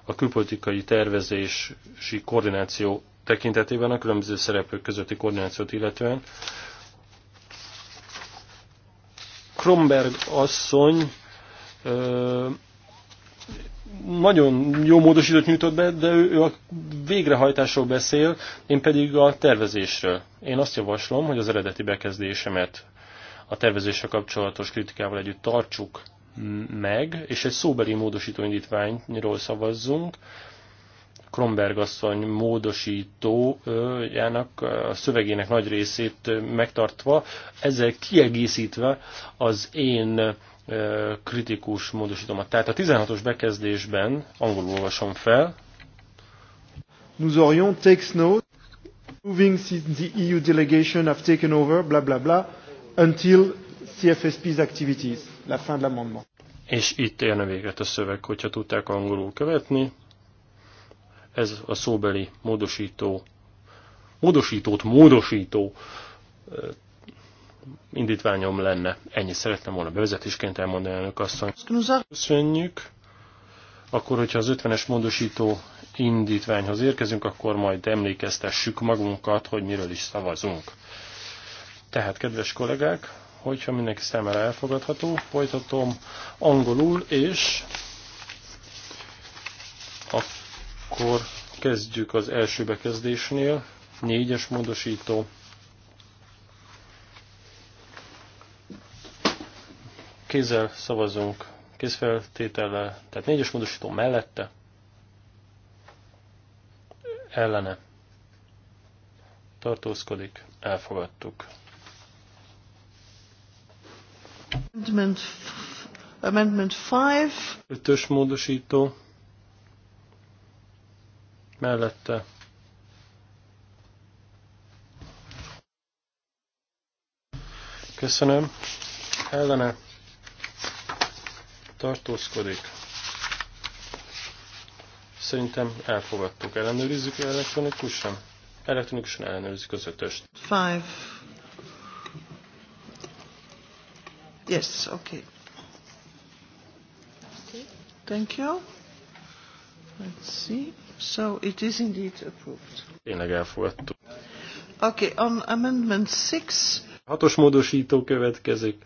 a külpolitikai tervezési koordináció tekintetében a különböző szereplők közötti koordinációt illetően. Kromberg asszony nagyon jó módosítót nyújtott be, de ő, ő a végrehajtásról beszél, én pedig a tervezésről. Én azt javaslom, hogy az eredeti bekezdésemet a tervezésre kapcsolatos kritikával együtt tartsuk meg, és egy szóbeli módosító indítványról szavazzunk, Kromberg asszony módosítójának, a szövegének nagy részét megtartva, ezzel kiegészítve az én kritikus módosítomat. Tehát a 16-os bekezdésben, angolul olvasom fel, Nous aurions takes note, moving since the EU delegation have taken over, bla bla bla, until CFSP's activities. La fin de l'amendement. És itt érne véget a szöveg, hogyha tudták angolul követni. Ez a szóbeli módosító, módosítót módosító indítványom lenne. Ennyit szerettem volna bevezetésként elmondani, elnök asszony. Köszönjük. Akkor, hogyha az 50-es módosító indítványhoz érkezünk, akkor majd emlékeztessük magunkat, hogy miről is szavazunk. Tehát, kedves kollégák, hogyha mindenki számára elfogadható, folytatom angolul, és a akkor kezdjük az első bekezdésnél. Négyes módosító. Kézzel szavazunk, kézfeltétellel, tehát négyes módosító mellette, ellene tartózkodik, elfogadtuk. Amendment 5. Ötös módosító mellette köszönöm ellene tartózkodik szerintem elfogadtuk ellenőrizzük elektronikusan elektronikusan ellenőrizzük az ötöst Five. Yes, okay. Thank you. Let's see. So it is indeed approved. Tényleg elfogadtuk. Okay, on amendment 6. Hatos módosító következik.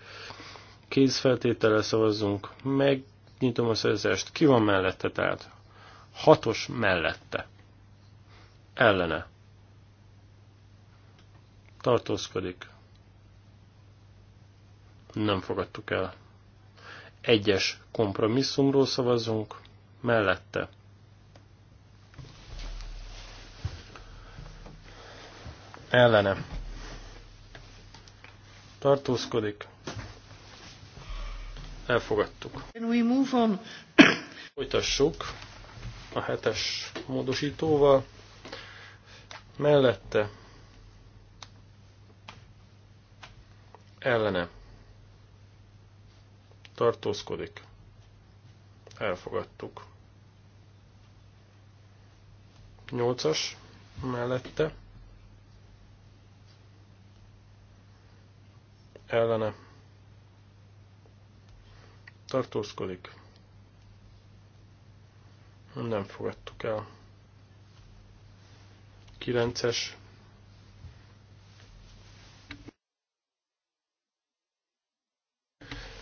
Kézfeltétele szavazzunk. Megnyitom a szerzést. Ki van mellette tehát? Hatos mellette. Ellene. Tartózkodik. Nem fogadtuk el. Egyes kompromisszumról szavazzunk. Mellette ellene tartózkodik. Elfogadtuk. We move on. Folytassuk a hetes módosítóval. Mellette ellene tartózkodik. Elfogadtuk. Nyolcas mellette ellene tartózkodik. Nem fogadtuk el. 9-es.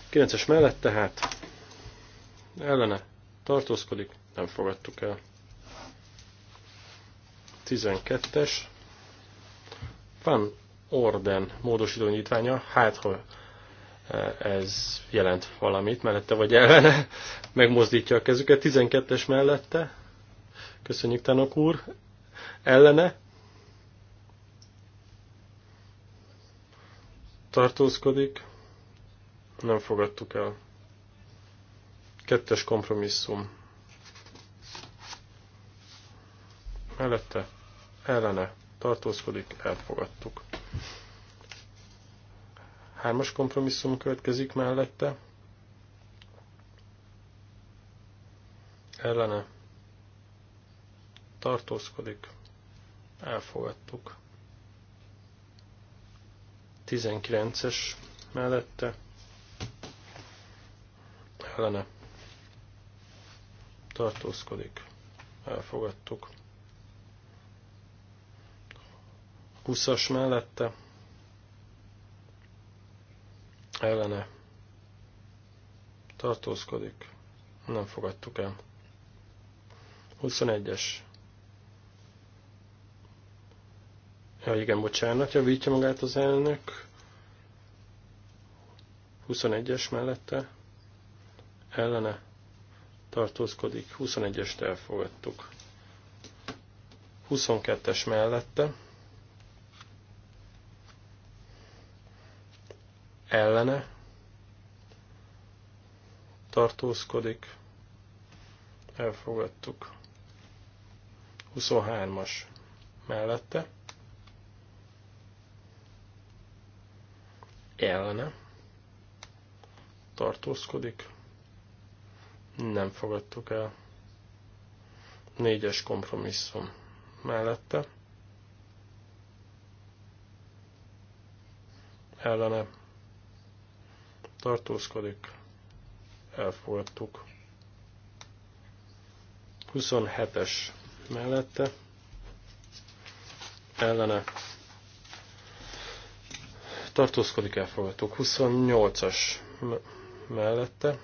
Kilences mellett tehát ellene tartózkodik, nem fogadtuk el. 12-es. Van Orden módosító nyitványa, hát ha e, ez jelent valamit mellette vagy ellene, megmozdítja a kezüket, 12-es mellette, köszönjük Tanok úr, ellene, tartózkodik, nem fogadtuk el. Kettes kompromisszum. Mellette, ellene, tartózkodik, elfogadtuk. Hármas kompromisszum következik mellette. Ellene. Tartózkodik. Elfogadtuk. 19-es mellette. Ellene. Tartózkodik. Elfogadtuk. 20-as mellette ellene tartózkodik, nem fogadtuk el. 21-es. Ja, igen, bocsánat, javítja magát az elnök. 21-es mellette ellene tartózkodik, 21-est elfogadtuk. 22-es mellette ellene tartózkodik, elfogadtuk. 23-as mellette, ellene tartózkodik, nem fogadtuk el. 4-es kompromisszum mellette, ellene tartózkodik, elfogadtuk. 27-es mellette, ellene tartózkodik, elfogadtuk. 28-as mellette,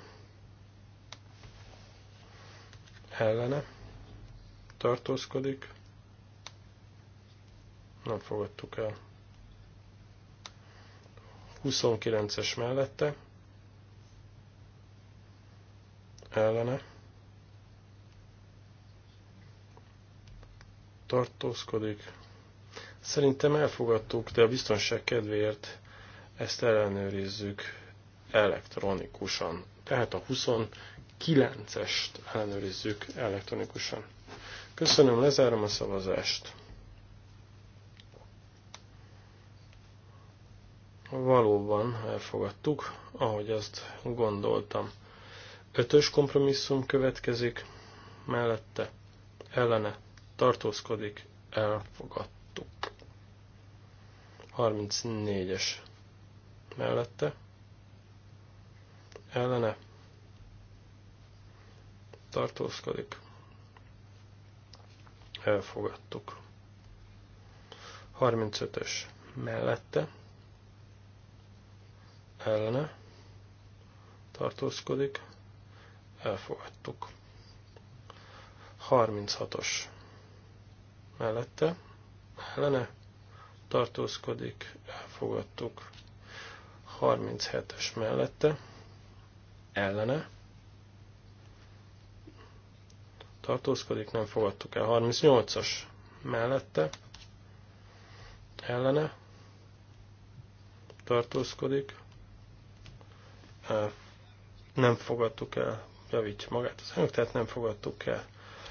ellene tartózkodik, nem fogadtuk el. 29-es mellette, ellene tartózkodik. Szerintem elfogadtuk, de a biztonság kedvéért ezt ellenőrizzük elektronikusan. Tehát a 29-est ellenőrizzük elektronikusan. Köszönöm, lezárom a szavazást. Valóban elfogadtuk, ahogy azt gondoltam. Ötös kompromisszum következik, mellette ellene tartózkodik, elfogadtuk. 34-es mellette ellene tartózkodik, elfogadtuk. 35-ös mellette ellene tartózkodik, elfogadtuk. 36-os mellette, ellene, tartózkodik, elfogadtuk. 37-es mellette, ellene, tartózkodik, nem fogadtuk el. 38-as mellette, ellene, tartózkodik, el, nem fogadtuk el javítja magát az anyag, tehát nem fogadtuk el.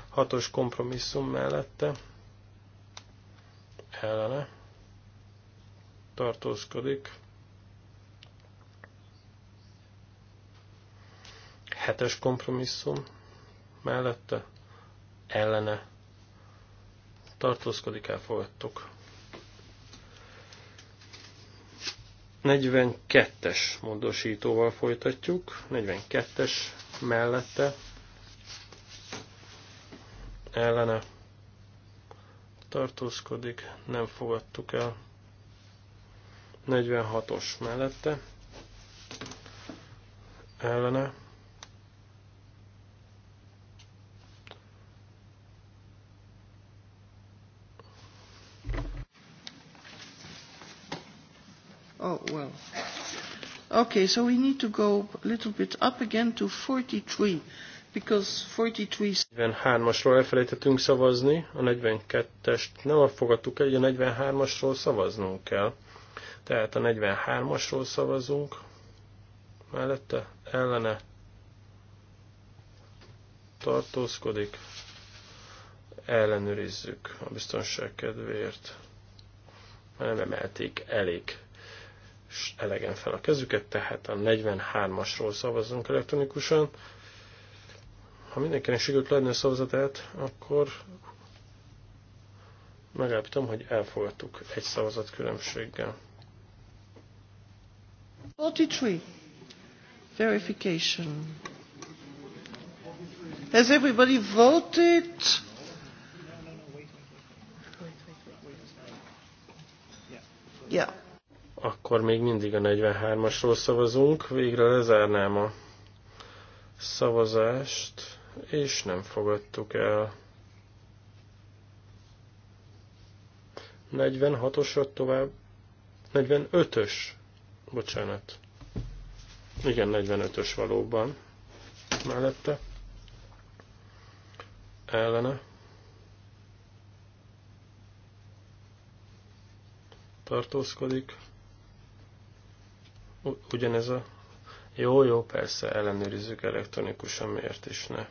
Hatos kompromisszum mellette ellene tartózkodik. Hetes kompromisszum mellette ellene tartózkodik, elfogadtuk. 42-es módosítóval folytatjuk. 42-es mellette ellene tartózkodik, nem fogadtuk el. 46-os mellette ellene Oh, well. Okay, so we need to go a little bit up again to 43, because 43... 43-asról elfelejtettünk szavazni, a 42-est nem fogadtuk el, a 43-asról szavaznunk kell. Tehát a 43-asról szavazunk, mellette ellene tartózkodik, ellenőrizzük a biztonság kedvéért. Nem emelték elég és elegen fel a kezüket, tehát a 43-asról szavazzunk elektronikusan. Ha mindenkinek sikerült lenni a szavazatát, akkor megállapítom, hogy elfogadtuk egy szavazat különbséggel. 43. Verification. Has everybody voted? Yeah akkor még mindig a 43-asról szavazunk. Végre lezárnám a szavazást, és nem fogadtuk el. 46 osat tovább, 45-ös, bocsánat. Igen, 45-ös valóban mellette. Ellene. Tartózkodik ugyanez a... Jó, jó, persze, ellenőrizzük elektronikusan, miért is ne.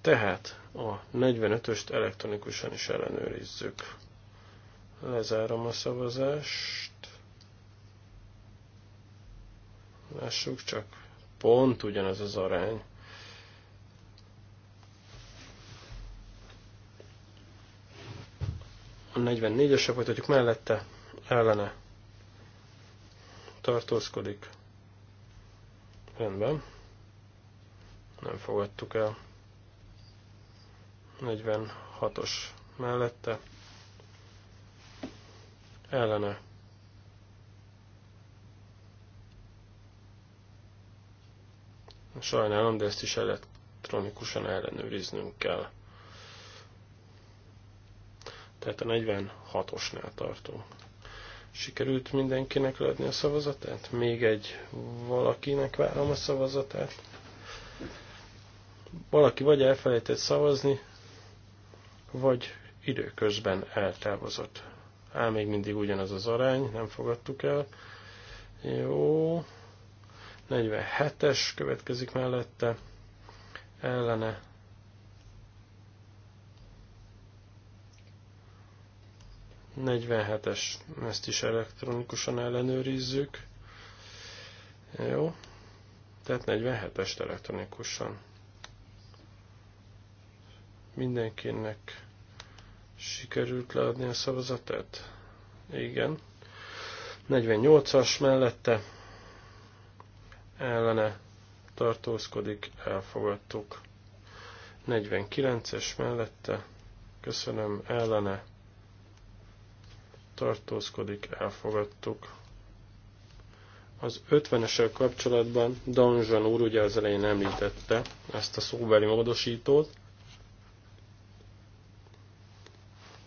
Tehát a 45-öst elektronikusan is ellenőrizzük. Lezárom a szavazást. Lássuk csak, pont ugyanaz az arány. A 44-esre folytatjuk mellette, ellene tartózkodik. Rendben. Nem fogadtuk el. 46-os mellette. Ellene. Sajnálom, de ezt is elektronikusan ellenőriznünk kell. Tehát a 46-osnál tartunk. Sikerült mindenkinek leadni a szavazatát? Még egy valakinek várom a szavazatát. Valaki vagy elfelejtett szavazni, vagy időközben eltávozott. ám még mindig ugyanaz az arány, nem fogadtuk el. Jó. 47-es következik mellette. Ellene 47-es, ezt is elektronikusan ellenőrizzük. Jó. Tehát 47-est elektronikusan. Mindenkinek sikerült leadni a szavazatát? Igen. 48-as mellette ellene tartózkodik, elfogadtuk. 49-es mellette, köszönöm, ellene tartózkodik, elfogadtuk. Az 50-esel kapcsolatban Donjon úr ugye az elején említette ezt a szóbeli módosítót,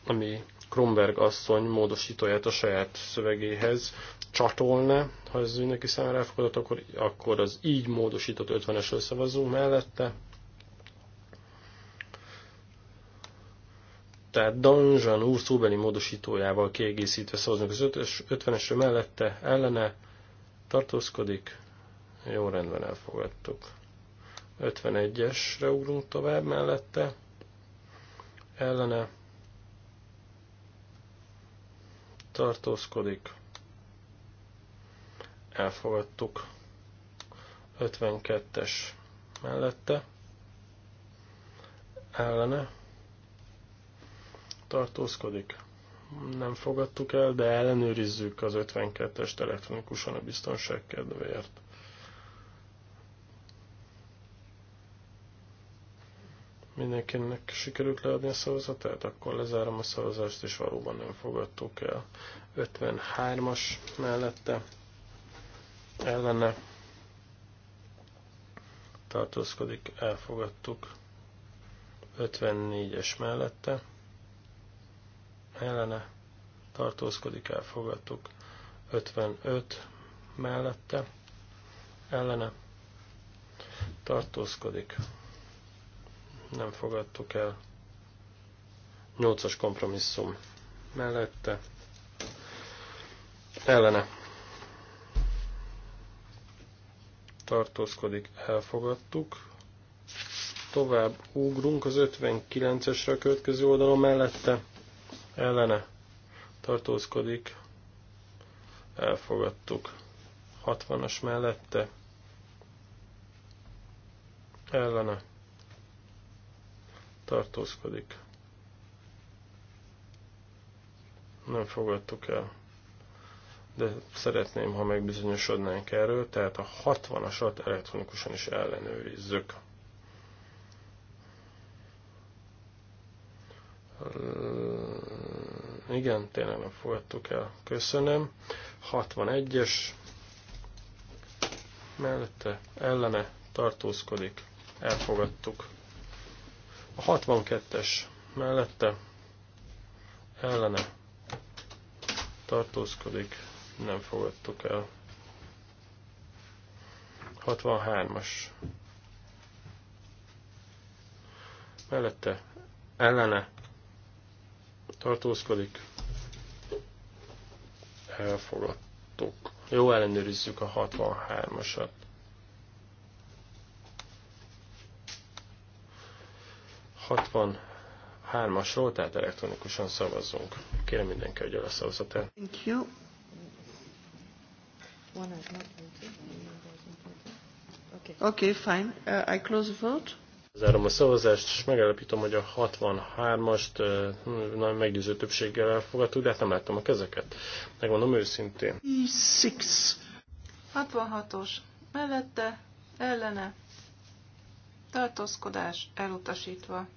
ami Kronberg asszony módosítóját a saját szövegéhez csatolna, ha ez neki számára elfogadott, akkor, akkor az így módosított 50-esről szavazunk mellette, tehát Danzsan úr szóbeli módosítójával kiegészítve szavazunk az 50-esre mellette ellene tartózkodik. Jó rendben elfogadtuk. 51-esre ugrunk tovább mellette. Ellene tartózkodik. Elfogadtuk. 52-es mellette. Ellene tartózkodik. Nem fogadtuk el, de ellenőrizzük az 52-est elektronikusan a biztonság kedvéért. mindenkinek sikerült leadni a szavazatát, akkor lezárom a szavazást, és valóban nem fogadtuk el. 53-as mellette ellene tartózkodik, elfogadtuk. 54-es mellette ellene tartózkodik, elfogadtuk. 55 mellette ellene tartózkodik, nem fogadtuk el. 8-as kompromisszum mellette ellene tartózkodik, elfogadtuk. Tovább ugrunk az 59-esre a következő oldalon mellette ellene tartózkodik, elfogadtuk. 60-as mellette ellene tartózkodik. Nem fogadtuk el. De szeretném, ha megbizonyosodnánk erről, tehát a 60-asat elektronikusan is ellenőrizzük. Igen, tényleg nem fogadtuk el. Köszönöm. 61-es mellette ellene tartózkodik. Elfogadtuk. A 62-es mellette ellene tartózkodik. Nem fogadtuk el. 63-as. Mellette ellene tartózkodik. Elfogadtuk. Jó, ellenőrizzük a 63-asat. Hatvan hármasról, tehát elektronikusan szavazzunk. Kérem mindenki, hogy a szavazatát. Thank you. Okay, fine. Uh, I close the vote. Zárom a szavazást, és megállapítom, hogy a 63-ast nagyon meggyőző többséggel elfogadtuk, de hát nem láttam a kezeket. Megmondom őszintén. 66-os. Mellette, ellene, tartózkodás elutasítva.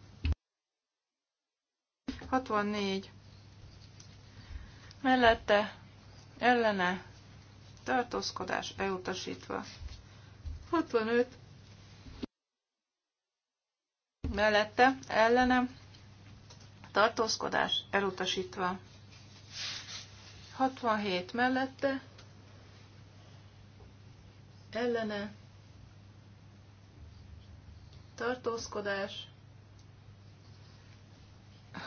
64. Mellette, ellene, tartózkodás elutasítva. 65 mellette ellene tartózkodás elutasítva. 67 mellette ellene tartózkodás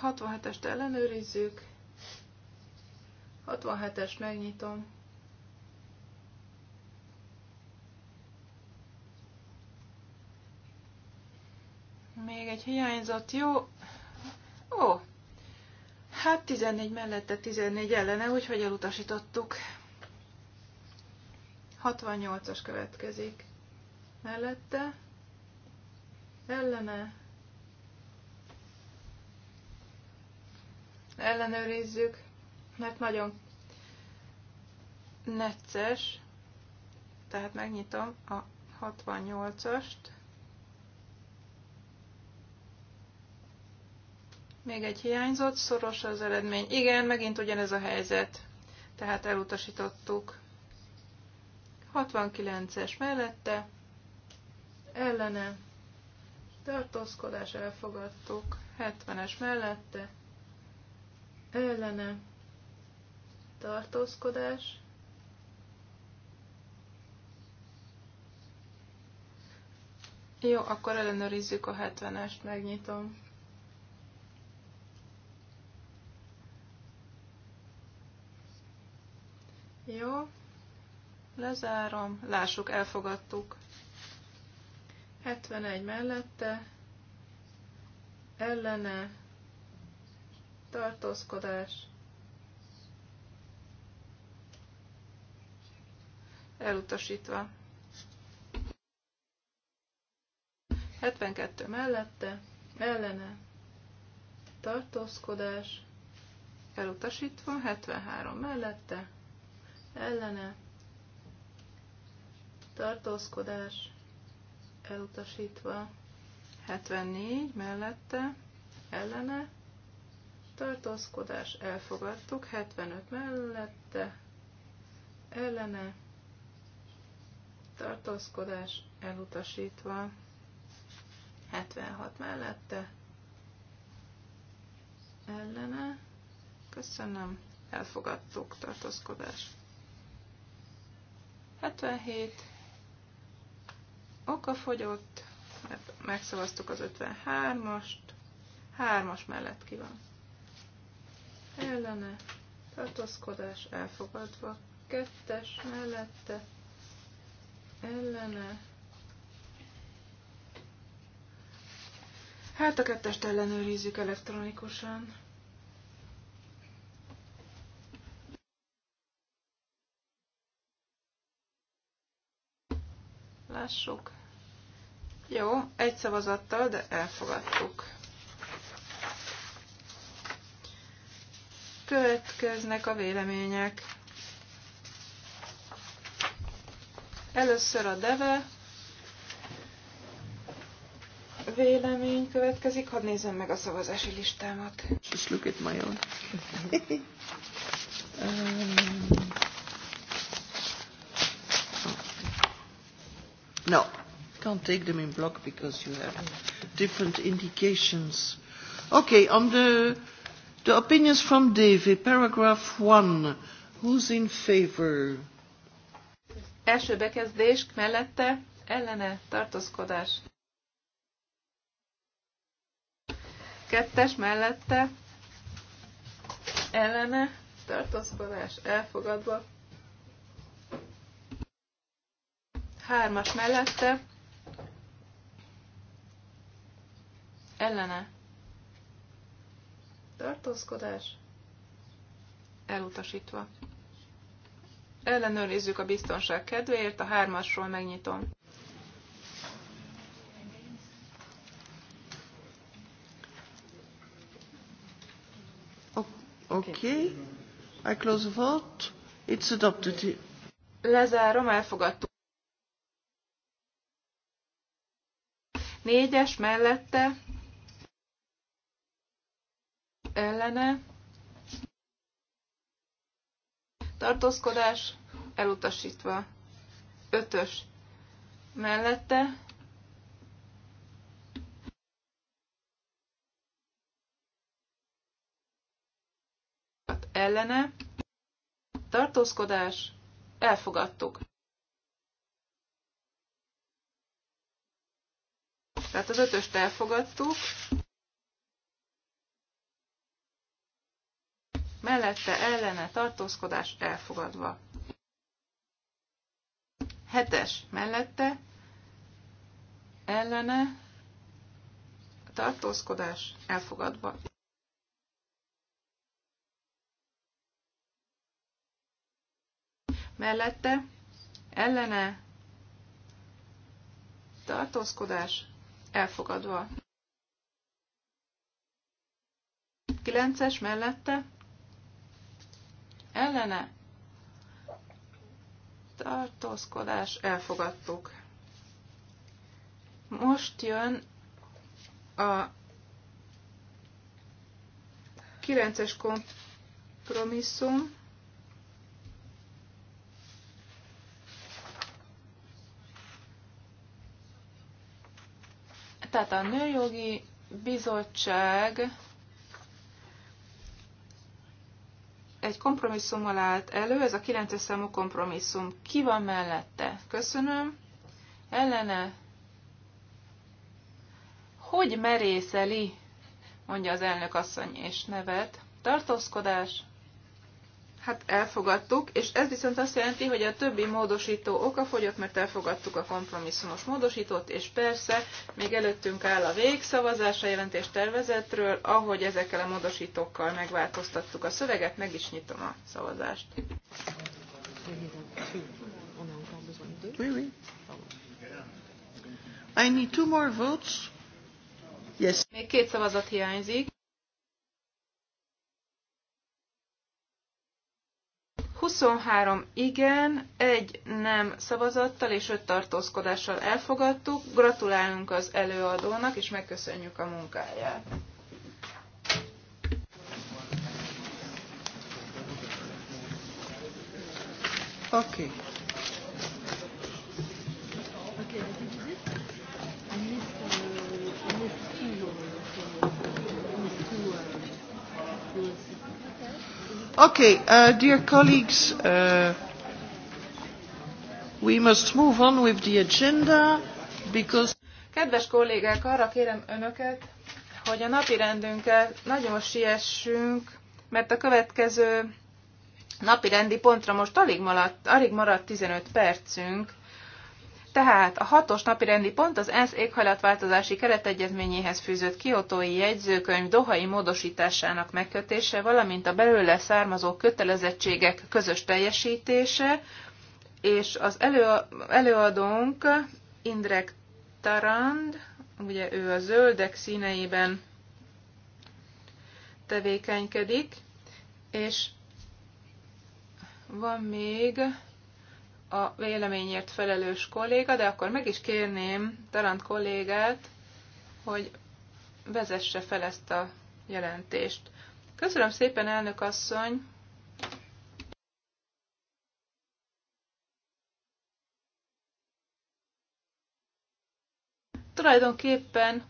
67-est ellenőrizzük 67-est megnyitom Még egy hiányzott, jó? Ó, hát 14 mellette, 14 ellene, úgyhogy elutasítottuk. 68-as következik. Mellette, ellene, ellenőrizzük, mert nagyon necces, tehát megnyitom a 68-ast. Még egy hiányzott, szoros az eredmény. Igen, megint ugyanez a helyzet. Tehát elutasítottuk. 69-es mellette, ellene, tartózkodás elfogadtuk. 70-es mellette, ellene, tartózkodás. Jó, akkor ellenőrizzük a 70-est, megnyitom. Jó. Lezárom. Lássuk, elfogadtuk. 71 mellette. Ellene. Tartózkodás. Elutasítva. 72 mellette, ellene, tartózkodás, elutasítva, 73 mellette, ellene tartózkodás elutasítva 74 mellette ellene tartózkodás elfogadtuk 75 mellette ellene tartózkodás elutasítva 76 mellette ellene köszönöm elfogadtuk tartózkodás 77 fogyott, mert megszavaztuk az 53-ast, 3-as mellett ki van. Ellene, tartózkodás elfogadva, 2-es mellette, ellene, Hát a kettest ellenőrizzük elektronikusan. Lássuk. Jó, egy szavazattal, de elfogadtuk. Következnek a vélemények. Először a deve vélemény következik. Hadd nézem meg a szavazási listámat. Just look at my own. uh... No, can't take them in block because you have different indications. Okay, on the, the opinions from David, paragraph one. Who's in favor? Első bekezdés mellette ellene tartózkodás. Kettes mellette ellene tartózkodás elfogadva. hármas mellette ellene tartózkodás elutasítva. Ellenőrizzük a biztonság kedvéért, a hármasról megnyitom. Okay. I close the vote. It's adopted. Lezárom, elfogadtuk. Négyes mellette ellene tartózkodás elutasítva. Ötös mellette ellene tartózkodás elfogadtuk. Tehát az ötöst elfogadtuk. Mellette ellene tartózkodás elfogadva. Hetes mellette ellene tartózkodás elfogadva. Mellette ellene tartózkodás elfogadva. 9-es mellette ellene tartózkodás elfogadtuk. Most jön a 9-es kompromisszum Tehát a Nőjogi Bizottság egy kompromisszummal állt elő, ez a 9 számú kompromisszum. Ki van mellette? Köszönöm. Ellene? Hogy merészeli? mondja az elnök asszony és nevet. Tartózkodás? Hát elfogadtuk, és ez viszont azt jelenti, hogy a többi módosító oka fogyott, mert elfogadtuk a kompromisszumos módosítót, és persze még előttünk áll a végszavazás a jelentés tervezetről, ahogy ezekkel a módosítókkal megváltoztattuk a szöveget, meg is nyitom a szavazást. I need two more votes. Yes. Még két szavazat hiányzik. 23 igen, egy nem szavazattal és öt tartózkodással elfogadtuk. Gratulálunk az előadónak, és megköszönjük a munkáját. Oké. Okay. Okay, uh, dear colleagues, uh, we must move on with the agenda because. Kedves kollégák, arra kérem önöket, hogy a napi rendünkkel nagyon siessünk, mert a következő napi rendi pontra most alig maradt, alig maradt 15 percünk, tehát a hatos napi rendi pont az ENSZ éghajlatváltozási keretegyezményéhez fűzött kiotói jegyzőkönyv dohai módosításának megkötése, valamint a belőle származó kötelezettségek közös teljesítése, és az elő, előadónk Indrek Tarand, ugye ő a zöldek színeiben tevékenykedik, és van még a véleményért felelős kolléga, de akkor meg is kérném Tarant kollégát, hogy vezesse fel ezt a jelentést. Köszönöm szépen, elnök asszony! Tulajdonképpen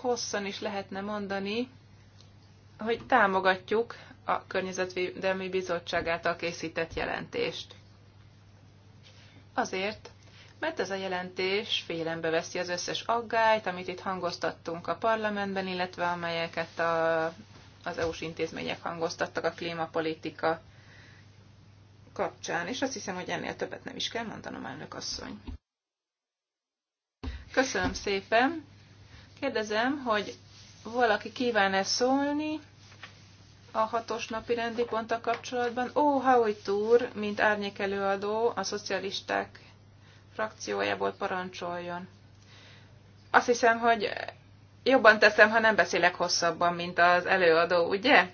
hosszan is lehetne mondani, hogy támogatjuk a Környezetvédelmi Bizottság által készített jelentést. Azért, mert ez a jelentés félembe veszi az összes aggályt, amit itt hangoztattunk a parlamentben, illetve amelyeket a, az EU-s intézmények hangoztattak a klímapolitika kapcsán, és azt hiszem, hogy ennél többet nem is kell mondanom, elnök asszony. Köszönöm szépen. Kérdezem, hogy valaki kíván-e szólni? a hatos napi rendi a kapcsolatban. Ó, Howitt Túr, mint árnyékelőadó a szocialisták frakciójából parancsoljon. Azt hiszem, hogy jobban teszem, ha nem beszélek hosszabban, mint az előadó, ugye?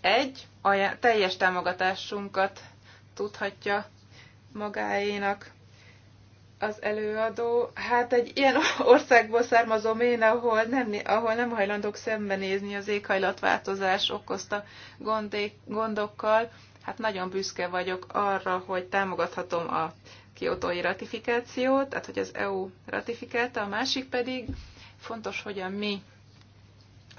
Egy, a teljes támogatásunkat tudhatja magáénak az előadó, hát egy ilyen országból származom én, ahol nem, ahol nem hajlandók szembenézni az éghajlatváltozás okozta gondék, gondokkal, hát nagyon büszke vagyok arra, hogy támogathatom a kiotói ratifikációt, tehát hogy az EU ratifikálta, a másik pedig fontos, hogy a mi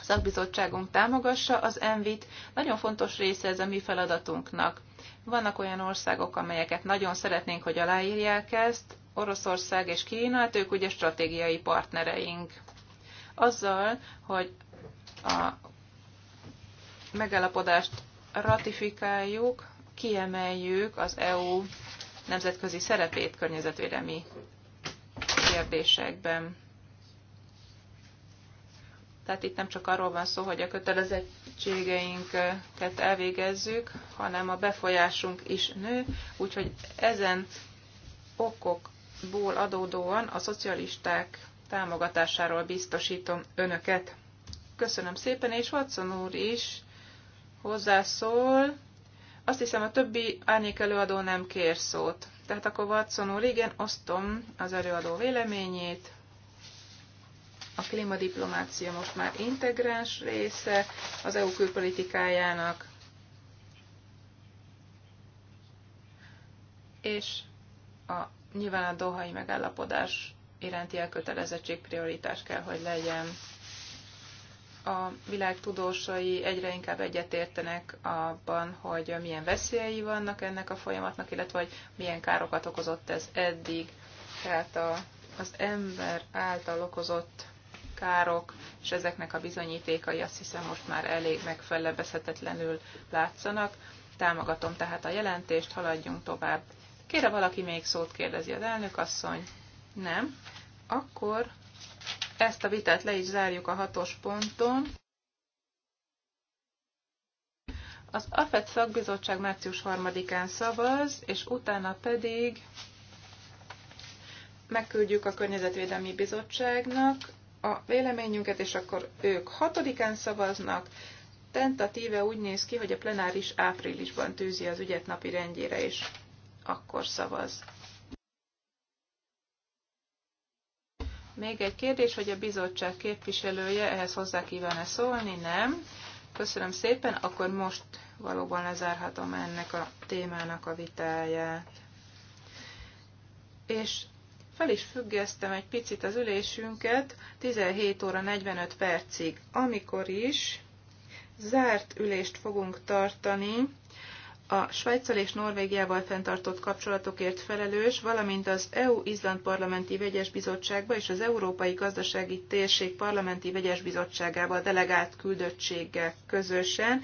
szakbizottságunk támogassa az envit. Nagyon fontos része ez a mi feladatunknak. Vannak olyan országok, amelyeket nagyon szeretnénk, hogy aláírják ezt, Oroszország és Kínát, ők ugye stratégiai partnereink. Azzal, hogy a megállapodást ratifikáljuk, kiemeljük az EU nemzetközi szerepét környezetvédelmi kérdésekben. Tehát itt nem csak arról van szó, hogy a kötelezettségeinket elvégezzük, hanem a befolyásunk is nő, úgyhogy ezen okok ból adódóan a szocialisták támogatásáról biztosítom önöket. Köszönöm szépen, és Watson úr is hozzászól. Azt hiszem, a többi árnyék előadó nem kér szót. Tehát akkor Watson úr, igen, osztom az előadó véleményét. A klímadiplomácia most már integráns része az EU külpolitikájának. És a Nyilván a dohai megállapodás iránti elkötelezettség prioritás kell, hogy legyen. A világ tudósai egyre inkább egyetértenek abban, hogy milyen veszélyei vannak ennek a folyamatnak, illetve hogy milyen károkat okozott ez eddig. Tehát a, az ember által okozott károk, és ezeknek a bizonyítékai azt hiszem most már elég megfelebezhetetlenül látszanak. Támogatom tehát a jelentést, haladjunk tovább Kére valaki még szót kérdezi az elnök asszony? Nem. Akkor ezt a vitát le is zárjuk a hatos ponton. Az AFET szakbizottság március 3-án szavaz, és utána pedig megküldjük a Környezetvédelmi Bizottságnak a véleményünket, és akkor ők 6-án szavaznak. Tentatíve úgy néz ki, hogy a plenáris áprilisban tűzi az ügyet napi rendjére, és akkor szavaz. Még egy kérdés, hogy a bizottság képviselője ehhez hozzá kíván-e szólni? Nem. Köszönöm szépen, akkor most valóban lezárhatom ennek a témának a vitáját. És fel is függesztem egy picit az ülésünket 17 óra 45 percig, amikor is zárt ülést fogunk tartani a Svájccal és Norvégiával fenntartott kapcsolatokért felelős, valamint az EU-Izland Parlamenti Vegyes Bizottságba és az Európai Gazdasági Térség Parlamenti Vegyes Bizottságába delegált küldöttséggel közösen.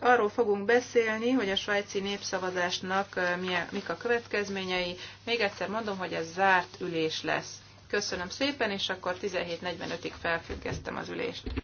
Arról fogunk beszélni, hogy a svájci népszavazásnak milyen, mik a következményei. Még egyszer mondom, hogy ez zárt ülés lesz. Köszönöm szépen, és akkor 17.45-ig felfüggesztem az ülést.